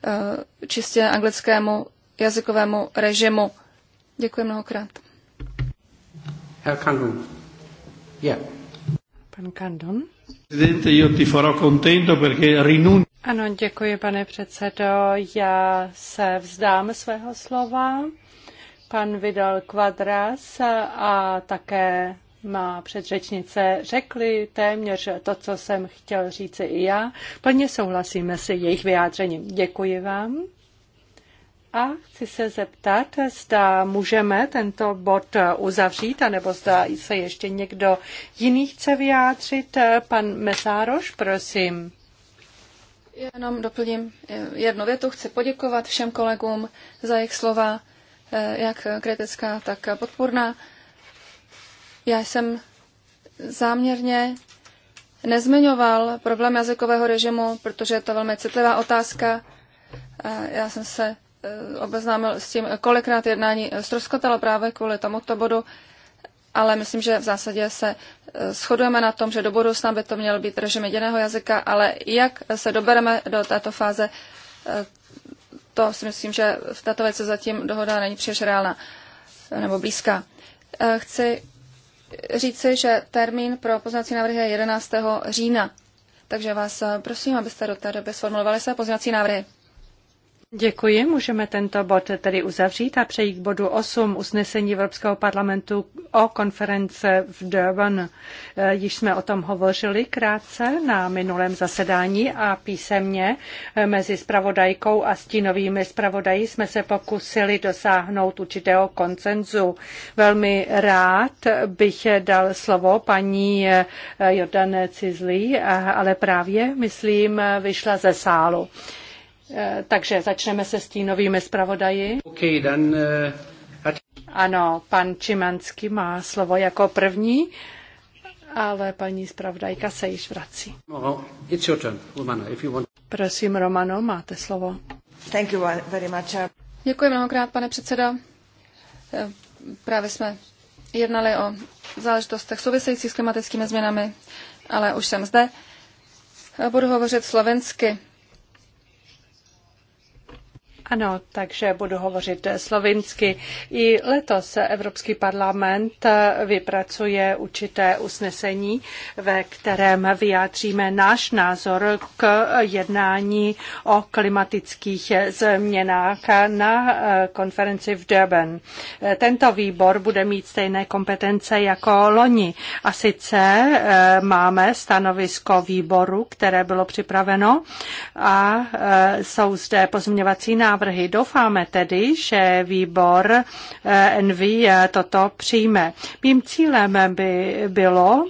eh, čistě anglickému jazykovému režimu. Děkuji mnohokrát. Herr Kandun. Yeah. Pan Kandun. Presidente, io ti farò contento perché rinun. Ano, děkuji, pane předsedo. Já se vzdám svého slova. Pan Vidal Quadras a také má předřečnice řekly téměř to, co jsem chtěl říci i já. Plně souhlasíme se jejich vyjádřením. Děkuji vám. A chci se zeptat, zda můžeme tento bod uzavřít, anebo zda se ještě někdo jiný chce vyjádřit. Pan Mesároš, prosím. Jenom doplním jednu větu. Chci poděkovat všem kolegům za jejich slova, jak kritická, tak podpůrná. Já jsem záměrně nezmiňoval problém jazykového režimu, protože je to velmi citlivá otázka. Já jsem se e, obeznámil s tím, kolikrát jednání e, ztroskotalo právě kvůli tomuto bodu, ale myslím, že v zásadě se e, shodujeme na tom, že do budoucna by to měl být režim jediného jazyka, ale jak se dobereme do této fáze, to si myslím, že v této věci zatím dohoda není příliš reálná nebo blízká. Chci říci, že termín pro pozvací návrhy je 11. října. Takže vás prosím, abyste do té doby sformulovali své pozvací návrhy. Děkuji, můžeme tento bod tedy uzavřít a přejít k bodu 8 usnesení Evropského parlamentu o konference v Durban. Eh, již jsme o tom hovořili krátce na minulém zasedání a písemně eh, mezi spravodajkou a stínovými spravodají. jsme se pokusili dosáhnout určitého koncenzu. Velmi rád bych dal slovo paní eh, Jordane Cizlí, ale právě, myslím, vyšla ze sálu. Eh, takže začneme se stínovými zpravodaji. Okay, then, uh, Ano, pan Čimanský má slovo jako první, ale paní zpravodajka se již vrací. Oh, it's your turn, Romano, if you want. Prosím, Romano, máte slovo. Thank you very much. Děkuji mnohokrát, pane předseda. Eh, právě jsme jednali o záležitostech souvisejících s klimatickými změnami, ale už jsem zde. Budu hovořit slovensky. Ano, takže budu hovořit slovinsky. I letos Evropský parlament vypracuje určité usnesení, ve kterém vyjádříme náš názor k jednání o klimatických změnách na konferenci v Durban. Tento výbor bude mít stejné kompetence jako loni. A sice eh, máme stanovisko výboru, které bylo připraveno a eh, jsou zde pozměňovací návrhy návrhy. Doufáme tedy, že výbor eh, NV eh, toto přijme. Mým cílem by bylo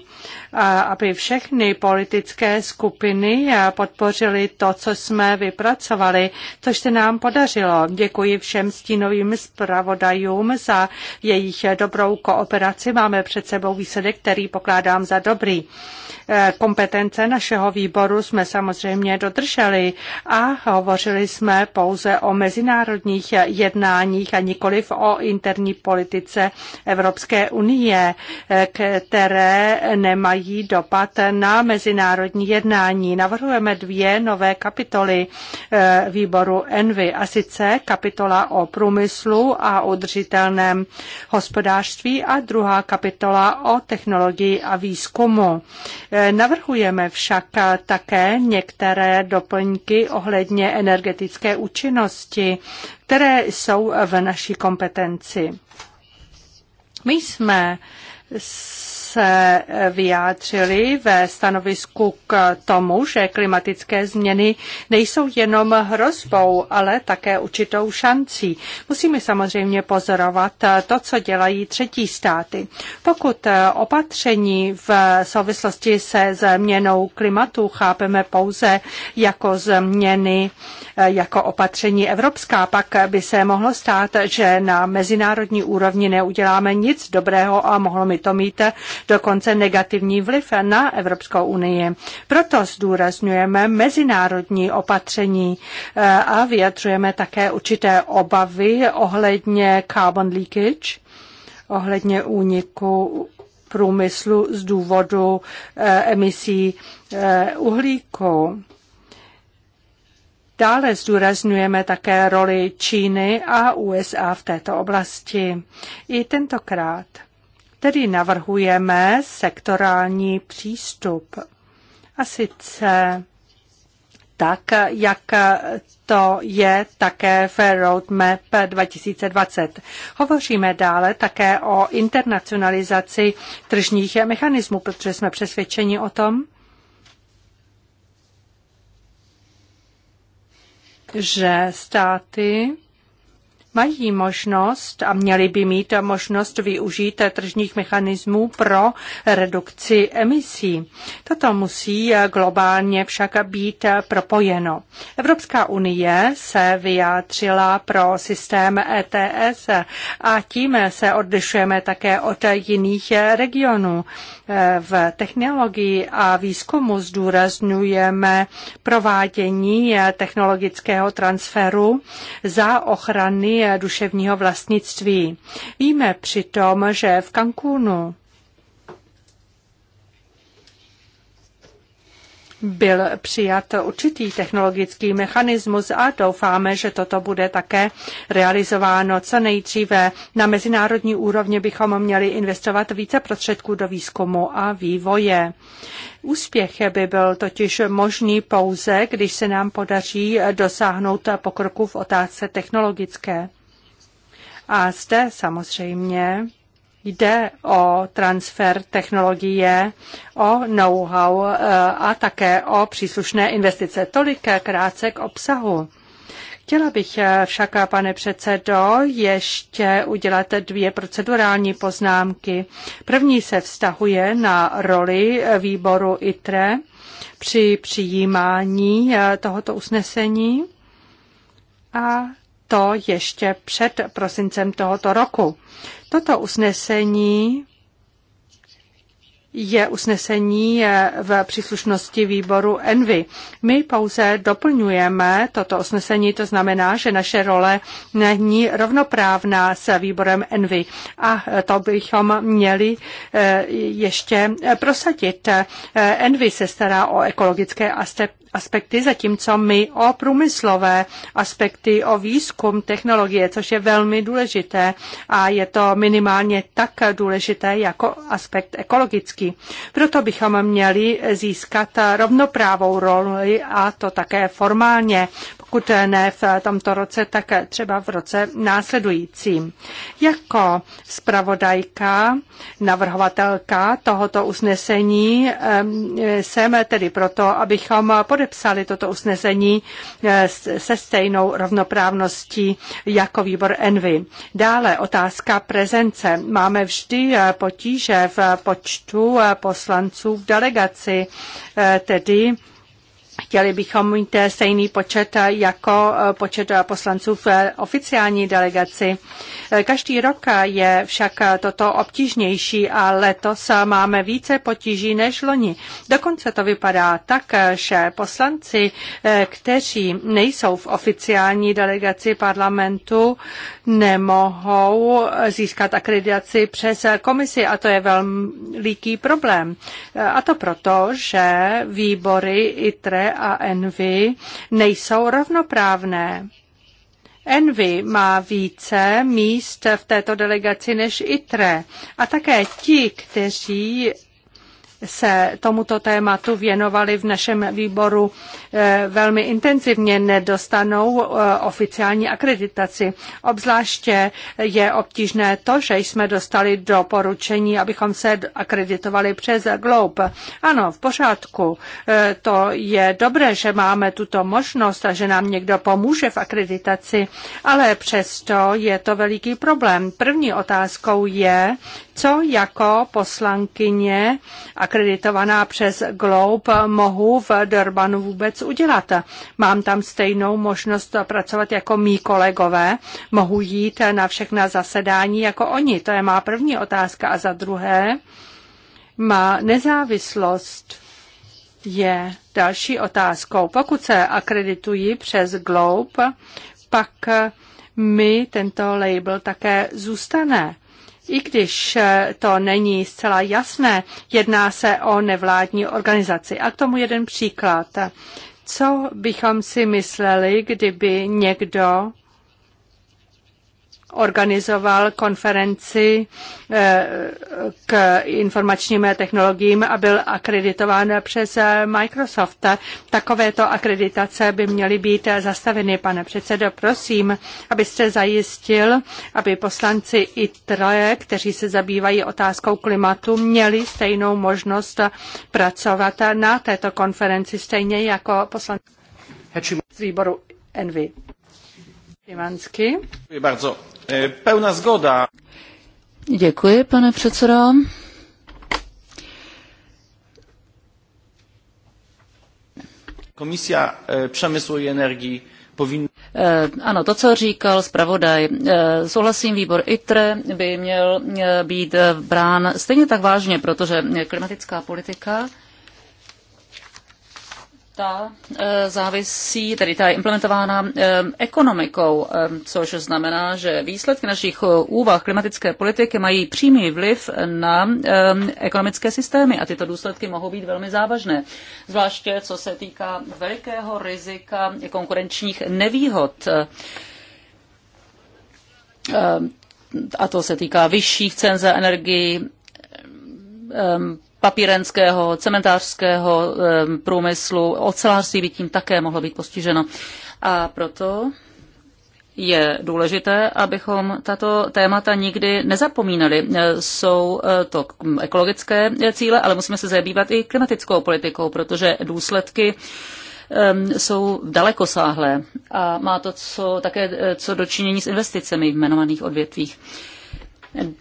aby všechny politické skupiny podpořily to, co jsme vypracovali, což se nám podařilo. Děkuji všem stínovým zpravodajům za jejich dobrou kooperaci. Máme před sebou výsledek, který pokládám za dobrý. E, kompetence našeho výboru jsme samozřejmě dodrželi a hovořili jsme pouze o mezinárodních jednáních a nikoliv o interní politice Evropské unie, e, které nemají mají dopad na mezinárodní jednání. Navrhujeme dvě nové kapitoly eh, výboru Envy, a sice kapitola o průmyslu a udržitelném hospodářství a druhá kapitola o technologii a výzkumu. Eh, navrhujeme však také některé doplňky ohledně energetické účinnosti, které jsou v naší kompetenci. My jsme se vyjádřili ve stanovisku k tomu, že klimatické změny nejsou jenom hrozbou, ale také určitou šancí. Musíme samozřejmě pozorovat to, co dělají třetí státy. Pokud opatření v souvislosti se změnou klimatu chápeme pouze jako změny, jako opatření evropská, pak by se mohlo stát, že na mezinárodní úrovni neuděláme nic dobrého a mohlo mi to mít dokonce negativní vliv na Evropskou unii. Proto zdůrazňujeme mezinárodní opatření eh, a vyjadřujeme také určité obavy ohledně carbon leakage, ohledně úniku průmyslu z důvodu eh, emisí eh, uhlíku. Dále zdůrazňujeme také roli Číny a USA v této oblasti. I tentokrát Tedy navrhujeme sektorální přístup. A sice tak, jak to je také v Roadmap 2020. Hovoříme dále také o internacionalizaci tržních mechanismů, protože jsme přesvědčeni o tom, že státy mají možnost a měli by mít možnost využít tržních mechanismů pro redukci emisí. Toto musí globálně však být propojeno. Evropská unie se vyjádřila pro systém ETS a tím se odlišujeme také od jiných regionů. V technologii a výzkumu zdůrazňujeme provádění technologického transferu za ochrany duševního vlastnictví. Víme přitom, že v Cancúnu byl přijat určitý technologický mechanismus a doufáme, že toto bude také realizováno co nejdříve. Na mezinárodní úrovni bychom měli investovat více prostředků do výzkumu a vývoje. Úspěch by byl totiž možný pouze, když se nám podaří dosáhnout pokroku v otázce technologické. A zde samozřejmě Jde o transfer technologie, o know-how eh, a také o příslušné investice. Tolik krátce k obsahu. Chtěla bych eh, však, eh, pane předsedo, ještě udělat dvě procedurální poznámky. První se vztahuje na roli výboru ITRE při přijímání tohoto usnesení a to ještě před prosincem tohoto roku. Toto usnesení je usnesení eh, v příslušnosti výboru Envy. My pouze doplňujeme toto usnesení, to znamená, že naše role není rovnoprávná s výborem Envy a to bychom měli eh, ještě prosadit. Eh, Envy se stará o ekologické aspekty aspekty, zatímco my o průmyslové aspekty, o výzkum technologie, což je velmi důležité a je to minimálně tak důležité jako aspekt ekologický. Proto bychom měli získat rovnoprávou roli a to také formálně, pokud ne v tomto roce, tak třeba v roce následujícím. Jako zpravodajka, navrhovatelka tohoto usnesení jsem tedy proto, abychom pod podepsali toto usnesení eh, se stejnou rovnoprávností jako výbor Envy. Dále otázka prezence. Máme vždy eh, potíže v počtu eh, poslanců v delegaci, tedy Chtěli bychom mít eh, stejný počet eh, jako eh, počet poslanců v oficiální delegaci. Každý rok je však toto obtížnější a letos máme více potíží než loni. Dokonce to vypadá tak, že poslanci, kteří nejsou v oficiální delegaci parlamentu, nemohou získat akreditaci přes komisi a to je velmi líký problém. A to proto, že výbory ITRE a ENVY nejsou rovnoprávné. Envy má více míst v této delegaci než ITRE. A také ti, kteří se tomuto tématu věnovali v našem výboru eh, velmi intenzivně, nedostanou eh, oficiální akreditaci. Obzvláště je obtížné to, že jsme dostali doporučení, abychom se akreditovali přes Globe. Ano, v pořádku. Eh, to je dobré, že máme tuto možnost a že nám někdo pomůže v akreditaci, ale přesto je to veliký problém. První otázkou je, co jako poslankyně akreditovaná přes Globe mohu v Durbanu vůbec udělat? Mám tam stejnou možnost pracovat jako mý kolegové? Mohu jít na všechna zasedání jako oni? To je má první otázka. A za druhé, má nezávislost je další otázkou. Pokud se akreditují přes Globe, pak mi tento label také zůstane. I když eh, to není zcela jasné, jedná se o nevládní organizaci. A k tomu jeden příklad. Co bychom si mysleli, kdyby někdo organizoval konferenci eh, k informačním technologiím a byl akreditován přes eh, Microsoft. Takovéto akreditace by měly být eh, zastaveny. Pane předsedo, prosím, abyste zajistil, aby poslanci troje, kteří se zabývají otázkou klimatu, měli stejnou možnost pracovat na této konferenci, stejně jako poslanci z výboru Envy. Děkuji bardzo. Pełna zgoda. Děkuji, pane předsedo. Komisja e, Przemysłu i Energii povin... E, ano, to, co říkal zpravodaj, e, souhlasím, výbor ITRE by měl být brán stejně tak vážně, protože klimatická politika ta eh, závisí, tedy ta je implementována eh, ekonomikou, eh, což znamená, že výsledky našich úvah klimatické politiky mají přímý vliv na ekonomické systémy a tyto důsledky mohou být velmi závažné, zvláště co se týká velikého rizika konkurenčních nevýhod. A to se týká vyšších cen za energii, papírenského, cementářského průmyslu, ocelářství by tím také mohlo být postiženo. A proto je důležité, abychom tato témata nikdy nezapomínali. E, jsou e, to ekologické cíle, ale musíme se zabývat i klimatickou politikou, protože důsledky jsou dalekosáhlé a má to co, také e, co dočinění s investicemi v jmenovaných odvětvích.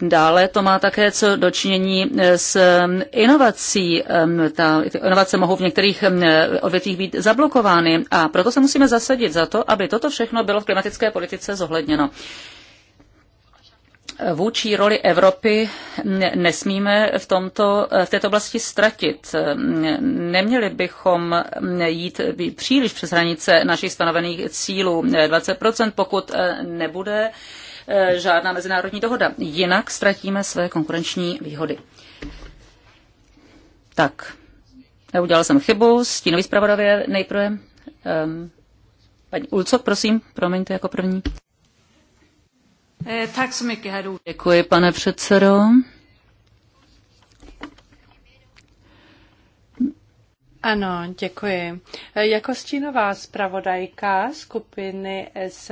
Dále to má také co dočinění eh, s mm, inovací. Ehm, ta, ty inovace mohou v některých mm, odvětvích být zablokovány a proto se musíme zasadit za to, aby toto všechno bylo v klimatické politice zohledněno. Vůči roli Evropy nesmíme v, tomto, eh, v této oblasti ztratit. Ehm, neměli bychom mm, jít příliš přes hranice našich stanovených cílů 20%, eh, pokud nebude Eh, žádná mezinárodní dohoda. Jinak ztratíme své konkurenční výhody. Tak, udělal jsem chybu, stínový zpravodavě nejprve. Um, paní Ulco, prosím, promiňte jako první. Eh, tak Děkuji, pane předsedo. Ano, děkuji. Jako stínová zpravodajka skupiny SD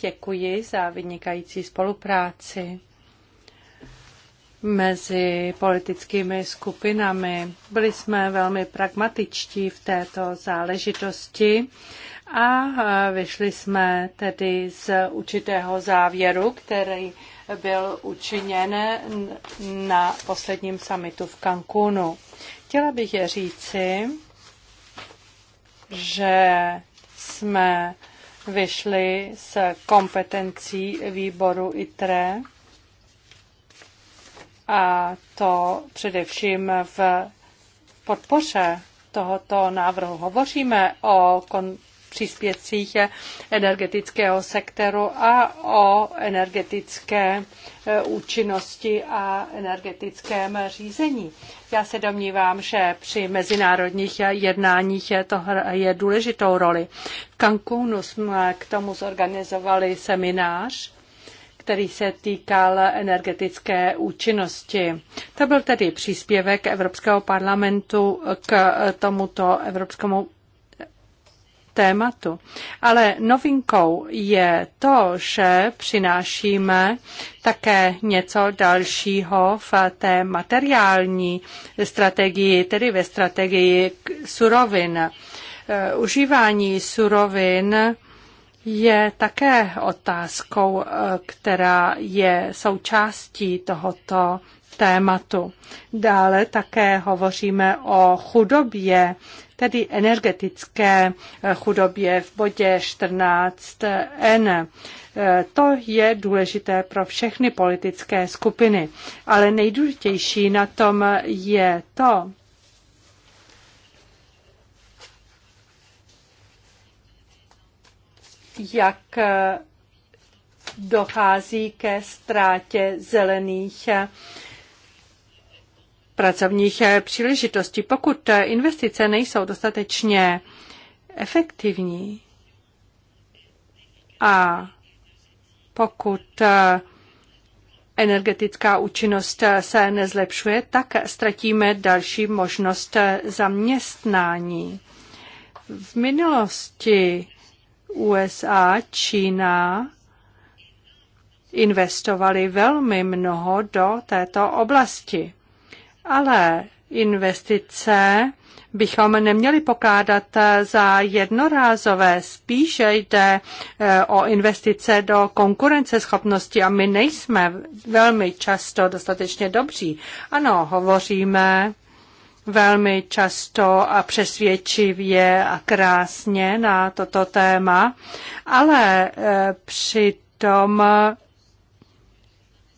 děkuji za vynikající spolupráci mezi politickými skupinami. Byli jsme velmi pragmatičtí v této záležitosti a vyšli jsme tedy z určitého závěru, který byl učiněn na posledním samitu v Cancúnu. Chtěla bych je říci, že jsme vyšli s kompetencí výboru ITRE a to především v podpoře tohoto návrhu. Hovoříme o kon- příspěvcích energetického sektoru a o energetické e, účinnosti a energetickém řízení. Já se domnívám, že při mezinárodních jednáních je to je důležitou roli. V Cancúnu jsme k tomu zorganizovali seminář který se týkal energetické účinnosti. To byl tedy příspěvek Evropského parlamentu k tomuto Evropskému tématu. Ale novinkou je to, že přinášíme také něco dalšího v té materiální strategii, tedy ve strategii surovin. E, užívání surovin je také otázkou, e, která je součástí tohoto tématu. Dále také hovoříme o chudobě tedy energetické eh, chudobě v bodě 14n. Eh, to je důležité pro všechny politické skupiny, ale nejdůležitější na tom je to, jak eh, dochází ke ztrátě zelených pracovních eh, příležitostí. Pokud eh, investice nejsou dostatečně efektivní a pokud eh, energetická účinnost se nezlepšuje, tak ztratíme další možnost zaměstnání. V minulosti USA, Čína investovali velmi mnoho do této oblasti. Ale investice bychom neměli pokládat za jednorázové. Spíše jde eh, o investice do konkurenceschopnosti a my nejsme velmi často dostatečně dobří. Ano, hovoříme velmi často a přesvědčivě a krásně na toto téma, ale eh, při tom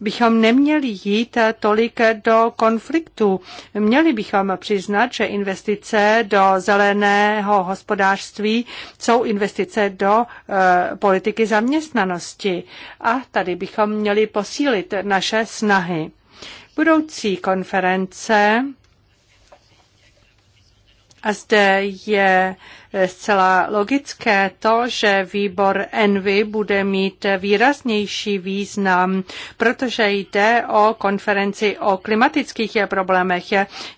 bychom neměli jít tolik do konfliktu. Měli bychom přiznat, že investice do zeleného hospodářství jsou investice do eh, politiky zaměstnanosti. A tady bychom měli posílit naše snahy. Budoucí konference a zde je zcela logické to, že výbor Envy bude mít výraznější význam, protože jde o konferenci o klimatických problémech.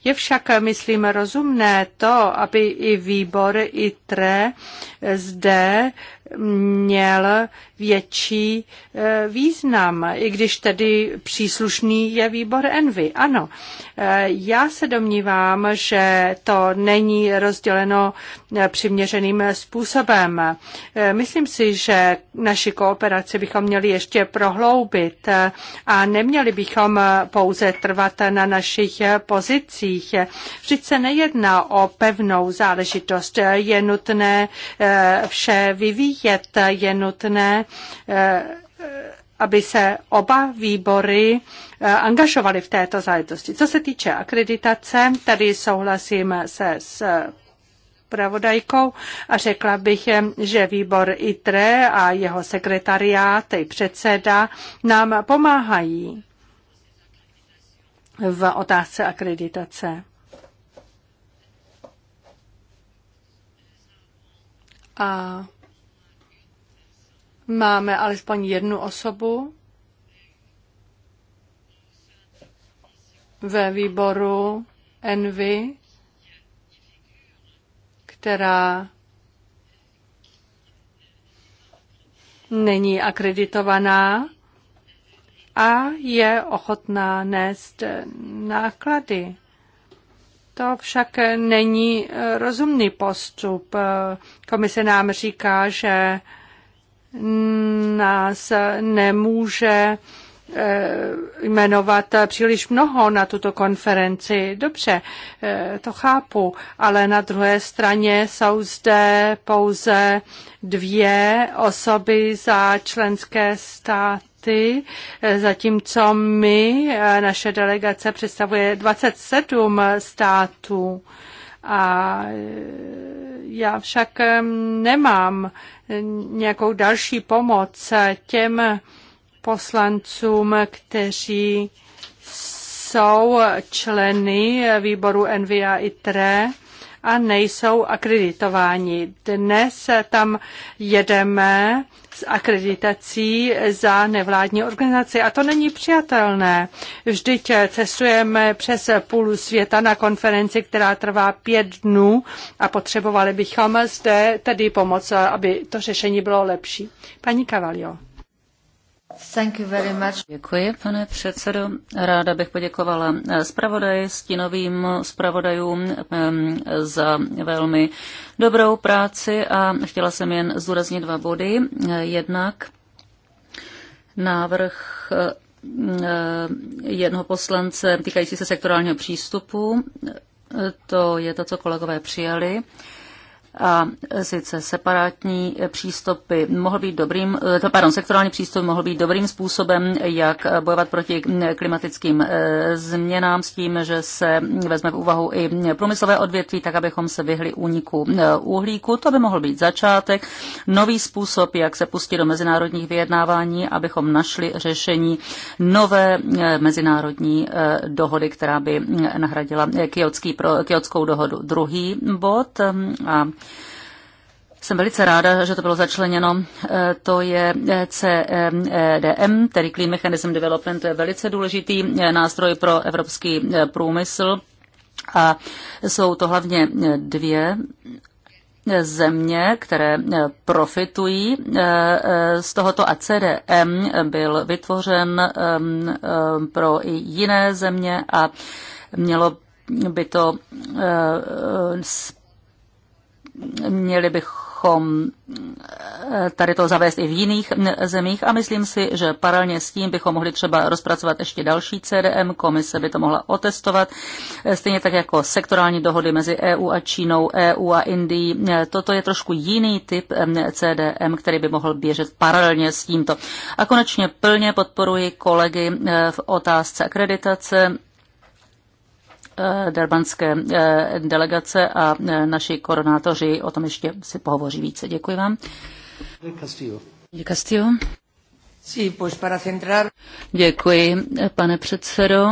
Je však, myslím, rozumné to, aby i výbor ITRE zde měl větší eh, význam, i když tedy příslušný je výbor Envy. Ano, eh, já se domnívám, že to není rozděleno eh, přiměřeným způsobem. Myslím si, že naši kooperaci bychom měli ještě prohloubit a neměli bychom pouze trvat na našich pozicích. Vždyť se nejedná o pevnou záležitost. Je nutné vše vyvíjet, je nutné Eh, aby se oba výbory eh, angažovaly v této záležitosti. Co se týče akreditace, tady souhlasím se s eh, pravodajkou a řekla bych, že výbor ITRE a jeho sekretariát i předseda nám pomáhají v otázce akreditace. A Máme alespoň jednu osobu ve výboru Envy, která není akreditovaná a je ochotná nést náklady. To však není rozumný postup. Komise nám říká, že nás nemůže eh, jmenovat příliš mnoho na tuto konferenci. Dobře, eh, to chápu, ale na druhé straně jsou zde pouze dvě osoby za členské státy eh, zatímco my, naše delegace představuje 27 států. A e, já však e, nemám nějakou další pomoc těm poslancům, kteří jsou členy výboru NVA ITRE a nejsou akreditováni. Dnes tam jedeme s akreditací za nevládní organizaci a to není přijatelné. Vždyť cestujeme přes půl světa na konferenci, která trvá pět dnů a potřebovali bychom zde tedy pomoc, aby to řešení bylo lepší. Paní Cavalio. Thank you very much. Děkuji, pane předsedo. Ráda bych poděkovala eh, zpravodaji, stínovým zpravodajům ehm, za velmi dobrou práci a chtěla jsem jen zdůraznit dva body. Eh, jednak návrh eh, jednoho poslance týkající se sektorálního přístupu, to je to, co kolegové přijali a sice separátní přístupy mohl být dobrým, eh, pardon, sektorální přístup mohl být dobrým způsobem, jak bojovat proti klimatickým eh, změnám s tím, že se vezme v úvahu i průmyslové odvětví, tak abychom se vyhli úniku eh, uhlíku. To by mohl být začátek, nový způsob, jak se pustit do mezinárodních vyjednávání, abychom našli řešení nové mezinárodní dohody, která by nahradila kiotskou dohodu. Druhý bod a jsem velice ráda, že to bylo začleněno. E, to je e, CDM, e tedy Clean Mechanism Development, to je velice důležitý nástroj pro evropský průmysl. A jsou to hlavně dvě země, které profitují z tohoto a CDM byl vytvořen pro i jiné země a mělo by to měli bych bychom eh, tady to zavést i v jiných zemích a myslím si, že paralelně s tím bychom mohli třeba rozpracovat ještě další CDM, komise by to mohla otestovat, eh, stejně tak jako sektorální dohody mezi EU a Čínou, EU a Indií. Eh, toto je trošku jiný typ CDM, který by mohl běžet paralelně s tímto. A konečně plně podporuji kolegy v otázce akreditace Eh, derbanské eh, delegace a eh, naši koronátoři o tom ještě si pohovoří více. Děkuji vám. Děkuji, pane předsedo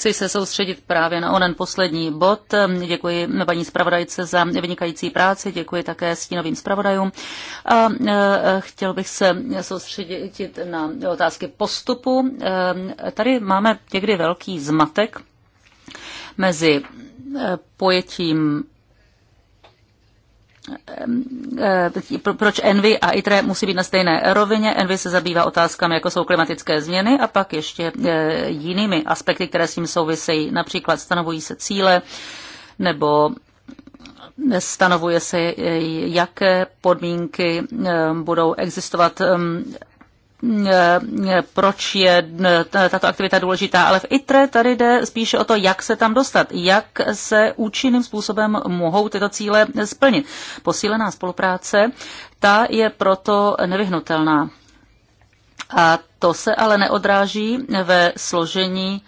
Chci se soustředit právě na onen poslední bod. Děkuji paní zpravodajce za vynikající práci, děkuji také stínovým zpravodajům. A e, chtěl bych se soustředit na otázky postupu. E, tady máme někdy velký zmatek mezi e, pojetím Ehm, ehm, proč Envy a ITRE musí být na stejné rovině. Envy se zabývá otázkami, jako jsou klimatické změny a pak ještě eh, jinými aspekty, které s tím souvisejí. Například stanovují se cíle nebo stanovuje se, eh, jaké podmínky ehm, budou existovat proč je eh, tato aktivita důležitá, ale v ITRE tady jde spíše o to, jak se tam dostat, jak se účinným způsobem mohou tyto cíle splnit. Posílená spolupráce, ta je proto nevyhnutelná. A to se ale neodráží ve složení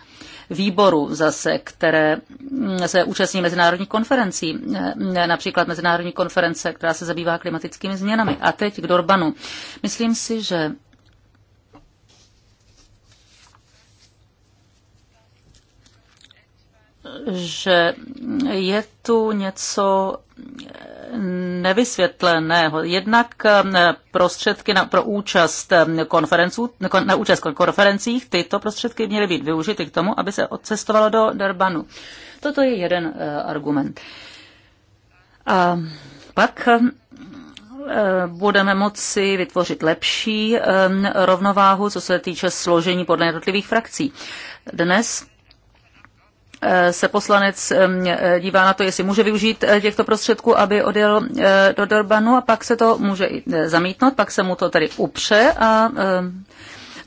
výboru zase, které mm, se účastní mezinárodní konferencí, mm, například mezinárodní konference, která se zabývá klimatickými změnami. A teď k Dorbanu. Myslím si, že že je tu něco nevysvětleného. Jednak eh, prostředky na, pro účast eh, konferenců, na účast konferencích, tyto prostředky měly být využity k tomu, aby se odcestovalo do Darbanu. Toto je jeden eh, argument. A pak budeme moci vytvořit lepší rovnováhu, co se týče složení podle jednotlivých frakcí. Dnes Eh, se poslanec eh, dívá na to, jestli může využít eh, těchto prostředků, aby odjel do Dorbanu a pak se to může zamítnout, pak se mu to tady upře a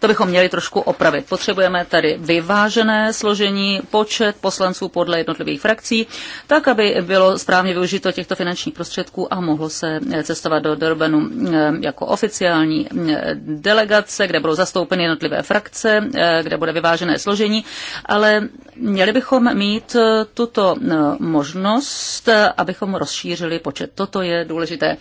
to bychom měli trošku opravit. Potřebujeme tady vyvážené složení, počet poslanců podle jednotlivých frakcí, tak, aby bylo správně využito těchto finančních prostředků a mohlo se eh, cestovat do Durbanu eh, jako oficiální eh, delegace, kde budou zastoupeny jednotlivé frakce, kde bude vyvážené složení, ale měli bychom mít tuto možnost, abychom rozšířili počet. Toto je důležité.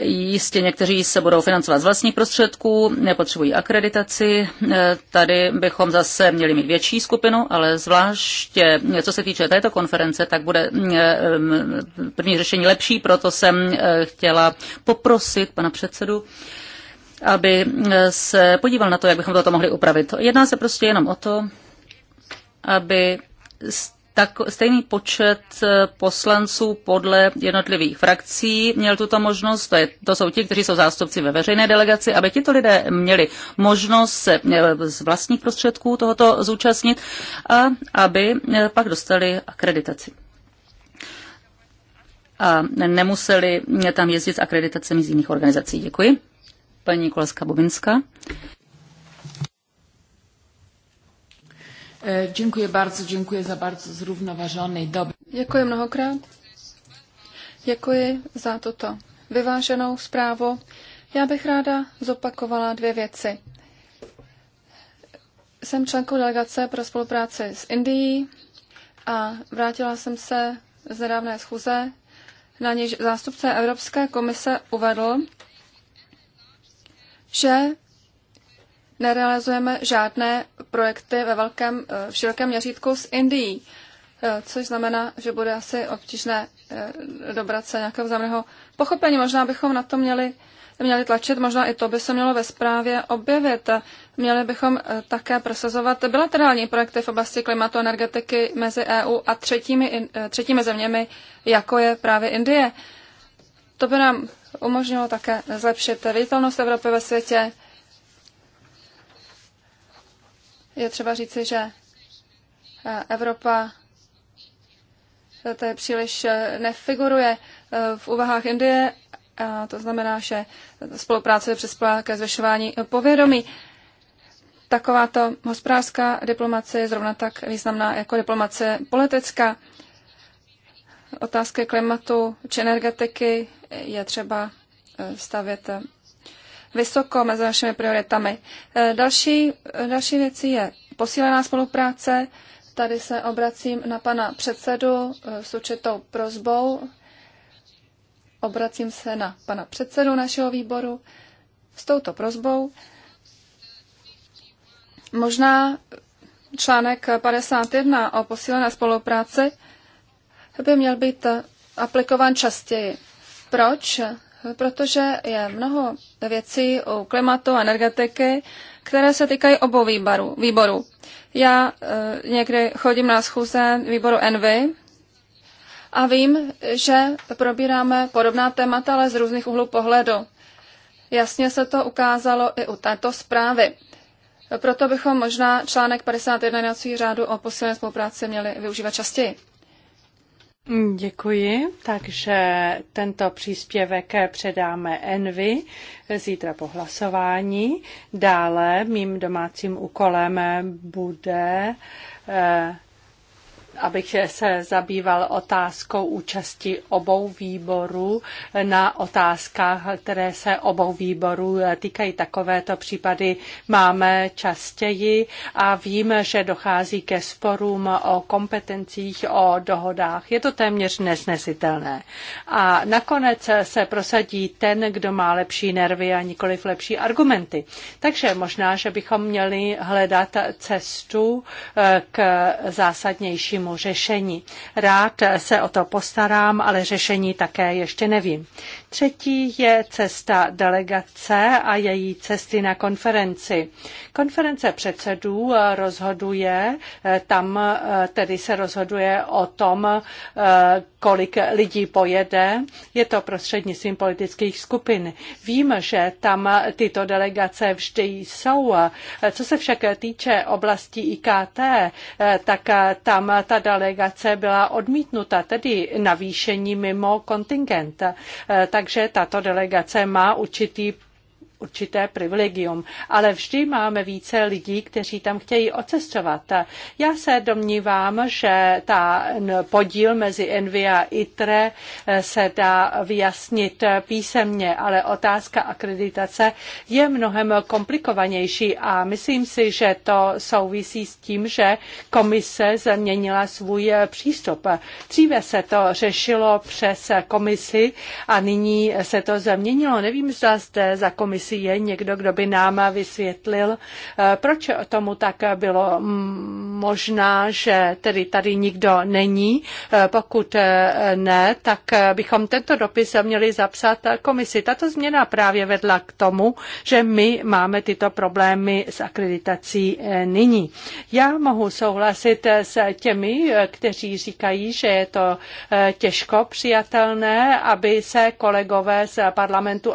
Jistě někteří se budou financovat z vlastních prostředků, nepotřebují akreditaci. Tady bychom zase měli mít větší skupinu, ale zvláště co se týče této konference, tak bude mm, mm, první řešení lepší, proto jsem eh, chtěla poprosit pana předsedu, aby eh, se podíval na to, jak bychom toto mohli upravit. Jedná se prostě jenom o to, aby tak stejný počet eh, poslanců podle jednotlivých frakcí měl tuto možnost, to, je, to jsou ti, kteří jsou zástupci ve veřejné delegaci, aby tito lidé měli možnost se eh, z vlastních prostředků tohoto zúčastnit a aby eh, pak dostali akreditaci. A nemuseli tam jezdit s akreditacemi z jiných organizací. Děkuji. Paní Koleská Bobinská. E, děkuji bardzo, děkuji za bardzo zrównoważony dobry. Děkuji mnohokrát. Děkuji za toto vyváženou zprávu. Já bych ráda zopakovala dvě věci. Jsem členkou delegace pro spolupráci s Indií a vrátila jsem se z nedávné schůze, na níž zástupce Evropské komise uvedl, že nerealizujeme žádné projekty ve velkém, eh, v širokém měřítku s Indií, eh, což znamená, že bude asi obtížné eh, dobrat se nějakého vzájemného pochopení. Možná bychom na to měli, měli tlačit, možná i to by se mělo ve zprávě objevit. Měli bychom také prosazovat bilaterální projekty v oblasti klimatu a energetiky mezi EU a třetími, třetími zeměmi, jako je právě Indie. To by nám umožnilo také zlepšit viditelnost Evropy ve světě, je třeba říci, že eh, Evropa eh, je příliš eh, nefiguruje v úvahách Indie, a to znamená, že spolupráce je přispěla ke zvyšování povědomí. Takováto hospodářská diplomace je zrovna tak významná jako diplomace politická. Otázky klimatu či energetiky je třeba stavět vysoko mezi našimi prioritami. E, další, e, další věcí je posílená spolupráce. Tady se obracím na pana předsedu e, s určitou prozbou. Obracím se na pana předsedu našeho výboru s touto prozbou. Možná článek 51 o posílené spolupráci by měl být aplikován častěji. Proč? protože je mnoho věcí o klimatu a energetiky, které se týkají obou výboru, výborů. Já e, někdy chodím na schůze výboru Envy a vím, že probíráme podobná témata, ale z různých úhlů pohledu. Jasně se to ukázalo i u této zprávy. Proto bychom možná článek 51 jednacího řádu o posilné spolupráci měli využívat častěji. Děkuji. Takže tento příspěvek předáme Envy zítra po hlasování. Dále mým domácím úkolem bude eh, abych se zabýval otázkou účasti obou výborů na otázkách, které se obou výborů týkají. Takovéto případy máme častěji a vím, že dochází ke sporům o kompetencích, o dohodách. Je to téměř nesnesitelné. A nakonec se prosadí ten, kdo má lepší nervy a nikoliv lepší argumenty. Takže možná, že bychom měli hledat cestu eh, k zásadnějším řešení. Rád se o to postarám, ale řešení také ještě nevím. Třetí je cesta delegace a její cesty na konferenci. Konference předsedů rozhoduje, eh, tam eh, tedy se rozhoduje o tom, eh, kolik lidí pojede. Je to prostřednictvím politických skupin. Vím, že tam tyto delegace vždy jsou. Co se však týče oblasti IKT, tak tam ta delegace byla odmítnuta, tedy navýšení mimo kontingent. Tak takže tato delegace má určitý určité privilegium, ale vždy máme více lidí, kteří tam chtějí ocestovat. Já se domnívám, že ta podíl mezi Envy a ITRE eh, se dá vyjasnit písemně, ale otázka akreditace je mnohem komplikovanější a myslím si, že to souvisí s tím, že komise změnila svůj přístup. Dříve se to řešilo přes komisi a nyní se to změnilo. Nevím, zda jste za komisi jestli je někdo, kdo by nám vysvětlil, eh, proč tomu tak bylo možná, že tedy tady nikdo není. Eh, pokud eh, ne, tak bychom tento dopis měli zapsat komisi. Tato změna právě vedla k tomu, že my máme tyto problémy s akreditací nyní. Já mohu souhlasit s těmi, kteří říkají, že je to těžko přijatelné, aby se kolegové z parlamentu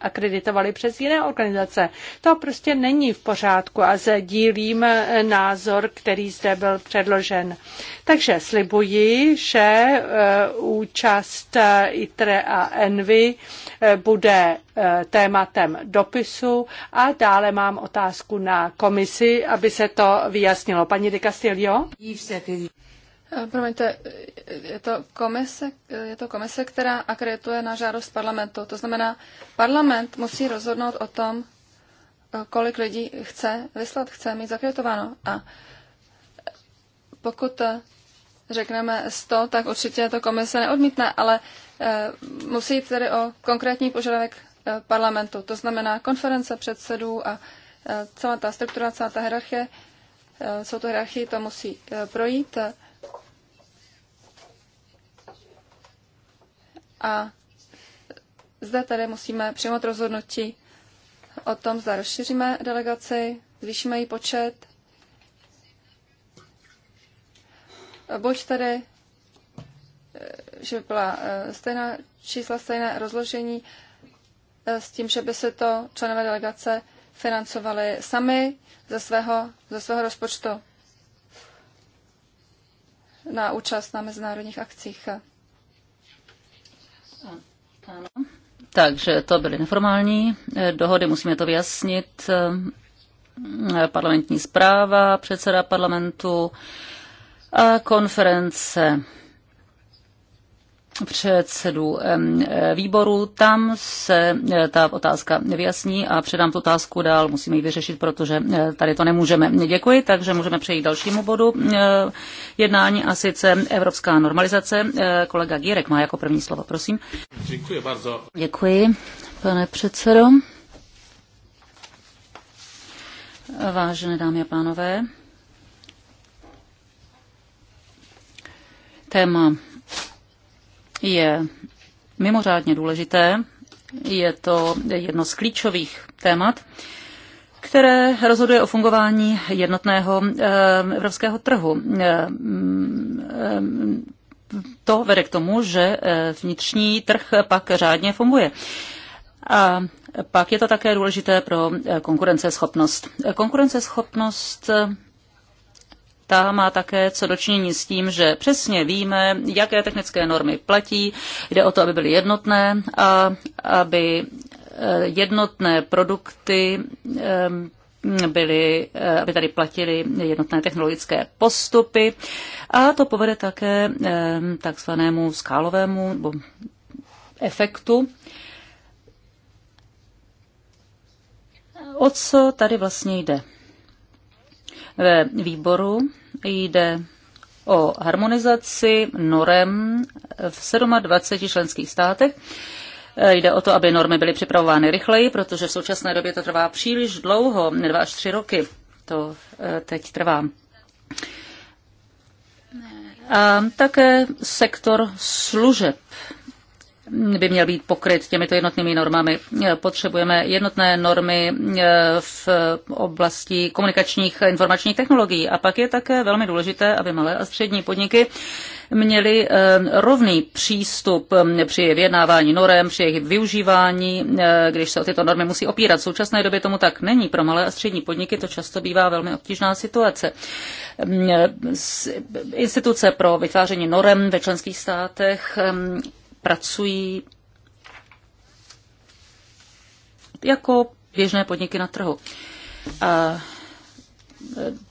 akreditovali přes přes jiné organizace. To prostě není v pořádku a sdílím eh, názor, který zde byl předložen. Takže slibuji, že eh, účast eh, ITRE a ENVY bude tématem dopisu a dále mám otázku na komisi, aby se to vyjasnilo. Paní de Castillo? Eh, promiňte, je to, komise, eh, je to komise, která akredituje na žádost parlamentu. To znamená, parlament musí rozhodnout o tom, eh, kolik lidí chce vyslat, chce mít zakreditováno. A pokud řekneme 100, tak určitě to komise neodmítne, ale musí jít tedy o konkrétní požadavek parlamentu. To znamená konference předsedů a celá ta struktura, celá ta hierarchie, jsou to hierarchie, to musí projít. A zde tedy musíme přijmout rozhodnutí o tom, zda rozšíříme delegaci, zvýšíme její počet, buď tedy, eh, že by byla eh, stejná čísla, stejné rozložení, eh, s tím, že by se to členové delegace financovali sami ze svého, ze svého rozpočtu na účast na mezinárodních akcích. Takže to byly neformální eh, dohody, musíme to vyjasnit. Eh, parlamentní zpráva, předseda parlamentu a konference předsedu eh, výboru. Tam se eh, ta otázka vyjasní a předám tu otázku dál. Musíme ji vyřešit, protože eh, tady to nemůžeme. Děkuji, takže můžeme přejít dalšímu bodu jednání a sice evropská normalizace. Kolega Gírek má jako první slovo, prosím. Děkuji bardzo. Děkuji, pane předsedo. Vážené dámy a pánové, téma je mimořádně důležité. Je to jedno z klíčových témat, které rozhoduje o fungování jednotného eh, evropského trhu. Eh, mm, eh, to vede k tomu, že vnitřní trh pak řádně funguje. A pak je to také důležité pro konkurenceschopnost. Konkurenceschopnost ta má také co dočinění s tím, že přesně víme, jaké technické normy platí, jde o to, aby byly jednotné a aby eh, jednotné produkty eh, byly, eh, aby tady platili jednotné technologické postupy a to povede také takzvanému skálovému efektu. O co tady vlastně jde? Ve výboru jde o harmonizaci norem v 27 členských státech. E, jde o to, aby normy byly připravovány rychleji, protože v současné době to trvá příliš dlouho, dva až tři roky to e, teď trvá. A také sektor služeb by měl být pokryt těmito jednotnými normami. Potřebujeme jednotné normy eh, v oblasti komunikačních informačních technologií. A pak je také velmi důležité, aby malé a střední podniky měli eh, rovný přístup eh, při vyjednávání norem, při jejich využívání, když se o tyto normy musí opírat. V současné době tomu tak není. Pro malé a střední podniky to často bývá velmi obtížná situace. Hm, instituce pro vytváření norem ve členských státech hm, pracují jako běžné podniky na trhu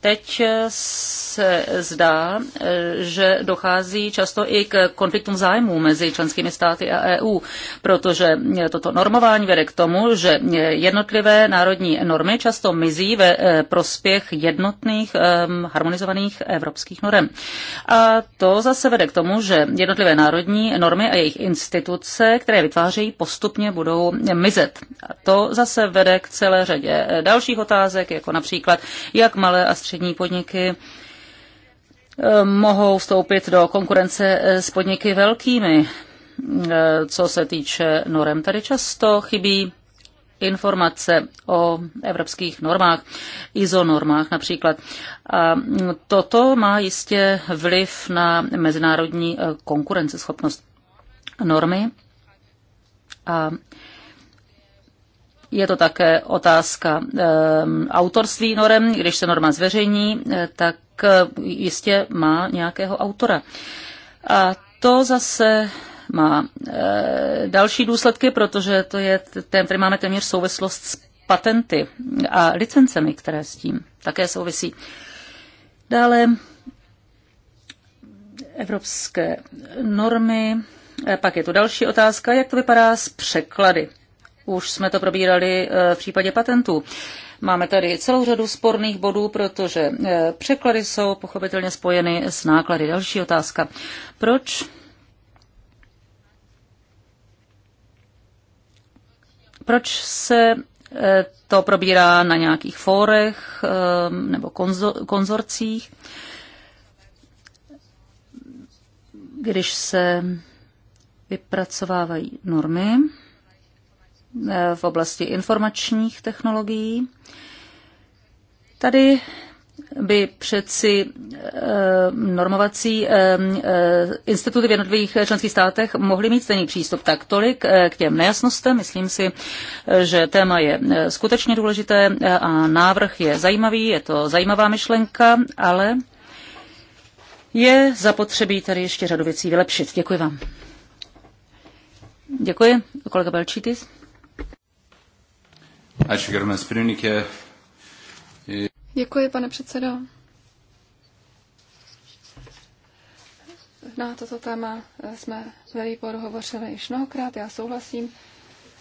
teď se zdá, že dochází často i k konfliktům zájmů mezi členskými státy a EU, protože toto normování vede k tomu, že jednotlivé národní normy často mizí ve eh, prospěch jednotných ehm, harmonizovaných evropských norm. A to zase vede k tomu, že jednotlivé národní normy a jejich instituce, které vytvářejí, postupně budou mizet. A to zase vede k celé řadě eh, dalších otázek, jako například, jak malé a střední podniky eh, mohou vstoupit do konkurence eh, s podniky velkými. Eh, co se týče norem, tady často chybí informace o evropských normách, ISO normách například. A mm, toto má jistě vliv na mezinárodní konkurenceschopnost normy a je to také otázka ehm, autorství norem. Když se norma zveřejní, eh, tak eh, jistě má nějakého autora. A to zase má eh, další důsledky, protože to je, který máme téměř souvislost s patenty a licencemi, které s tím také souvisí. Dále evropské normy. Pak je tu další otázka, jak to vypadá s překlady. Už jsme to probírali eh, v případě patentů. Máme tady celou řadu sporných bodů, protože eh, překlady jsou pochopitelně spojeny s náklady. Další otázka. Proč proč se eh, to probírá na nějakých fórech nebo konzorcích, když se vypracovávají normy. Eh, v oblasti informačních technologií. Tady by přeci eh, normovací eh, instituty v jednotlivých členských státech mohly mít stejný přístup. Tak tolik k těm nejasnostem. Myslím si, že téma je skutečně důležité a návrh je zajímavý, je to zajímavá myšlenka, ale je zapotřebí tady ještě řadu věcí vylepšit. Děkuji vám. Děkuji. Kolega Belčítis. Děkuji, pane předsedo. Na toto téma jsme ve výboru hovořili již mnohokrát. Já souhlasím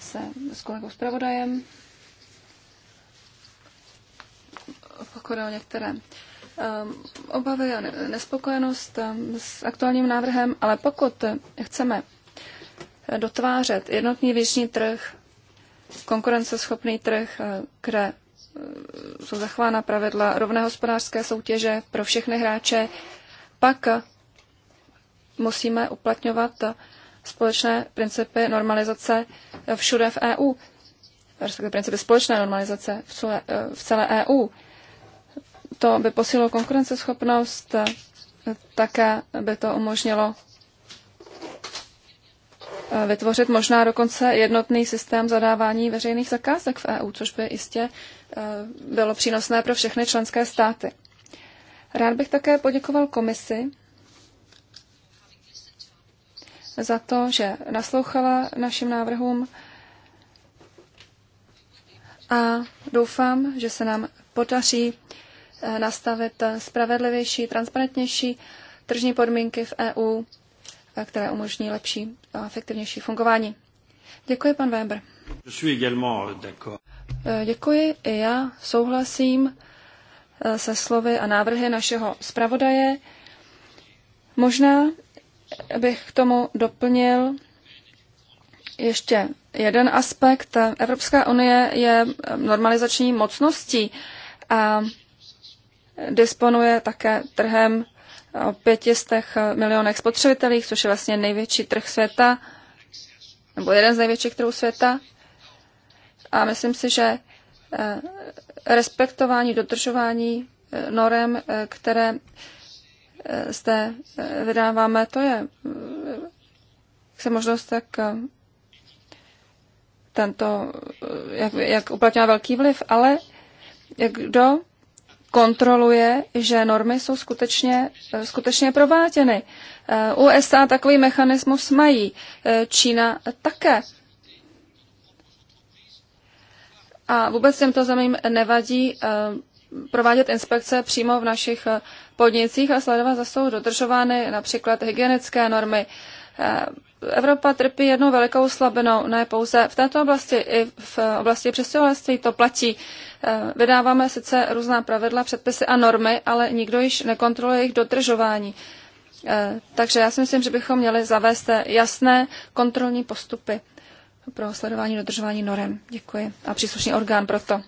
se s kolegou zpravodajem, pokud o některé um, obavy a nespokojenost um, s aktuálním návrhem, ale pokud chceme dotvářet jednotný vnitřní trh konkurenceschopný trh, eh, kde eh, jsou zachována pravidla rovné hospodářské soutěže pro všechny hráče, pak eh, musíme uplatňovat společné principy normalizace všude v EU, respektive principy společné normalizace v celé, v celé EU. To by posílilo konkurenceschopnost, také by to umožnilo Eh, vytvořit možná dokonce jednotný systém zadávání veřejných zakázek v EU, což by jistě eh, bylo přínosné pro všechny členské státy. Rád bych také poděkoval komisi za to, že naslouchala našim návrhům a doufám, že se nám podaří eh, nastavit spravedlivější, transparentnější tržní podmínky v EU které umožní lepší a efektivnější fungování. Děkuji, pan Weber. E, děkuji, i já souhlasím e, se slovy a návrhy našeho zpravodaje. Možná bych k tomu doplnil ještě jeden aspekt. Evropská unie je normalizační mocností a disponuje také trhem o 500 milionech spotřebitelích, což je vlastně největší trh světa, nebo jeden z největších trhů světa. A myslím si, že eh, respektování, dodržování eh, norem, eh, které zde vydáváme, to je se možnost, tak tento, jak, jak uplatňuje velký vliv, ale jak kdo kontroluje, že normy jsou skutečně, eh, skutečně prováděny. Eh, USA takový mechanismus mají, eh, Čína také. A vůbec těmto zemím nevadí provádět inspekce přímo v našich podnicích a sledovat, zda jsou dodržovány například hygienické normy, Eh, Evropa trpí jednou velikou slabinou, ne pouze v této oblasti, i v oblasti přestěhovalství to platí. Eh, vydáváme sice různá pravidla, předpisy a normy, ale nikdo již nekontroluje jejich dodržování. Eh, takže já si myslím, že bychom měli zavést jasné kontrolní postupy pro sledování dodržování norem. Děkuji. A příslušný orgán pro to.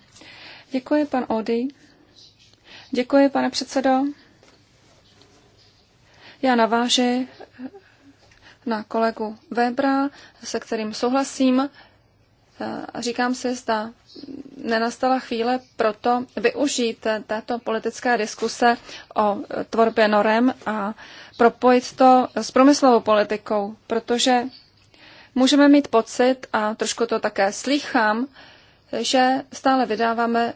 Děkuji, pan Ody. Děkuji, pane předsedo. Já naváži na kolegu Webra, se kterým souhlasím. E, říkám si, zda nenastala chvíle proto využít této politické diskuse o tvorbě norem a propojit to s průmyslovou politikou, protože můžeme mít pocit, a trošku to také slýchám, že stále vydáváme e,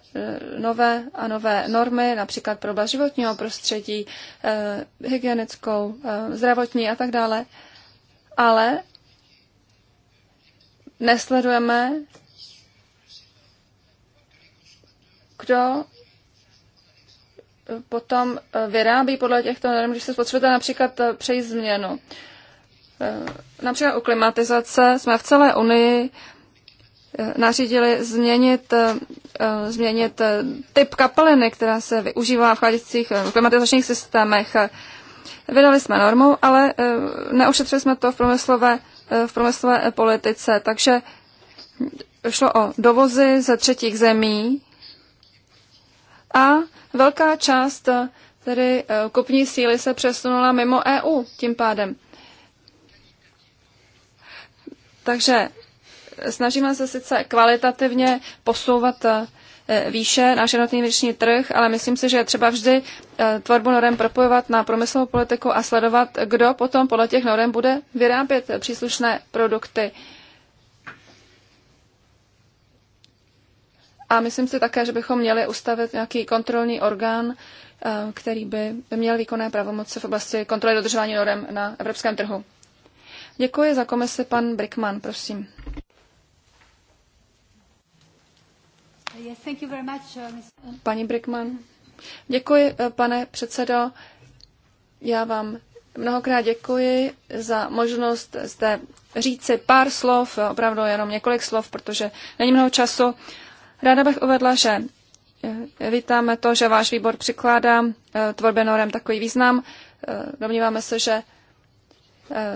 nové a nové normy, například pro oblast životního prostředí, e, hygienickou, zdravotní a tak dále ale nesledujeme, kdo potom eh, vyrábí podle těchto norm, když se spotřebitel například eh, přejít změnu. Eh, například u klimatizace jsme v celé Unii nařídili změnit, změnit typ kapaliny, která se využívá v chladicích klimatizačních systémech. Vydali jsme normu, ale eh, neošetřili jsme to v promyslové, eh, v promyslové eh, politice, takže šlo o dovozy ze třetích zemí a velká část tedy kupní síly se přesunula mimo EU tím pádem. Takže snažíme se sice kvalitativně posouvat Eh, výše, náš jednotný vnitřní trh, ale myslím si, že je třeba vždy eh, tvorbu norem propojovat na promyslovou politiku a sledovat, kdo potom podle těch norem bude vyrábět příslušné produkty. A myslím si také, že bychom měli ustavit nějaký kontrolní orgán, eh, který by měl výkonné pravomoci v oblasti kontroly dodržování norem na evropském trhu. Děkuji za komisi, pan Brickman, prosím. Uh, Paní Brickman. Děkuji, eh, pane předsedo. Já vám mnohokrát děkuji za možnost zde říci pár slov, eh, opravdu jenom několik slov, protože není mnoho času. Ráda bych uvedla, že eh, vítáme to, že váš výbor přikládá tvorbě norem takový význam. Domníváme se, že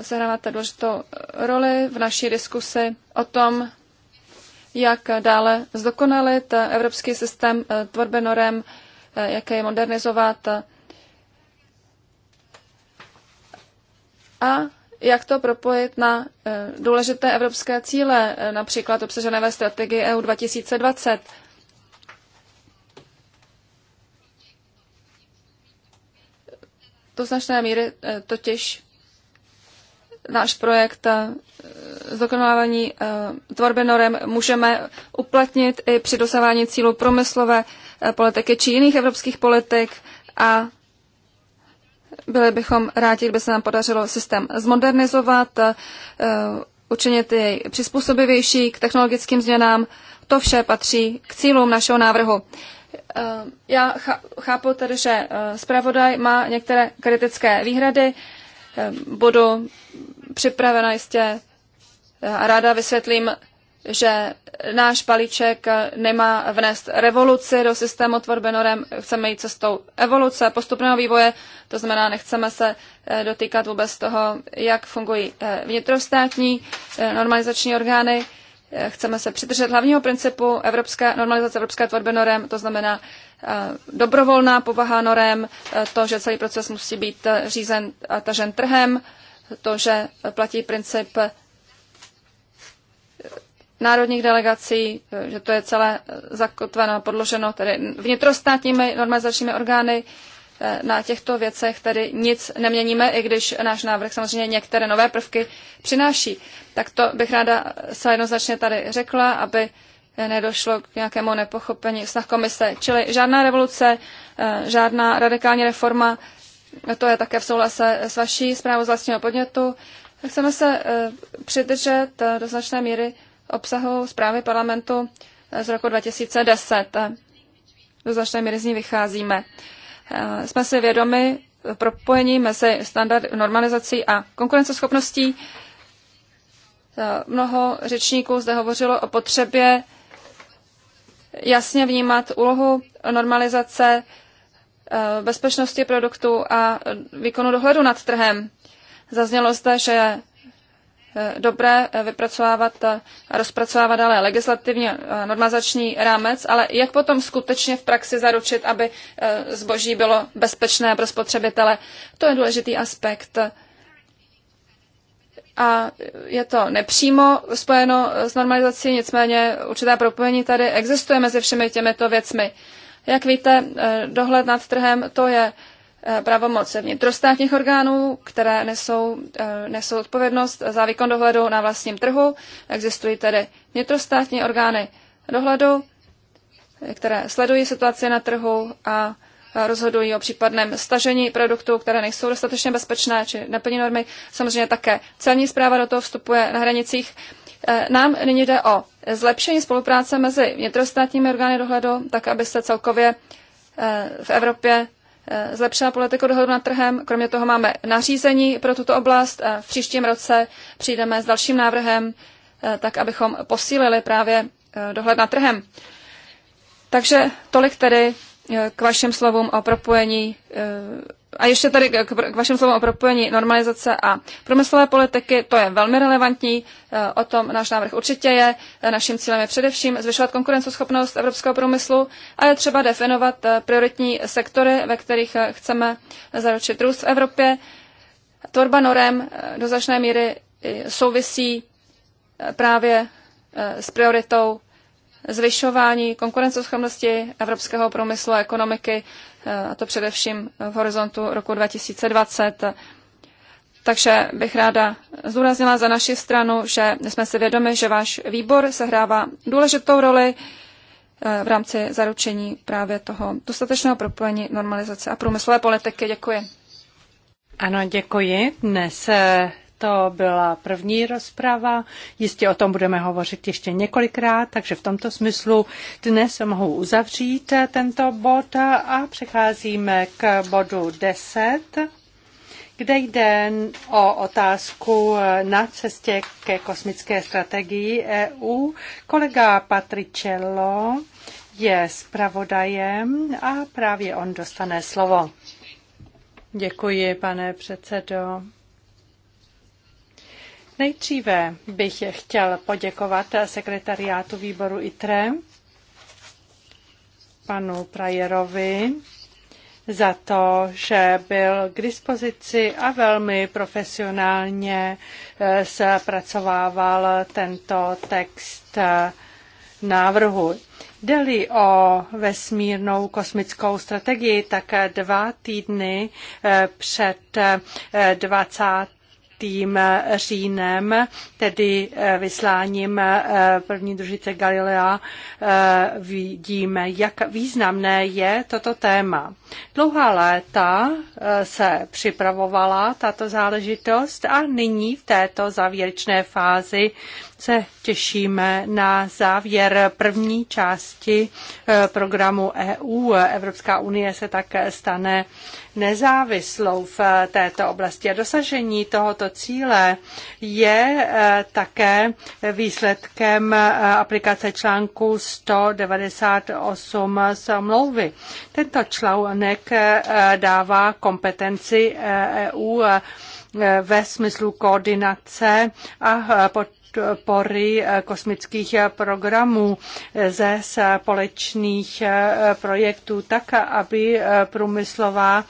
sehráváte důležitou roli v naší diskusi o tom, jak dále zdokonalit evropský systém eh, tvorby norem, eh, jak je modernizovat eh, a jak to propojit na důležité evropské cíle, například obsažené ve strategii EU 2020. Do značné míry totiž náš projekt eh, zdokonalování eh, tvorby norem můžeme uplatnit i při dosávání cílu promyslové eh, politiky či jiných evropských politik a byli bychom rádi, kdyby se nám podařilo systém zmodernizovat, učinit jej přizpůsobivější k technologickým změnám. To vše patří k cílům našeho návrhu. Já chápu tedy, že zpravodaj má některé kritické výhrady. Budu připravena jistě eh, a ráda vysvětlím, že náš palíček eh, nemá vnést revoluci do systému tvorby norem, chceme jít cestou evoluce, postupného vývoje, to znamená, nechceme se eh, dotýkat vůbec toho, jak fungují vnitrostátní normalizační orgány, chceme se přidržet hlavního principu evropské normalizace evropské tvorby norem, to znamená dobrovolná povaha norem, to, že celý proces musí být řízen a tažen trhem, to, že platí princip národních delegací, že to je celé zakotveno, podloženo tedy vnitrostátními normalizačními orgány. Na těchto věcech tedy nic neměníme, i když náš návrh samozřejmě některé nové prvky přináší. Tak to bych ráda se jednoznačně tady řekla, aby nedošlo k nějakému nepochopení snah komise. Čili žádná revoluce, žádná radikální reforma, to je také v souhlase s vaší zprávou z vlastního podnětu, chceme se eh, přidržet eh, do značné míry obsahu zprávy parlamentu eh, z roku 2010. Do značné míry z ní vycházíme. Jsme si vědomi propojení mezi standard normalizací a konkurenceschopností. Mnoho řečníků zde hovořilo o potřebě jasně vnímat úlohu normalizace Eh, bezpečnosti produktu a výkonu dohledu nad trhem. Zaznělo zde, že je eh, dobré eh, vypracovávat a rozpracovávat dále legislativně a normalizační rámec, ale jak potom skutečně v praxi zaručit, aby zboží bylo bezpečné pro spotřebitele, to je důležitý aspekt. A je to nepřímo spojeno s normalizací, nicméně určitá propojení tady existuje mezi všemi těmito věcmi. Jak víte, eh, dohled nad trhem to je eh, pravomoc vnitrostátních orgánů, které nesou, eh, nesou odpovědnost za výkon dohledu na vlastním trhu. Existují tedy vnitrostátní orgány dohledu, které sledují situaci na trhu a rozhodují o případném stažení produktů, které nejsou dostatečně bezpečné či neplní normy. Samozřejmě také celní zpráva do toho vstupuje na hranicích. Eh, nám nyní jde o zlepšení spolupráce mezi vnitrostátními orgány dohledu, tak aby se celkově eh, v Evropě eh, zlepšila politika dohledu nad trhem. Kromě toho máme nařízení pro tuto oblast. V příštím roce přijdeme s dalším návrhem, tak abychom posílili právě dohled nad trhem. Takže tolik tedy k vašim slovům o propojení a ještě tady k, k vašim slovům o propojení normalizace a průmyslové politiky, to je velmi relevantní, eh, o tom náš návrh určitě je. Eh, naším cílem je především zvyšovat konkurenceschopnost evropského průmyslu a je třeba definovat eh, prioritní sektory, ve kterých chceme zaručit růst v Evropě. Tvorba norem do značné míry souvisí právě s prioritou zvyšování konkurenceschopnosti evropského průmyslu a ekonomiky a to především v horizontu roku 2020. Takže bych ráda zdůraznila za naši stranu, že jsme si vědomi, že váš výbor sehrává důležitou roli eh, v rámci zaručení právě toho dostatečného propojení normalizace a průmyslové politiky. Děkuji. Ano, děkuji. Dnes eh, to byla první rozprava, jistě o tom budeme hovořit ještě několikrát, takže v tomto smyslu dnes mohu uzavřít tento bod a přecházíme k bodu 10 kde jde o otázku na cestě ke kosmické strategii EU. Kolega Patricello je zpravodajem a právě on dostane slovo. Děkuji, pane předsedo. Nejdříve bych chtěl poděkovat sekretariátu výboru ITRE, panu Prajerovi, za to, že byl k dispozici a velmi profesionálně eh, zpracovával tento text eh, návrhu. Jde-li o vesmírnou kosmickou strategii, tak dva týdny eh, před 20 tým říjnem, tedy eh, vysláním eh, první družice Galilea, eh, vidíme, jak významné je toto téma. Dlouhá léta se připravovala tato záležitost a nyní v této závěrečné fázi se těšíme na závěr první části programu EU. Evropská unie se tak stane nezávislou v eh, této oblasti. A dosažení tohoto cíle je eh, také výsledkem eh, aplikace článku 198 smlouvy. Tento článek dává kompetenci EU e ve smyslu koordinace a pod podpory eh, kosmických eh, programů ze společných eh, projektů tak, aby průmyslová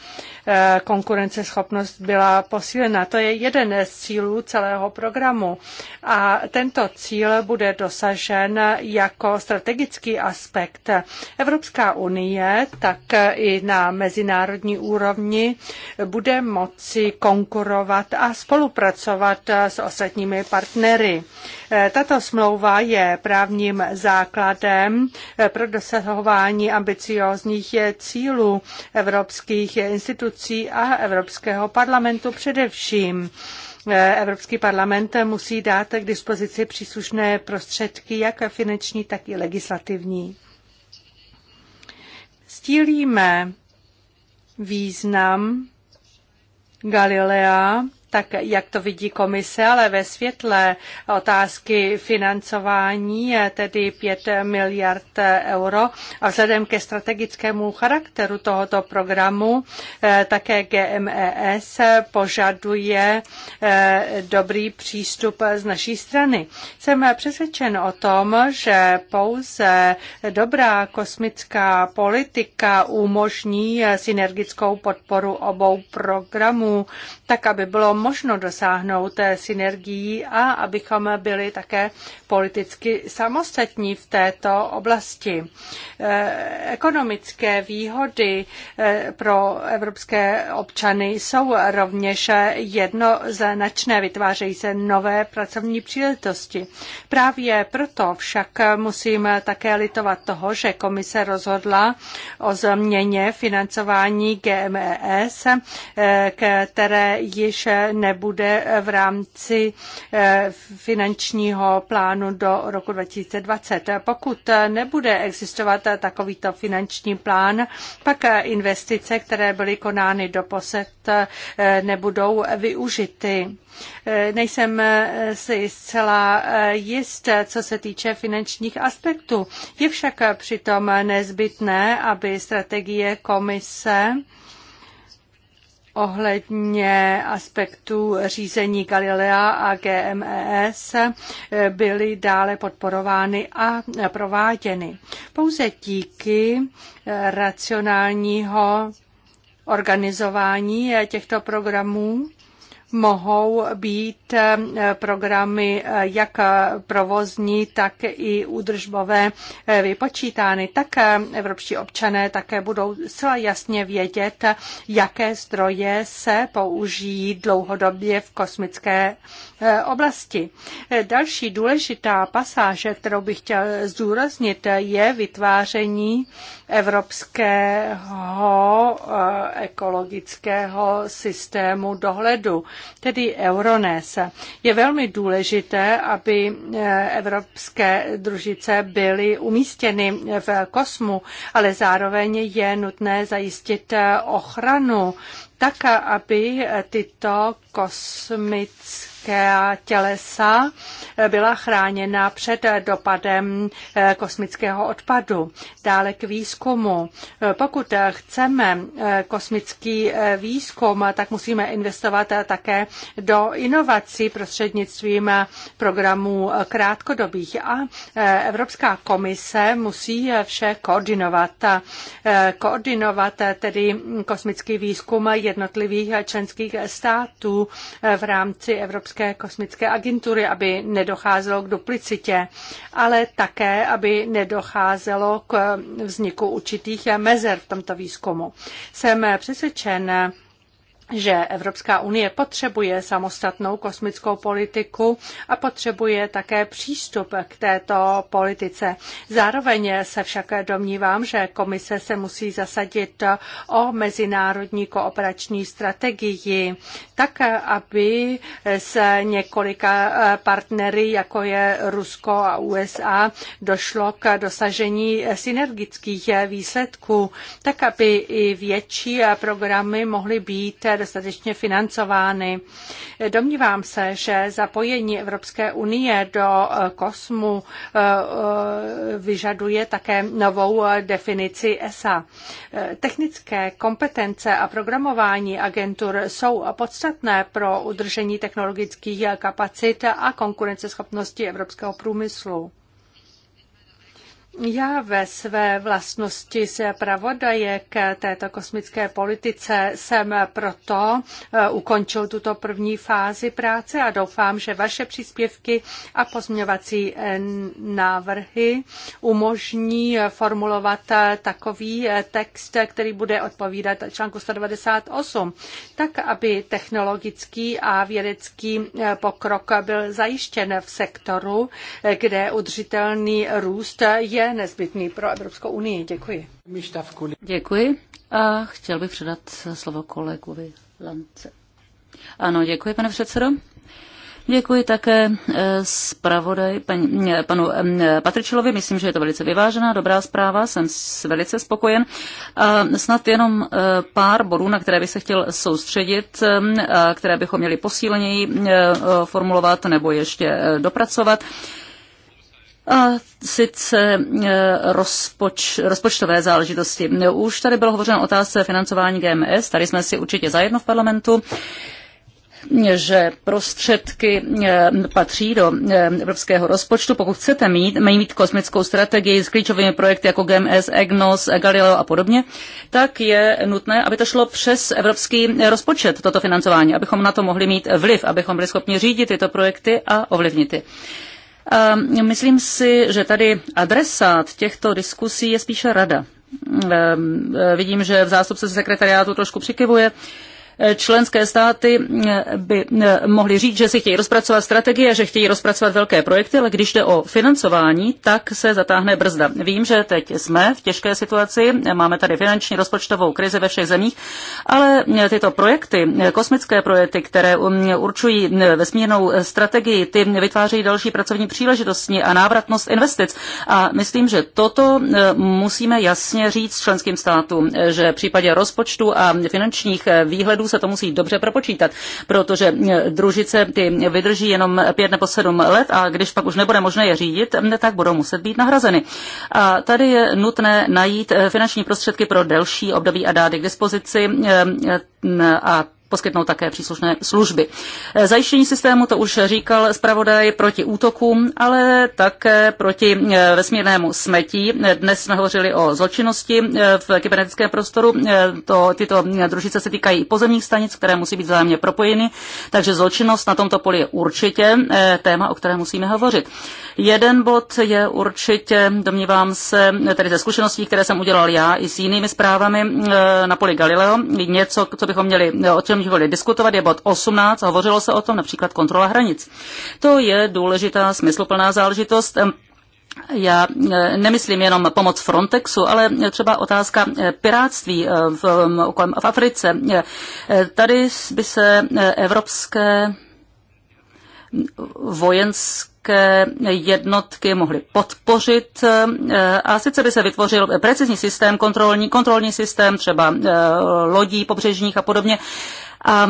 Eh, konkurenceschopnost byla posílena. To je jeden z cílů celého programu a tento cíl bude dosažen jako strategický aspekt. Evropská unie tak i na mezinárodní úrovni bude moci konkurovat a spolupracovat s ostatními partnery. Tato smlouva je právním základem pro dosahování ambiciozních cílů evropských institucí a Evropského parlamentu především. Evropský parlament musí dát k dispozici příslušné prostředky, jak finanční, tak i legislativní. Stílíme význam Galilea tak jak to vidí komise, ale ve světle otázky financování, tedy 5 miliard euro a vzhledem ke strategickému charakteru tohoto programu, eh, také GMES požaduje eh, dobrý přístup z naší strany. Jsem přesvědčen o tom, že pouze dobrá kosmická politika umožní synergickou podporu obou programů tak aby bylo možno dosáhnout synergií a abychom byli také politicky samostatní v této oblasti. Eh, ekonomické výhody eh, pro evropské občany jsou rovněž jednoznačné, vytvářejí se nové pracovní příležitosti. Právě proto však musím také litovat toho, že komise rozhodla o změně financování GMES, eh, které již nebude v rámci eh, finančního plánu do roku 2020. Pokud nebude existovat takovýto finanční plán, pak investice, které byly konány do posed, eh, nebudou využity. Eh, nejsem si zcela jist, co se týče finančních aspektů. Je však přitom nezbytné, aby strategie komise ohledně aspektů řízení Galilea a GMES byly dále podporovány a prováděny. Pouze díky eh, racionálního organizování těchto programů mohou být eh, programy eh, jak provozní, tak i údržbové eh, vypočítány. Tak evropští občané také budou zcela jasně vědět, jaké zdroje se použijí dlouhodobě v kosmické Eh, oblasti. Eh, další důležitá pasáž, kterou bych chtěl zdůraznit, eh, je vytváření evropského ekologického systému dohledu, tedy Euronés. Je velmi důležité, aby evropské družice byly umístěny v kosmu, ale zároveň je nutné zajistit ochranu tak, aby tyto kosmické lidské tělesa byla chráněna před dopadem eh, kosmického odpadu. Dále k výzkumu. Pokud chceme eh, kosmický eh, výzkum, tak musíme investovat také do inovací prostřednictvím programů krátkodobých a Evropská komise musí vše koordinovat. Koordinovat tedy kosmický výzkum jednotlivých členských států v rámci Evropské Evropské kosmické agentury, aby nedocházelo k duplicitě, ale také, aby nedocházelo k vzniku určitých mezer v tomto výzkumu. Jsem přesvědčen, že Evropská unie potřebuje samostatnou kosmickou politiku a potřebuje také přístup k této politice. Zároveň se však domnívám, že komise se musí zasadit o mezinárodní kooperační strategii, tak aby s několika eh, partnery, jako je Rusko a USA, došlo k dosažení synergických eh, výsledků, tak aby i větší eh, programy mohly být dostatečně financovány. Domnívám se, že zapojení Evropské unie do eh, kosmu eh, eh, vyžaduje také novou definici ESA. Technické kompetence a programování agentur jsou podstatné pro udržení technologických kapacit a konkurenceschopnosti evropského průmyslu. Já ve své vlastnosti se pravodaje k této kosmické politice jsem proto eh, ukončil tuto první fázi práce a doufám, že vaše příspěvky a pozměňovací eh, návrhy umožní eh, formulovat takový text, který bude odpovídat článku 198, tak aby technologický a vědecký pokrok byl zajištěn v sektoru, kde udržitelný růst je je nezbytný pro Evropskou unii. Děkuji. Děkuji a chtěl bych předat slovo kolegovi Lance. Ano, děkuji, pane předsedo. Děkuji také eh, zpravodaj pan, eh, panu eh, Patričilovi. Myslím, že je to velice vyvážená, dobrá zpráva. Jsem velice spokojen. A snad jenom pár bodů, na které bych se chtěl soustředit, které bychom měli posíleněji formulovat nebo ještě dopracovat a sice e, rozpoč, rozpočtové záležitosti. Už tady bylo hovořeno o otázce financování GMS, tady jsme si určitě zajedno v parlamentu že prostředky e, patří do e, evropského rozpočtu. Pokud chcete mít, mají mít kosmickou strategii s klíčovými projekty jako GMS, EGNOS, Galileo a podobně, tak je nutné, aby to šlo přes evropský rozpočet, toto financování, abychom na to mohli mít vliv, abychom byli schopni řídit tyto projekty a ovlivnit je. Ehm, myslím si, že tady adresát těchto diskusí je spíše rada. Ehm, eh, vidím, že v zástupce sekretariátu trošku přikivuje členské státy eh, by eh, mohly říct, že si chtějí rozpracovat strategie, že chtějí rozpracovat velké projekty, ale když jde o financování, tak se zatáhne brzda. Vím, že teď jsme v těžké situaci, máme tady finanční rozpočtovou krizi ve všech zemích, ale eh, tyto projekty, kosmické projekty, které um, určují vesmírnou strategii, ty vytvářejí další pracovní příležitosti a návratnost investic. A myslím, že toto musíme jasně říct členským státům, že v případě rozpočtu a finančních výhledů se to musí dobře propočítat, protože eh, družice ty vydrží jenom pět nebo sedm let a když pak už nebude možné je řídit, tak budou muset být nahrazeny. A tady je nutné najít eh, finanční prostředky pro delší období a dát k dispozici eh, a poskytnout také příslušné služby. Eh, zajištění systému, to už říkal zpravodaj, proti útokům, ale také proti eh, vesmírnému smetí. Dnes jsme hovořili o zločinnosti eh, v kybernetickém prostoru. To, tyto družice se týkají pozemních stanic, které musí být vzájemně propojeny, takže zločinnost na tomto poli je určitě téma, o kterém musíme hovořit. Jeden bod je určitě, domnívám se, tedy ze zkušeností, které jsem udělal já i s jinými zprávami na poli Galileo, něco, co bychom měli, o čem bychom mohli diskutovat, je bod 18, hovořilo se o tom například kontrola hranic. To je důležitá, smysluplná záležitost. Já e, nemyslím jenom pomoc Frontexu, ale třeba otázka e, piráctví e, v, v Africe. Tady by se evropské vojenské jednotky mohly podpořit a sice by se vytvořil precizní systém, kontrolní, kontrolní systém třeba lodí pobřežních a podobně, a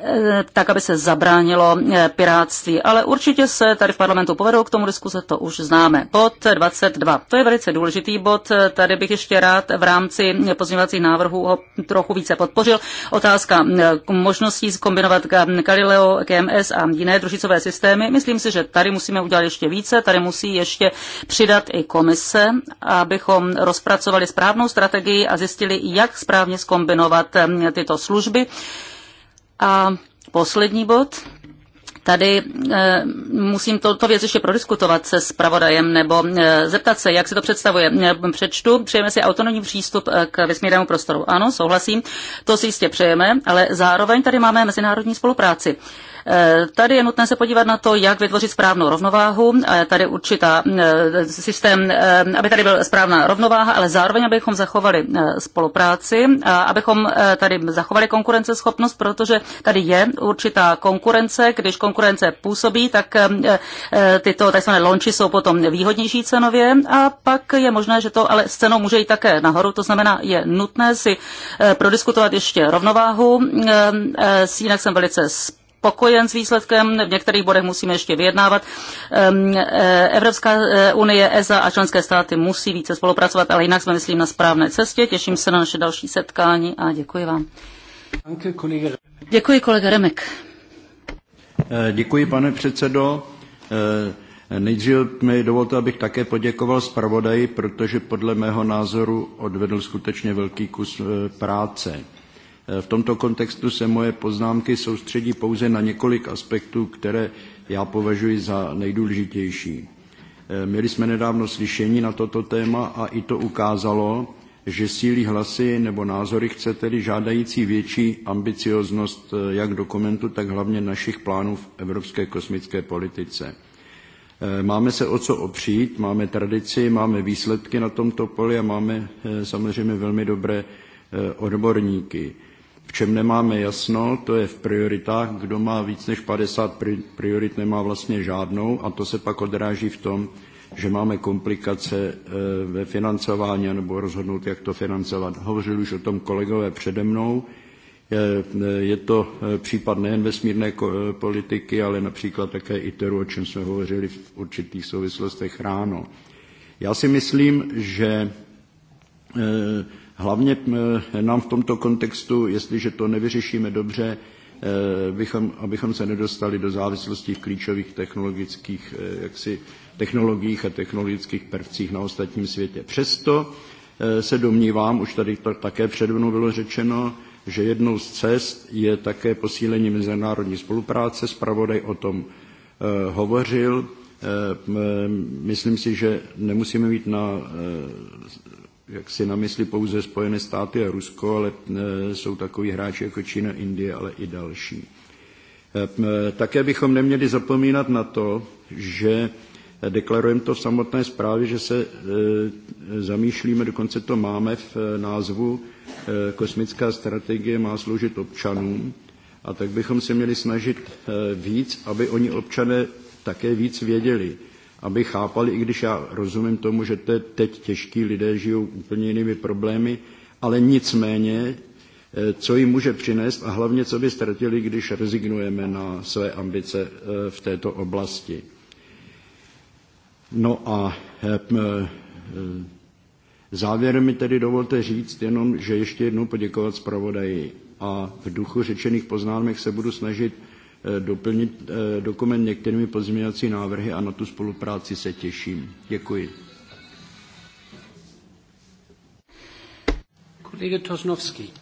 e, tak, aby se zabránilo e, pirátství. Ale určitě se tady v parlamentu povedou k tomu diskuse, to už známe. Bod 22. To je velice důležitý bod. E, tady bych ještě rád v rámci pozměňovacích návrhů ho trochu více podpořil. Otázka možností zkombinovat Galileo, KMS a jiné družicové systémy. Myslím si, že tady musíme udělat ještě více. Tady musí ještě přidat i komise, abychom rozpracovali správnou strategii a zjistili, jak správně zkombinovat tyto služby. A poslední bod. Tady e, musím toto věc ještě prodiskutovat se zpravodajem nebo e, zeptat se, jak si to představuje. Eh, přečtu, přejeme si autonomní přístup k vesmírnému prostoru. Ano, souhlasím, to si jistě přejeme, ale zároveň tady máme mezinárodní spolupráci. Eh, tady je nutné se podívat na to, jak vytvořit správnou rovnováhu. Eh, tady určitá eh, systém, aby tady byla správná rovnováha, ale zároveň, abychom zachovali spolupráci, a abychom tady zachovali konkurenceschopnost, protože tady je určitá konkurence. Když konkurence působí, tak tyto tzv. launchy jsou potom výhodnější cenově a pak je možné, že to ale s cenou může jít také nahoru. To znamená, je nutné si prodiskutovat ještě rovnováhu. Jinak jsem velice spokojen s výsledkem, v některých bodech musíme ještě vyjednávat. E, Evropská e, unie, ESA a členské státy musí více spolupracovat, ale jinak jsme, myslím, na správné cestě. Těším se na naše další setkání a děkuji vám. Děkuji, kolega Remek. E, děkuji, pane předsedo. Nejdříve mi dovolte, abych také poděkoval zpravodaji, protože podle mého názoru odvedl skutečně velký kus práce. Eh, v tomto kontextu se moje poznámky soustředí pouze na několik aspektů, které já považuji za nejdůležitější. Eh, měli jsme nedávno slyšení na toto téma a i to ukázalo, že sílí hlasy nebo názory chce tedy žádající větší ambicioznost eh, jak dokumentu, tak hlavně našich plánů v evropské kosmické politice. Máme se o co opřít, máme tradici, máme výsledky na tomto poli a máme samozřejmě velmi dobré odborníky. V čem nemáme jasno, to je v prioritách, kdo má víc než 50 priorit, nemá vlastně žádnou a to se pak odráží v tom, že máme komplikace eh, ve financování nebo rozhodnout, jak to financovat. Hovořil už o tom kolegové přede mnou. Eh, eh, je to případ nejen vesmírné politiky, ale například také ITERu, o čem jsme hovořili v určitých souvislostech ráno. Já si myslím, že Hlavně eh, nám v tomto kontextu, jestliže to nevyřešíme dobře, eh, bychom, abychom se nedostali do závislosti v klíčových technologických eh, jaksi, technologiích a technologických prvcích na ostatním světě. Přesto se domnívám, už tady to také před mnou bylo řečeno, že jednou z cest je také posílení mezinárodní spolupráce. Spravodaj o tom hovořil. Myslím si, že nemusíme mít na jak si na mysli pouze Spojené státy a Rusko, ale e, jsou takový hráči jako Čína, Indie, ale i další. E, také bychom neměli zapomínat na to, že e, deklarujeme to v samotné zprávě, že se zamýšlíme, dokonce to máme v názvu, kosmická strategie má sloužit občanům, a tak bychom se měli snažit víc, aby oni občané také víc věděli aby chápali, i když já rozumím tomu, že je teď těžký lidé žijou úplně jinými problémy, ale nicméně, eh, co jim může přinést a hlavně, co by ztratili, když rezignujeme na své ambice eh, v této oblasti. No a eh, závěrem mi tedy dovolte říct jenom, že ještě jednou poděkovat zpravodaji a v duchu řečených poznámek se budu snažit Eh, doplnit eh, dokument některými pozměňovací návrhy a na tu spolupráci se těším. Děkuji. Kolega Tošnovský.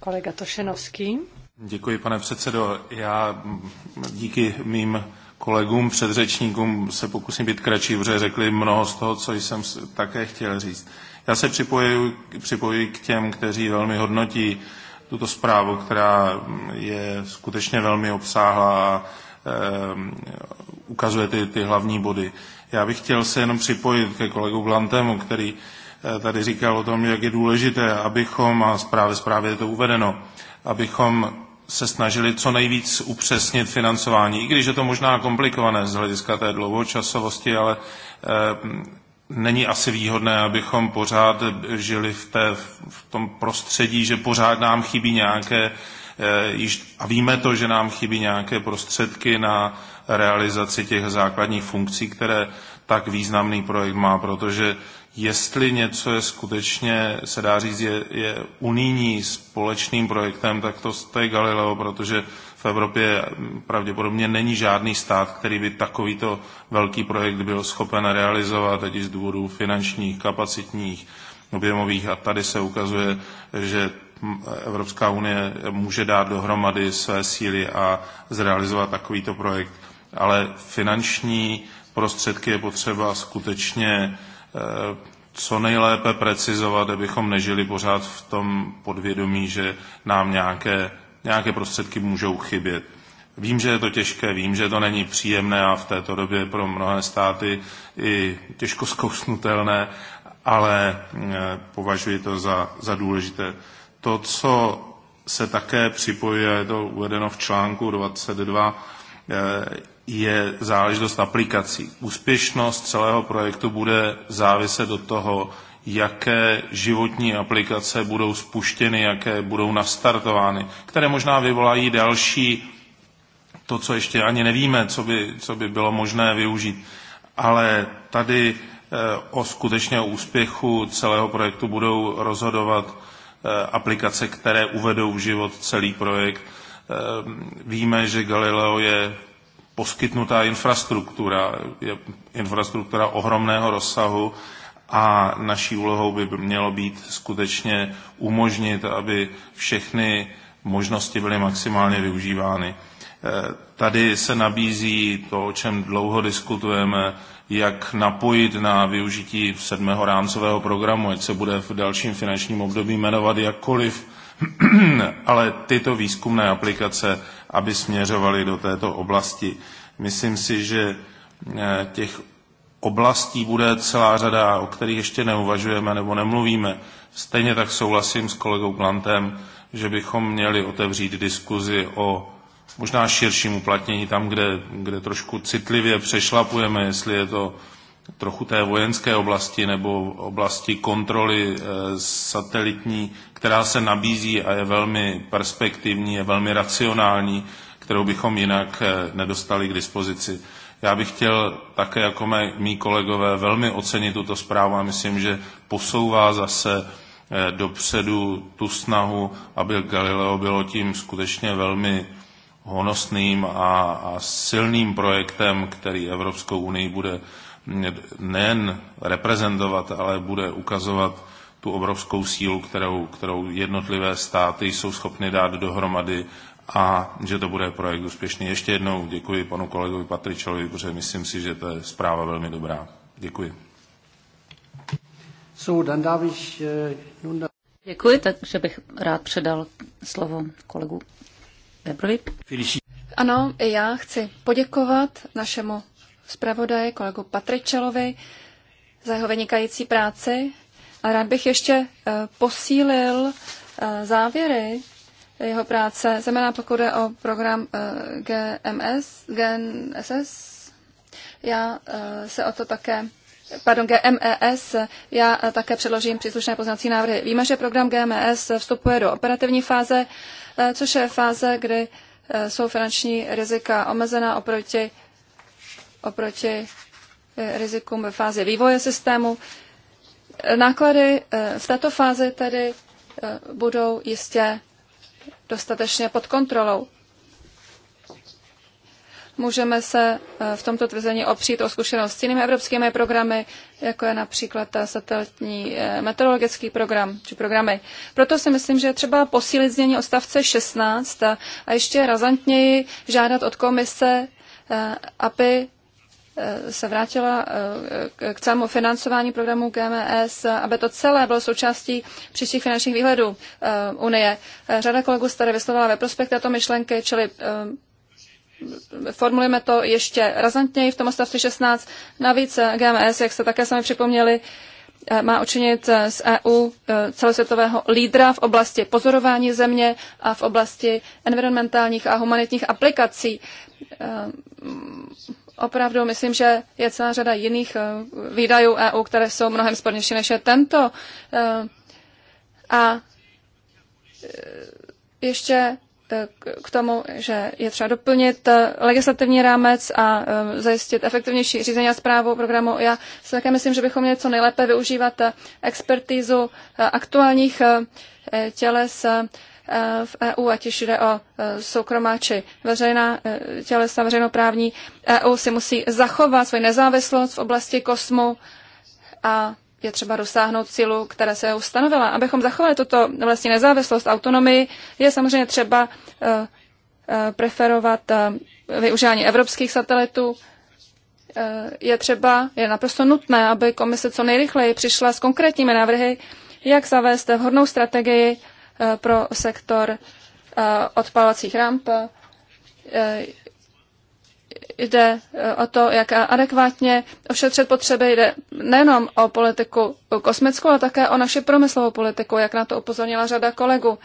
Kolega Tošenovský. Děkuji, pane předsedo. Já mm, díky mým kolegům, předřečníkům se pokusím být kratší, protože řekli mnoho z toho, co jsem také chtěl říct. Já se připojuji, připojuji k těm, kteří velmi hodnotí tuto zprávu, která je skutečně velmi obsáhlá a ukazuje ty, ty hlavní body. Já bych chtěl se jenom připojit ke kolegu Blantemu, který eh, tady říkal o tom, jak je důležité, abychom, a zprávě, zprávě je to uvedeno, abychom se snažili co nejvíc upřesnit financování, i když je to možná komplikované z hlediska té dlouhočasovosti, ale není asi výhodné, abychom pořád žili v, té, v tom prostředí, že pořád nám chybí nějaké, eh, a víme to, že nám chybí nějaké prostředky na realizaci těch základních funkcí, které tak významný projekt má, protože jestli něco je skutečně, se dá říct, je, je unijní společným projektem, tak to, je Galileo, protože v Evropě pravděpodobně není žádný stát, který by takovýto velký projekt byl schopen realizovat, ať z důvodů finančních, kapacitních, objemových. A tady se ukazuje, že Evropská unie může dát dohromady své síly a zrealizovat takovýto projekt. Ale finanční prostředky je potřeba skutečně eh, co nejlépe precizovat, abychom nežili pořád v tom podvědomí, že nám nějaké nějaké prostředky můžou chybět. Vím, že je to těžké, vím, že to není příjemné a v této době pro mnohé státy i těžko zkousnutelné, ale eh, považuji to za, za důležité. To, co se také připojuje, je to uvedeno v článku 22, eh, je záležitost aplikací. Úspěšnost celého projektu bude záviset od toho, jaké životní aplikace budou spuštěny, jaké budou nastartovány, které možná vyvolají další, to, co ještě ani nevíme, co by, co by bylo možné využít. Ale tady eh, o skutečně úspěchu celého projektu budou rozhodovat eh, aplikace, které uvedou v život celý projekt. Eh, víme, že Galileo je poskytnutá infrastruktura, je infrastruktura ohromného rozsahu, a naší úlohou by mělo být skutečně umožnit, aby všechny možnosti byly maximálně využívány. Eh, tady se nabízí to, o čem dlouho diskutujeme, jak napojit na využití sedmého rámcového programu, ať se bude v dalším finančním období jmenovat jakkoliv, ale tyto výzkumné aplikace, aby směřovaly do této oblasti. Myslím si, že eh, těch oblastí bude celá řada, o kterých ještě neuvažujeme nebo nemluvíme. Stejně tak souhlasím s kolegou Plantem, že bychom měli otevřít diskuzi o možná širším uplatnění tam, kde, kde trošku citlivě přešlapujeme, jestli je to trochu té vojenské oblasti nebo oblasti kontroly eh, satelitní, která se nabízí a je velmi perspektivní, je velmi racionální, kterou bychom jinak eh, nedostali k dispozici. Já bych chtěl také jako mé, mý kolegové velmi ocenit tuto zprávu a myslím, že posouvá zase eh, dopředu tu snahu, aby Galileo bylo tím skutečně velmi honosným a, a silným projektem, který Evropskou unii bude nejen reprezentovat, ale bude ukazovat tu obrovskou sílu, kterou, kterou jednotlivé státy jsou schopny dát dohromady a že to bude projekt úspěšný. Ještě jednou děkuji panu kolegovi Patričelovi, protože myslím si, že to je zpráva velmi dobrá. Děkuji. So, dann darf ich, eh, nun da Děkuji, takže bych rád předal slovo kolegu Weberovi. Ano, i já chci poděkovat našemu zpravodaji, kolegu Patričelovi, za jeho vynikající práci. A rád bych ještě eh, posílil eh, závěry jeho práce, zejména pokud je o program eh, GMS, GNSS. Já eh, se o to také pardon, GMES, já eh, také předložím příslušné poznací návrhy. Víme, že program GMS e vstupuje do operativní fáze, což je fáze, kdy jsou finanční rizika omezená oproti, oproti rizikům ve fázi vývoje systému. Náklady v této fázi tedy budou jistě dostatečně pod kontrolou. Můžeme se eh, v tomto tvrzení opřít o zkušenost s jinými evropskými programy, jako je například ta satelitní eh, meteorologický program či programy. Proto si myslím, že je třeba posílit změní odstavce 16 a ještě razantněji žádat od komise, eh, aby se vrátila eh, k celému financování programu GMS, aby to celé bylo součástí příštích finančních výhledů eh, Unie. Eh, řada kolegů tady vyslovala ve prospekt této myšlenky, čili formulujeme to ještě razantněji v tom odstavci 16. Navíc GMS, jak jste také sami připomněli, má učinit z EU celosvětového lídra v oblasti pozorování země a v oblasti environmentálních a humanitních aplikací opravdu myslím, že je celá řada jiných eh, výdajů EU, které jsou mnohem spornější než je tento. Eh, a eh, ještě k tomu, že je třeba doplnit legislativní rámec a zajistit efektivnější řízení a zprávu programu. Já si také myslím, že bychom měli co nejlépe využívat expertízu aktuálních těles v EU, ať už jde o e, soukromá či veřejná e, tělesa, veřejnoprávní. EU si musí zachovat svoji nezávislost v oblasti kosmu a je třeba dosáhnout cílu, které se ustanovila. Abychom zachovali tuto vlastní nezávislost, autonomii, je samozřejmě třeba e, preferovat využívání evropských satelitů. Je třeba, je naprosto nutné, aby komise co nejrychleji přišla s konkrétními návrhy, jak zavést vhodnou strategii Eh, pro sektor eh, odpalovacích ramp. Eh, jde o to, jak adekvátně ošetřit potřeby. Jde nejenom o politiku kosmickou, ale také o naši promyslovou politiku, jak na to upozornila řada kolegů.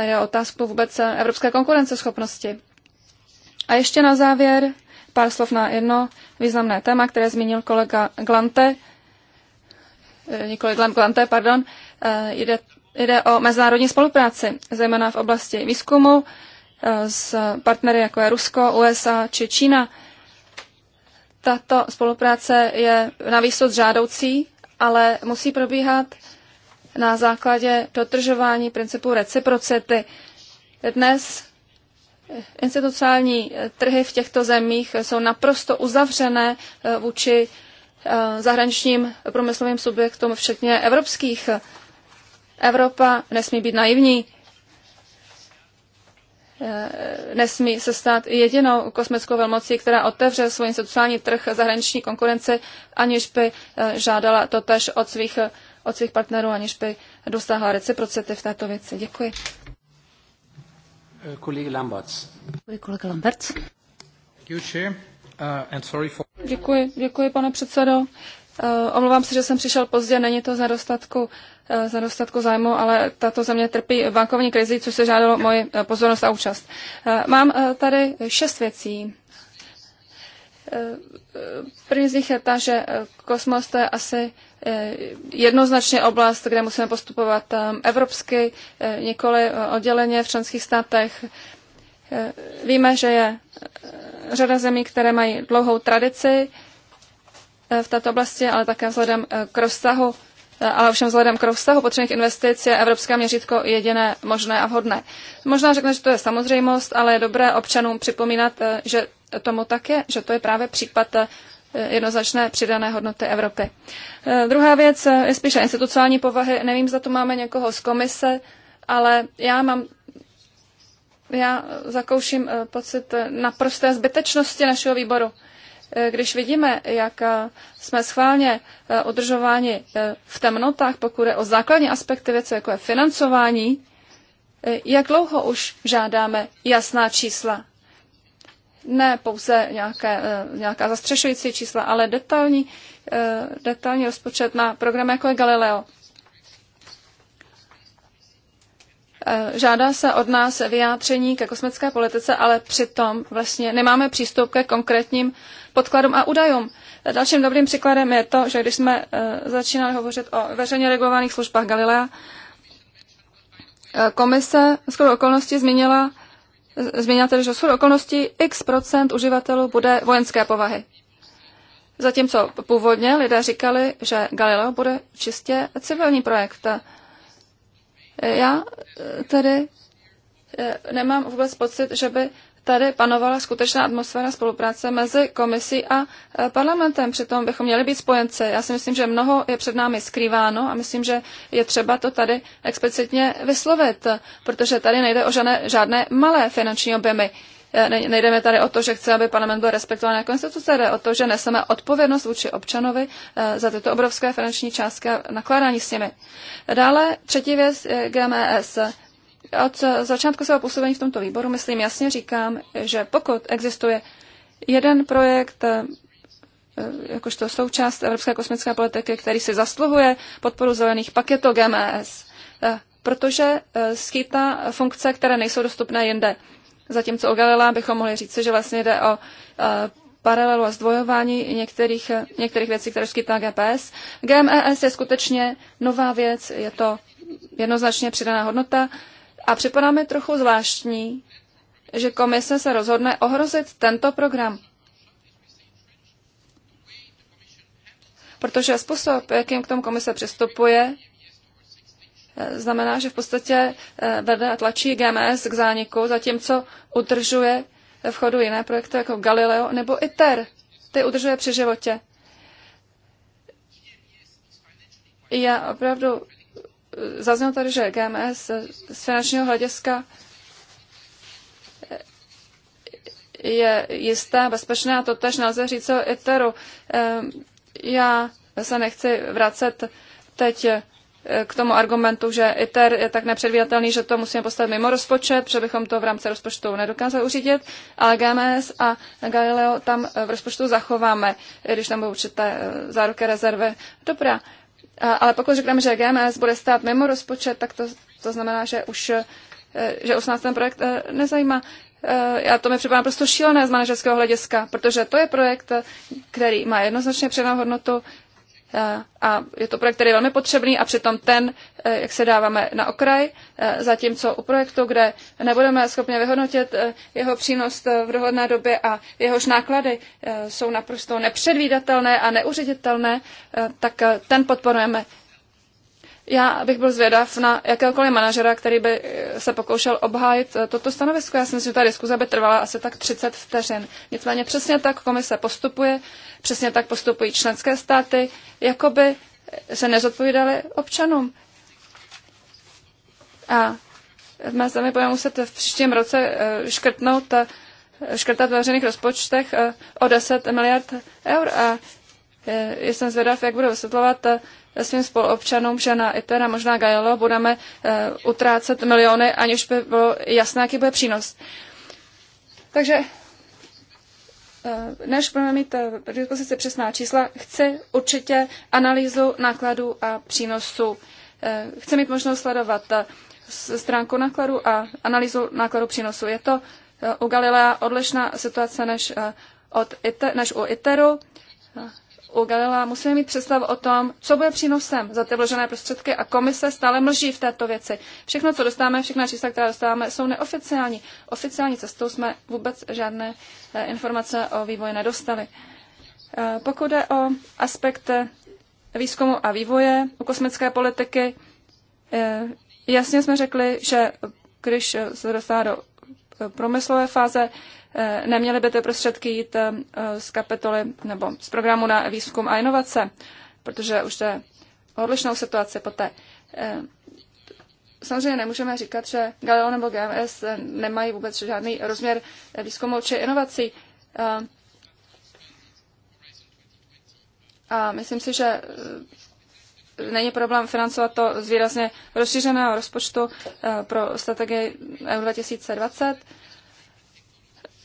Je o otázku vůbec evropské konkurenceschopnosti. A ještě na závěr pár slov na jedno významné téma, které zmínil kolega Glante, nikoli Glante, pardon, jde jde o mezinárodní spolupráci, zejména v oblasti výzkumu eh, s partnery jako je Rusko, USA či Čína. Tato spolupráce je na výsost žádoucí, ale musí probíhat na základě dotržování principu reciprocity. Dnes institucionální trhy v těchto zemích jsou naprosto uzavřené eh, vůči eh, zahraničním průmyslovým subjektům, včetně evropských. Evropa nesmí být naivní, e, nesmí se stát jedinou kosmickou velmocí, která otevře svůj sociální trh zahraniční konkurenci, aniž by e, žádala to tež od svých, od svých partnerů, aniž by dosáhla reciprocity v této věci. Děkuji. E, kolega Lambert. Děkuji, kolega Lamberts. Uh, děkuji, děkuji, pane předsedo. Omlouvám se, že jsem přišel pozdě, není to za dostatku Eh, za dostatku zájmu, ale tato země trpí bankovní krizi, což se žádalo moji eh, pozornost a účast. Eh, mám tady šest věcí. První z nich je ta, že kosmos to je asi jednoznačně oblast, kde musíme postupovat evropsky, nikoli odděleně v členských státech. Víme, že je řada zemí, které mají dlouhou tradici v této oblasti, ale také vzhledem k rozsahu Eh, ale ovšem vzhledem k rozsahu potřebných investic je evropské měřítko jediné možné a vhodné. Možná řekne, že to je samozřejmost, ale je dobré občanům připomínat, eh, že tomu tak je, že to je právě případ eh, jednoznačné přidané hodnoty Evropy. Druhá věc je spíše institucionální povahy. Nevím, zda tu máme někoho z komise, ale já mám já zakouším pocit naprosté zbytečnosti našeho výboru. Eh, když vidíme, jak eh, jsme schválně eh, udržováni v temnotách, pokud je o základní aspekty věci, jako je financování, jak dlouho už žádáme jasná čísla? Ne pouze nějaké, nějaká zastřešující čísla, ale detailní, detailní rozpočet na program, jako je Galileo. Žádá se od nás vyjádření ke kosmické politice, ale přitom vlastně nemáme přístup ke konkrétním podkladům a údajům. Dalším dobrým příkladem je to, že když jsme eh, začínali hovořit o veřejně regulovaných službách Galilea, eh, komise skoro okolností změnila, změnila tedy, že skoro okolností x procent uživatelů bude vojenské povahy. Zatímco původně lidé říkali, že Galileo bude čistě civilní projekt. Já tedy eh, nemám vůbec pocit, že by tady panovala skutečná atmosféra spolupráce mezi komisí a e, parlamentem. Přitom bychom měli být spojence. Já si myslím, že mnoho je před námi skrýváno a myslím, že je třeba to tady explicitně vyslovit, protože tady nejde o žádné, žádné malé finanční objemy. E, nejdeme tady o to, že chce, aby parlament byl respektován jako instituce, jde o to, že neseme odpovědnost vůči občanovi e, za tyto obrovské finanční částky a nakládání s nimi. Dále třetí věc je GMS. Od začátku svého působení v tomto výboru, myslím, jasně říkám, že pokud existuje jeden projekt eh, jakožto součást evropské kosmické politiky, který si zasluhuje podporu zelených, pak je to GMS, eh, protože eh, skýtá funkce, které nejsou dostupné jinde. Zatímco o Galilea bychom mohli říct, že vlastně jde o paralelu a zdvojování některých, některých věcí, které skýtá GPS. GMS e je skutečně nová věc, je to jednoznačně přidaná hodnota, a připadá mi trochu zvláštní, že komise se rozhodne ohrozit tento program. Protože způsob, jakým k tomu komise přistupuje, znamená, že v podstatě eh, vede a tlačí GMS k zániku, zatímco udržuje v chodu jiné projekty jako Galileo nebo ITER. Ty udržuje při životě. Já opravdu zaznělo tady, že GMS z finančního hlediska je jisté, bezpečné a to tež nelze říct o ITERu. Ehm, já se nechci vracet teď eh, k tomu argumentu, že ITER je tak nepředvídatelný, že to musíme postavit mimo rozpočet, že bychom to v rámci rozpočtu nedokázali uřídit, ale GMS a Galileo tam v rozpočtu zachováme, když tam budou určité eh, záruky rezervy. Dobrá, ale pokud řekneme, že GMS bude stát mimo rozpočet, tak to, to znamená, že už, eh, že už nás ten projekt eh, nezajímá. Já eh, to mi připadá prostě šílené z manažerského hlediska, protože to je projekt, který má jednoznačně přidanou hodnotu, Eh, a je to projekt, který je velmi potřebný a přitom ten, eh, jak se dáváme na okraj, eh, zatímco u projektu, kde nebudeme schopni vyhodnotit jeho přínos v dohledné době a jehož náklady jsou naprosto nepředvídatelné a neuředitelné, tak ten podporujeme já bych byl zvědav na jakéhokoliv manažera, který by eh, se pokoušel obhájit eh, toto stanovisko. Já si myslím, že ta diskuze by trvala asi tak 30 vteřin. Nicméně přesně tak komise postupuje, přesně tak postupují členské státy, jako by eh, se nezodpovídali občanům. A v mé zemi budeme muset v příštím roce škrtnout, škrtat ve veřejných rozpočtech o 10 miliard eur. A jsem zvědav, jak budou vysvětlovat svým spoluobčanům, že na ITER a možná Gajalo budeme eh, utrácet miliony, aniž by bylo jasné, jaký bude přínos. Takže eh, než budeme mít uh, dispozici přesná čísla, chci určitě analýzu nákladů a přínosů. Chci mít možnost sledovat stránku nákladu a analýzu nákladu přínosu. Je to u Galilea odlišná situace než, od ITER, než u ITERu u Galilea musíme mít představu o tom, co bude přínosem za ty vložené prostředky a komise stále mlží v této věci. Všechno, co dostáváme, všechna čísla, která dostáváme, jsou neoficiální. Oficiální cestou jsme vůbec žádné eh, informace o vývoji nedostali. Eh, pokud jde o aspekt eh, výzkumu a vývoje u kosmické politiky, jasně jsme řekli, že když se dostává do průmyslové fáze, Eh, neměly by ty prostředky jít eh, z kapitoly nebo z programu na výzkum a inovace, protože už je odlišnou situaci poté. Eh, samozřejmě nemůžeme říkat, že Galileo nebo GMS nemají vůbec žádný rozměr výzkumu či inovací. A myslím si, že není problém financovat to z výrazně rozšířeného rozpočtu pro strategii EU 2020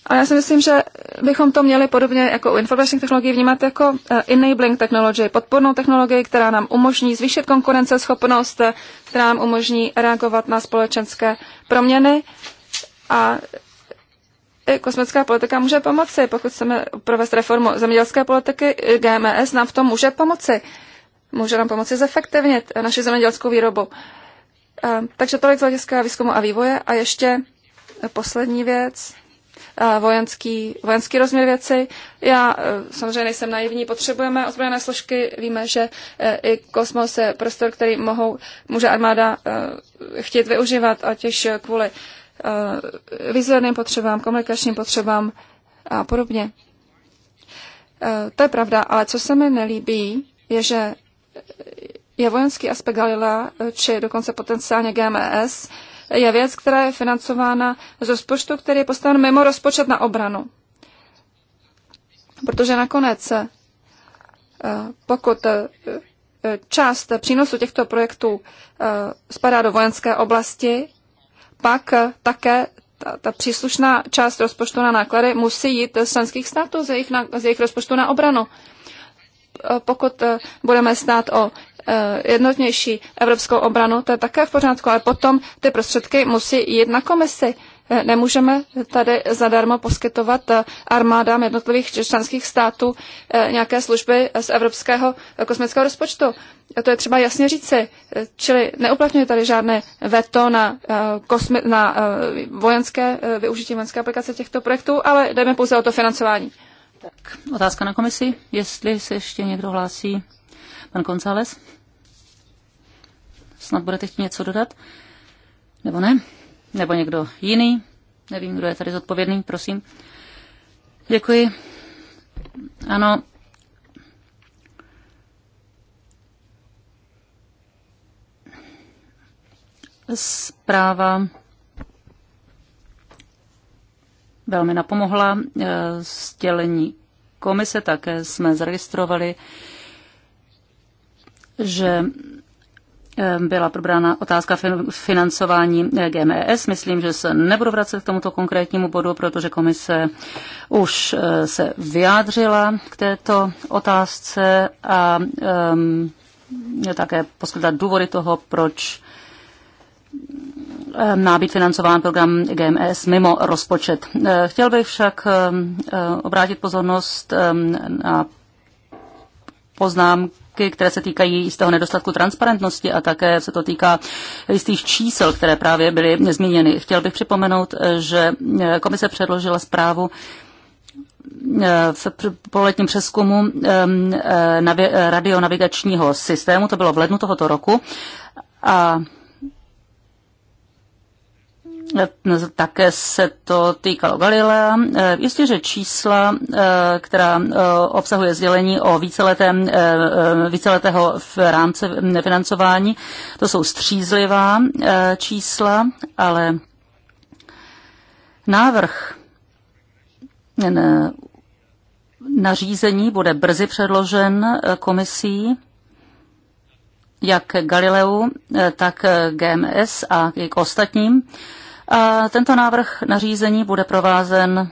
a já si myslím, že bychom to měli podobně jako u informačních technologií vnímat jako eh, enabling technology, podpornou technologii, která nám umožní zvýšit konkurenceschopnost, která nám umožní reagovat na společenské proměny a i kosmická politika může pomoci. Pokud chceme provést reformu zemědělské politiky, GMS nám v tom může pomoci. Může nám pomoci zefektivnit eh, naši zemědělskou výrobu. Eh, takže tolik z hlediska výzkumu a vývoje. A ještě poslední věc. Eh, vojenský, vojenský rozměr věci. Já eh, samozřejmě nejsem naivní, potřebujeme ozbrojené složky, víme, že eh, i kosmos je prostor, který mohou, může armáda chtít využívat, ať už kvůli vizuálním potřebám, komunikačním potřebám a podobně. To je pravda, ale co se mi nelíbí, je, že je vojenský aspekt Galila, či dokonce potenciálně GMS, je věc, která je financována z rozpočtu, který je postaven mimo rozpočet na obranu. Protože nakonec, eh, pokud eh, část přínosu těchto projektů eh, spadá do vojenské oblasti, pak také ta, ta příslušná část rozpočtu na náklady musí jít z členských států z jejich, na, z jejich rozpočtu na obranu. Pokud budeme stát o Eh, jednotnější evropskou obranu, to je také v pořádku, ale potom ty prostředky musí jít na komisi. Eh, nemůžeme tady zadarmo poskytovat eh, armádám jednotlivých členských států nějaké služby z evropského kosmického rozpočtu. To je třeba jasně říci. Čili neuplatňuje tady žádné veto na, kosmi- na vojenské využití vojenské aplikace těchto projektů, ale jdeme pouze o to financování. Tak, otázka na komisi, jestli se ještě někdo hlásí. Pan González. Snad budete chtít něco dodat? Nebo ne? Nebo někdo jiný? Nevím, kdo je tady zodpovědný, prosím. Děkuji. Ano. Zpráva velmi napomohla eh, sdělení komise. Také jsme zaregistrovali, že Ehm, byla probrána otázka financování eh, GMES. Myslím, že se nebudu vracet k tomuto konkrétnímu bodu, protože komise už eh, se vyjádřila k této otázce a ehm, také poskytla důvody toho, proč ehm, má být financován program GMS e mimo rozpočet. Eh, chtěl bych však obrátit pozornost na poznámky, otázky, které se týkají z toho nedostatku transparentnosti a také se to týká jistých čísel, které právě byly zmíněny. Chtěl bych připomenout, že komise předložila zprávu eh, v poletním přeskumu ehm, eh, eh, radionavigačního systému, to bylo v lednu tohoto roku, a také se to týkalo Galilea. Eh, jistě, že čísla, eh, která eh, obsahuje sdělení o víceletém, víceletého v rámce financování, to jsou střízlivá čísla, ale návrh nařízení bude brzy předložen komisí jak Galileu, tak GMS a k ostatním. A tento návrh nařízení bude provázen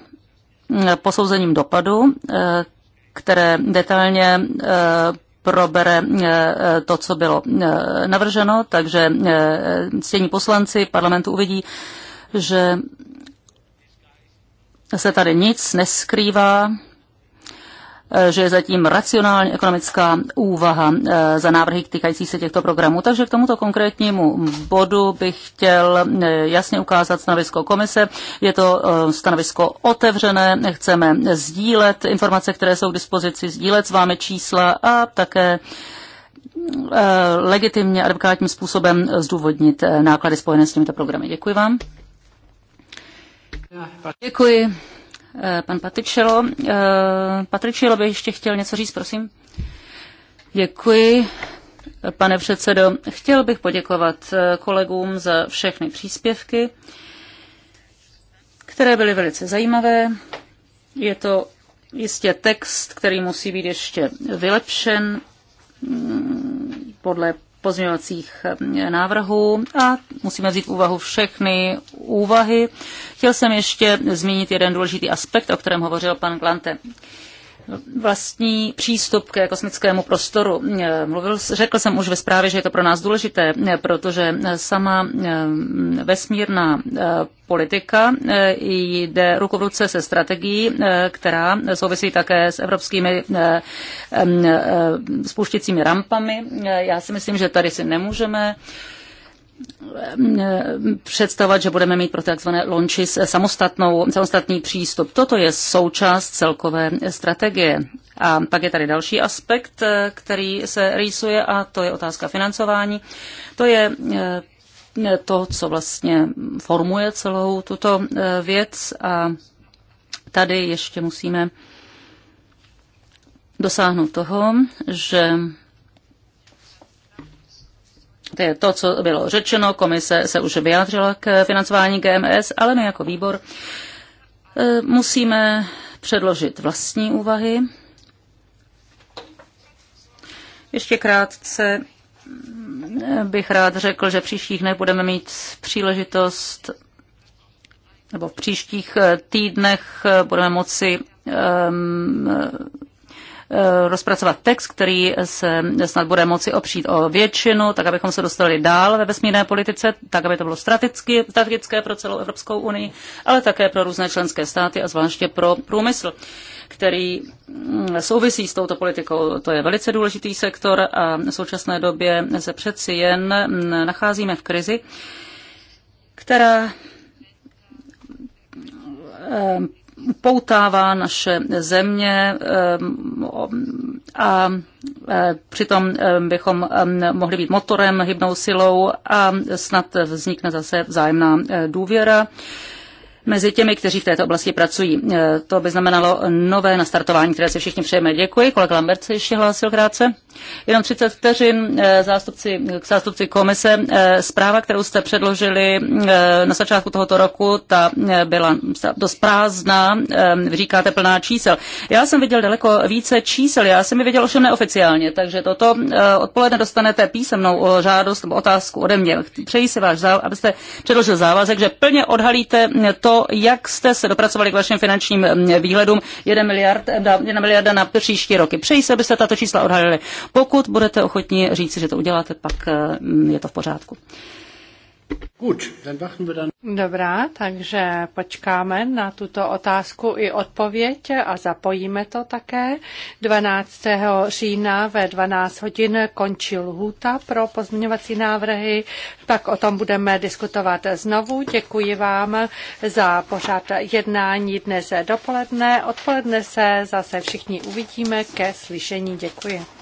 mm, posouzením dopadu, e, které detailně e, probere e, to, co bylo navrženo, takže ctění poslanci parlamentu uvidí, že se tady nic neskrývá Eh, že je zatím racionální ekonomická úvaha eh, za návrhy týkající se těchto programů. Takže k tomuto konkrétnímu bodu bych chtěl eh, jasně ukázat stanovisko komise. Je to stanovisko otevřené, chceme sdílet informace, které jsou k dispozici, sdílet s vámi čísla a také legitimně advokátním způsobem zdůvodnit náklady spojené s těmito programy. Děkuji vám. Děkuji Eh, pan Patričelo. Eh, Patričelo by ještě chtěl něco říct, prosím. Děkuji. Pane předsedo, chtěl bych poděkovat eh, kolegům za všechny příspěvky, které byly velice zajímavé. Je to jistě text, který musí být ještě vylepšen mm, podle pozměňovacích eh, návrhů a musíme vzít v úvahu všechny úvahy. Chtěl jsem ještě zmínit jeden důležitý aspekt, o kterém hovořil pan Glante vlastní přístup ke kosmickému prostoru. Eh, mluvil, řekl jsem už ve zprávě, že je to pro nás důležité, eh, protože sama eh, vesmírná politika jde ruku v ruce se strategií, která souvisí také s evropskými spouštěcími rampami. Já si myslím, že tady si nemůžeme představovat, že budeme mít pro takzvané launches samostatnou, samostatný přístup. Toto je součást celkové strategie. A pak je tady další aspekt, který se rýsuje a to je otázka financování. To je eh, to, co vlastně formuje celou tuto eh, věc a tady ještě musíme dosáhnout toho, že to je to, co bylo řečeno. Komise se už vyjádřila k financování GMS, ale my jako výbor e, musíme předložit vlastní úvahy. Ještě krátce bych rád řekl, že příštích dnech budeme mít příležitost nebo v příštích e, týdnech e, budeme moci um, Eh, rozpracovat text, který se snad bude moci opřít o většinu, tak abychom se dostali dál ve vesmírné politice, tak aby to bylo strategické pro celou Evropskou unii, ale také pro různé členské státy a zvláště pro průmysl který mm, souvisí s touto politikou. To je velice důležitý sektor a v současné době se přeci jen mm, nacházíme v krizi, která eh, upoutává naše země eh, a eh, přitom eh, bychom mohli být motorem, hybnou silou a snad vznikne zase vzájemná důvěra mezi těmi, kteří v této oblasti pracují. To by znamenalo nové nastartování, které si všichni přejeme. Děkuji. Kolega Lambert se ještě hlásil krátce. Jenom 30 vteřin eh, zástupci, k zástupci komise. Eh, zpráva, kterou jste předložili eh, na začátku tohoto roku, ta byla dost prázdná, říkáte plná čísel. Já jsem viděl daleko více čísel, já jsem je viděl ovšem neoficiálně, takže toto odpoledne dostanete písemnou žádost nebo otázku ode mě. Přeji si váš záv, abyste předložil závazek, že plně odhalíte to, jak jste se dopracovali k vašim finančním mm, výhledům 1 miliard, 1 miliarda na příští roky. Přeji si, abyste tato čísla odhalili. Pokud budete ochotni říci, že to uděláte, pak eh, je to v pořádku. Dobrá, takže počkáme na tuto otázku i odpověď a zapojíme to také. 12. října ve 12 hodin končí lhůta pro pozměňovací návrhy, tak o tom budeme diskutovat znovu. Děkuji vám za pořád jednání dnes dopoledne. Odpoledne se zase všichni uvidíme ke slyšení. Děkuji.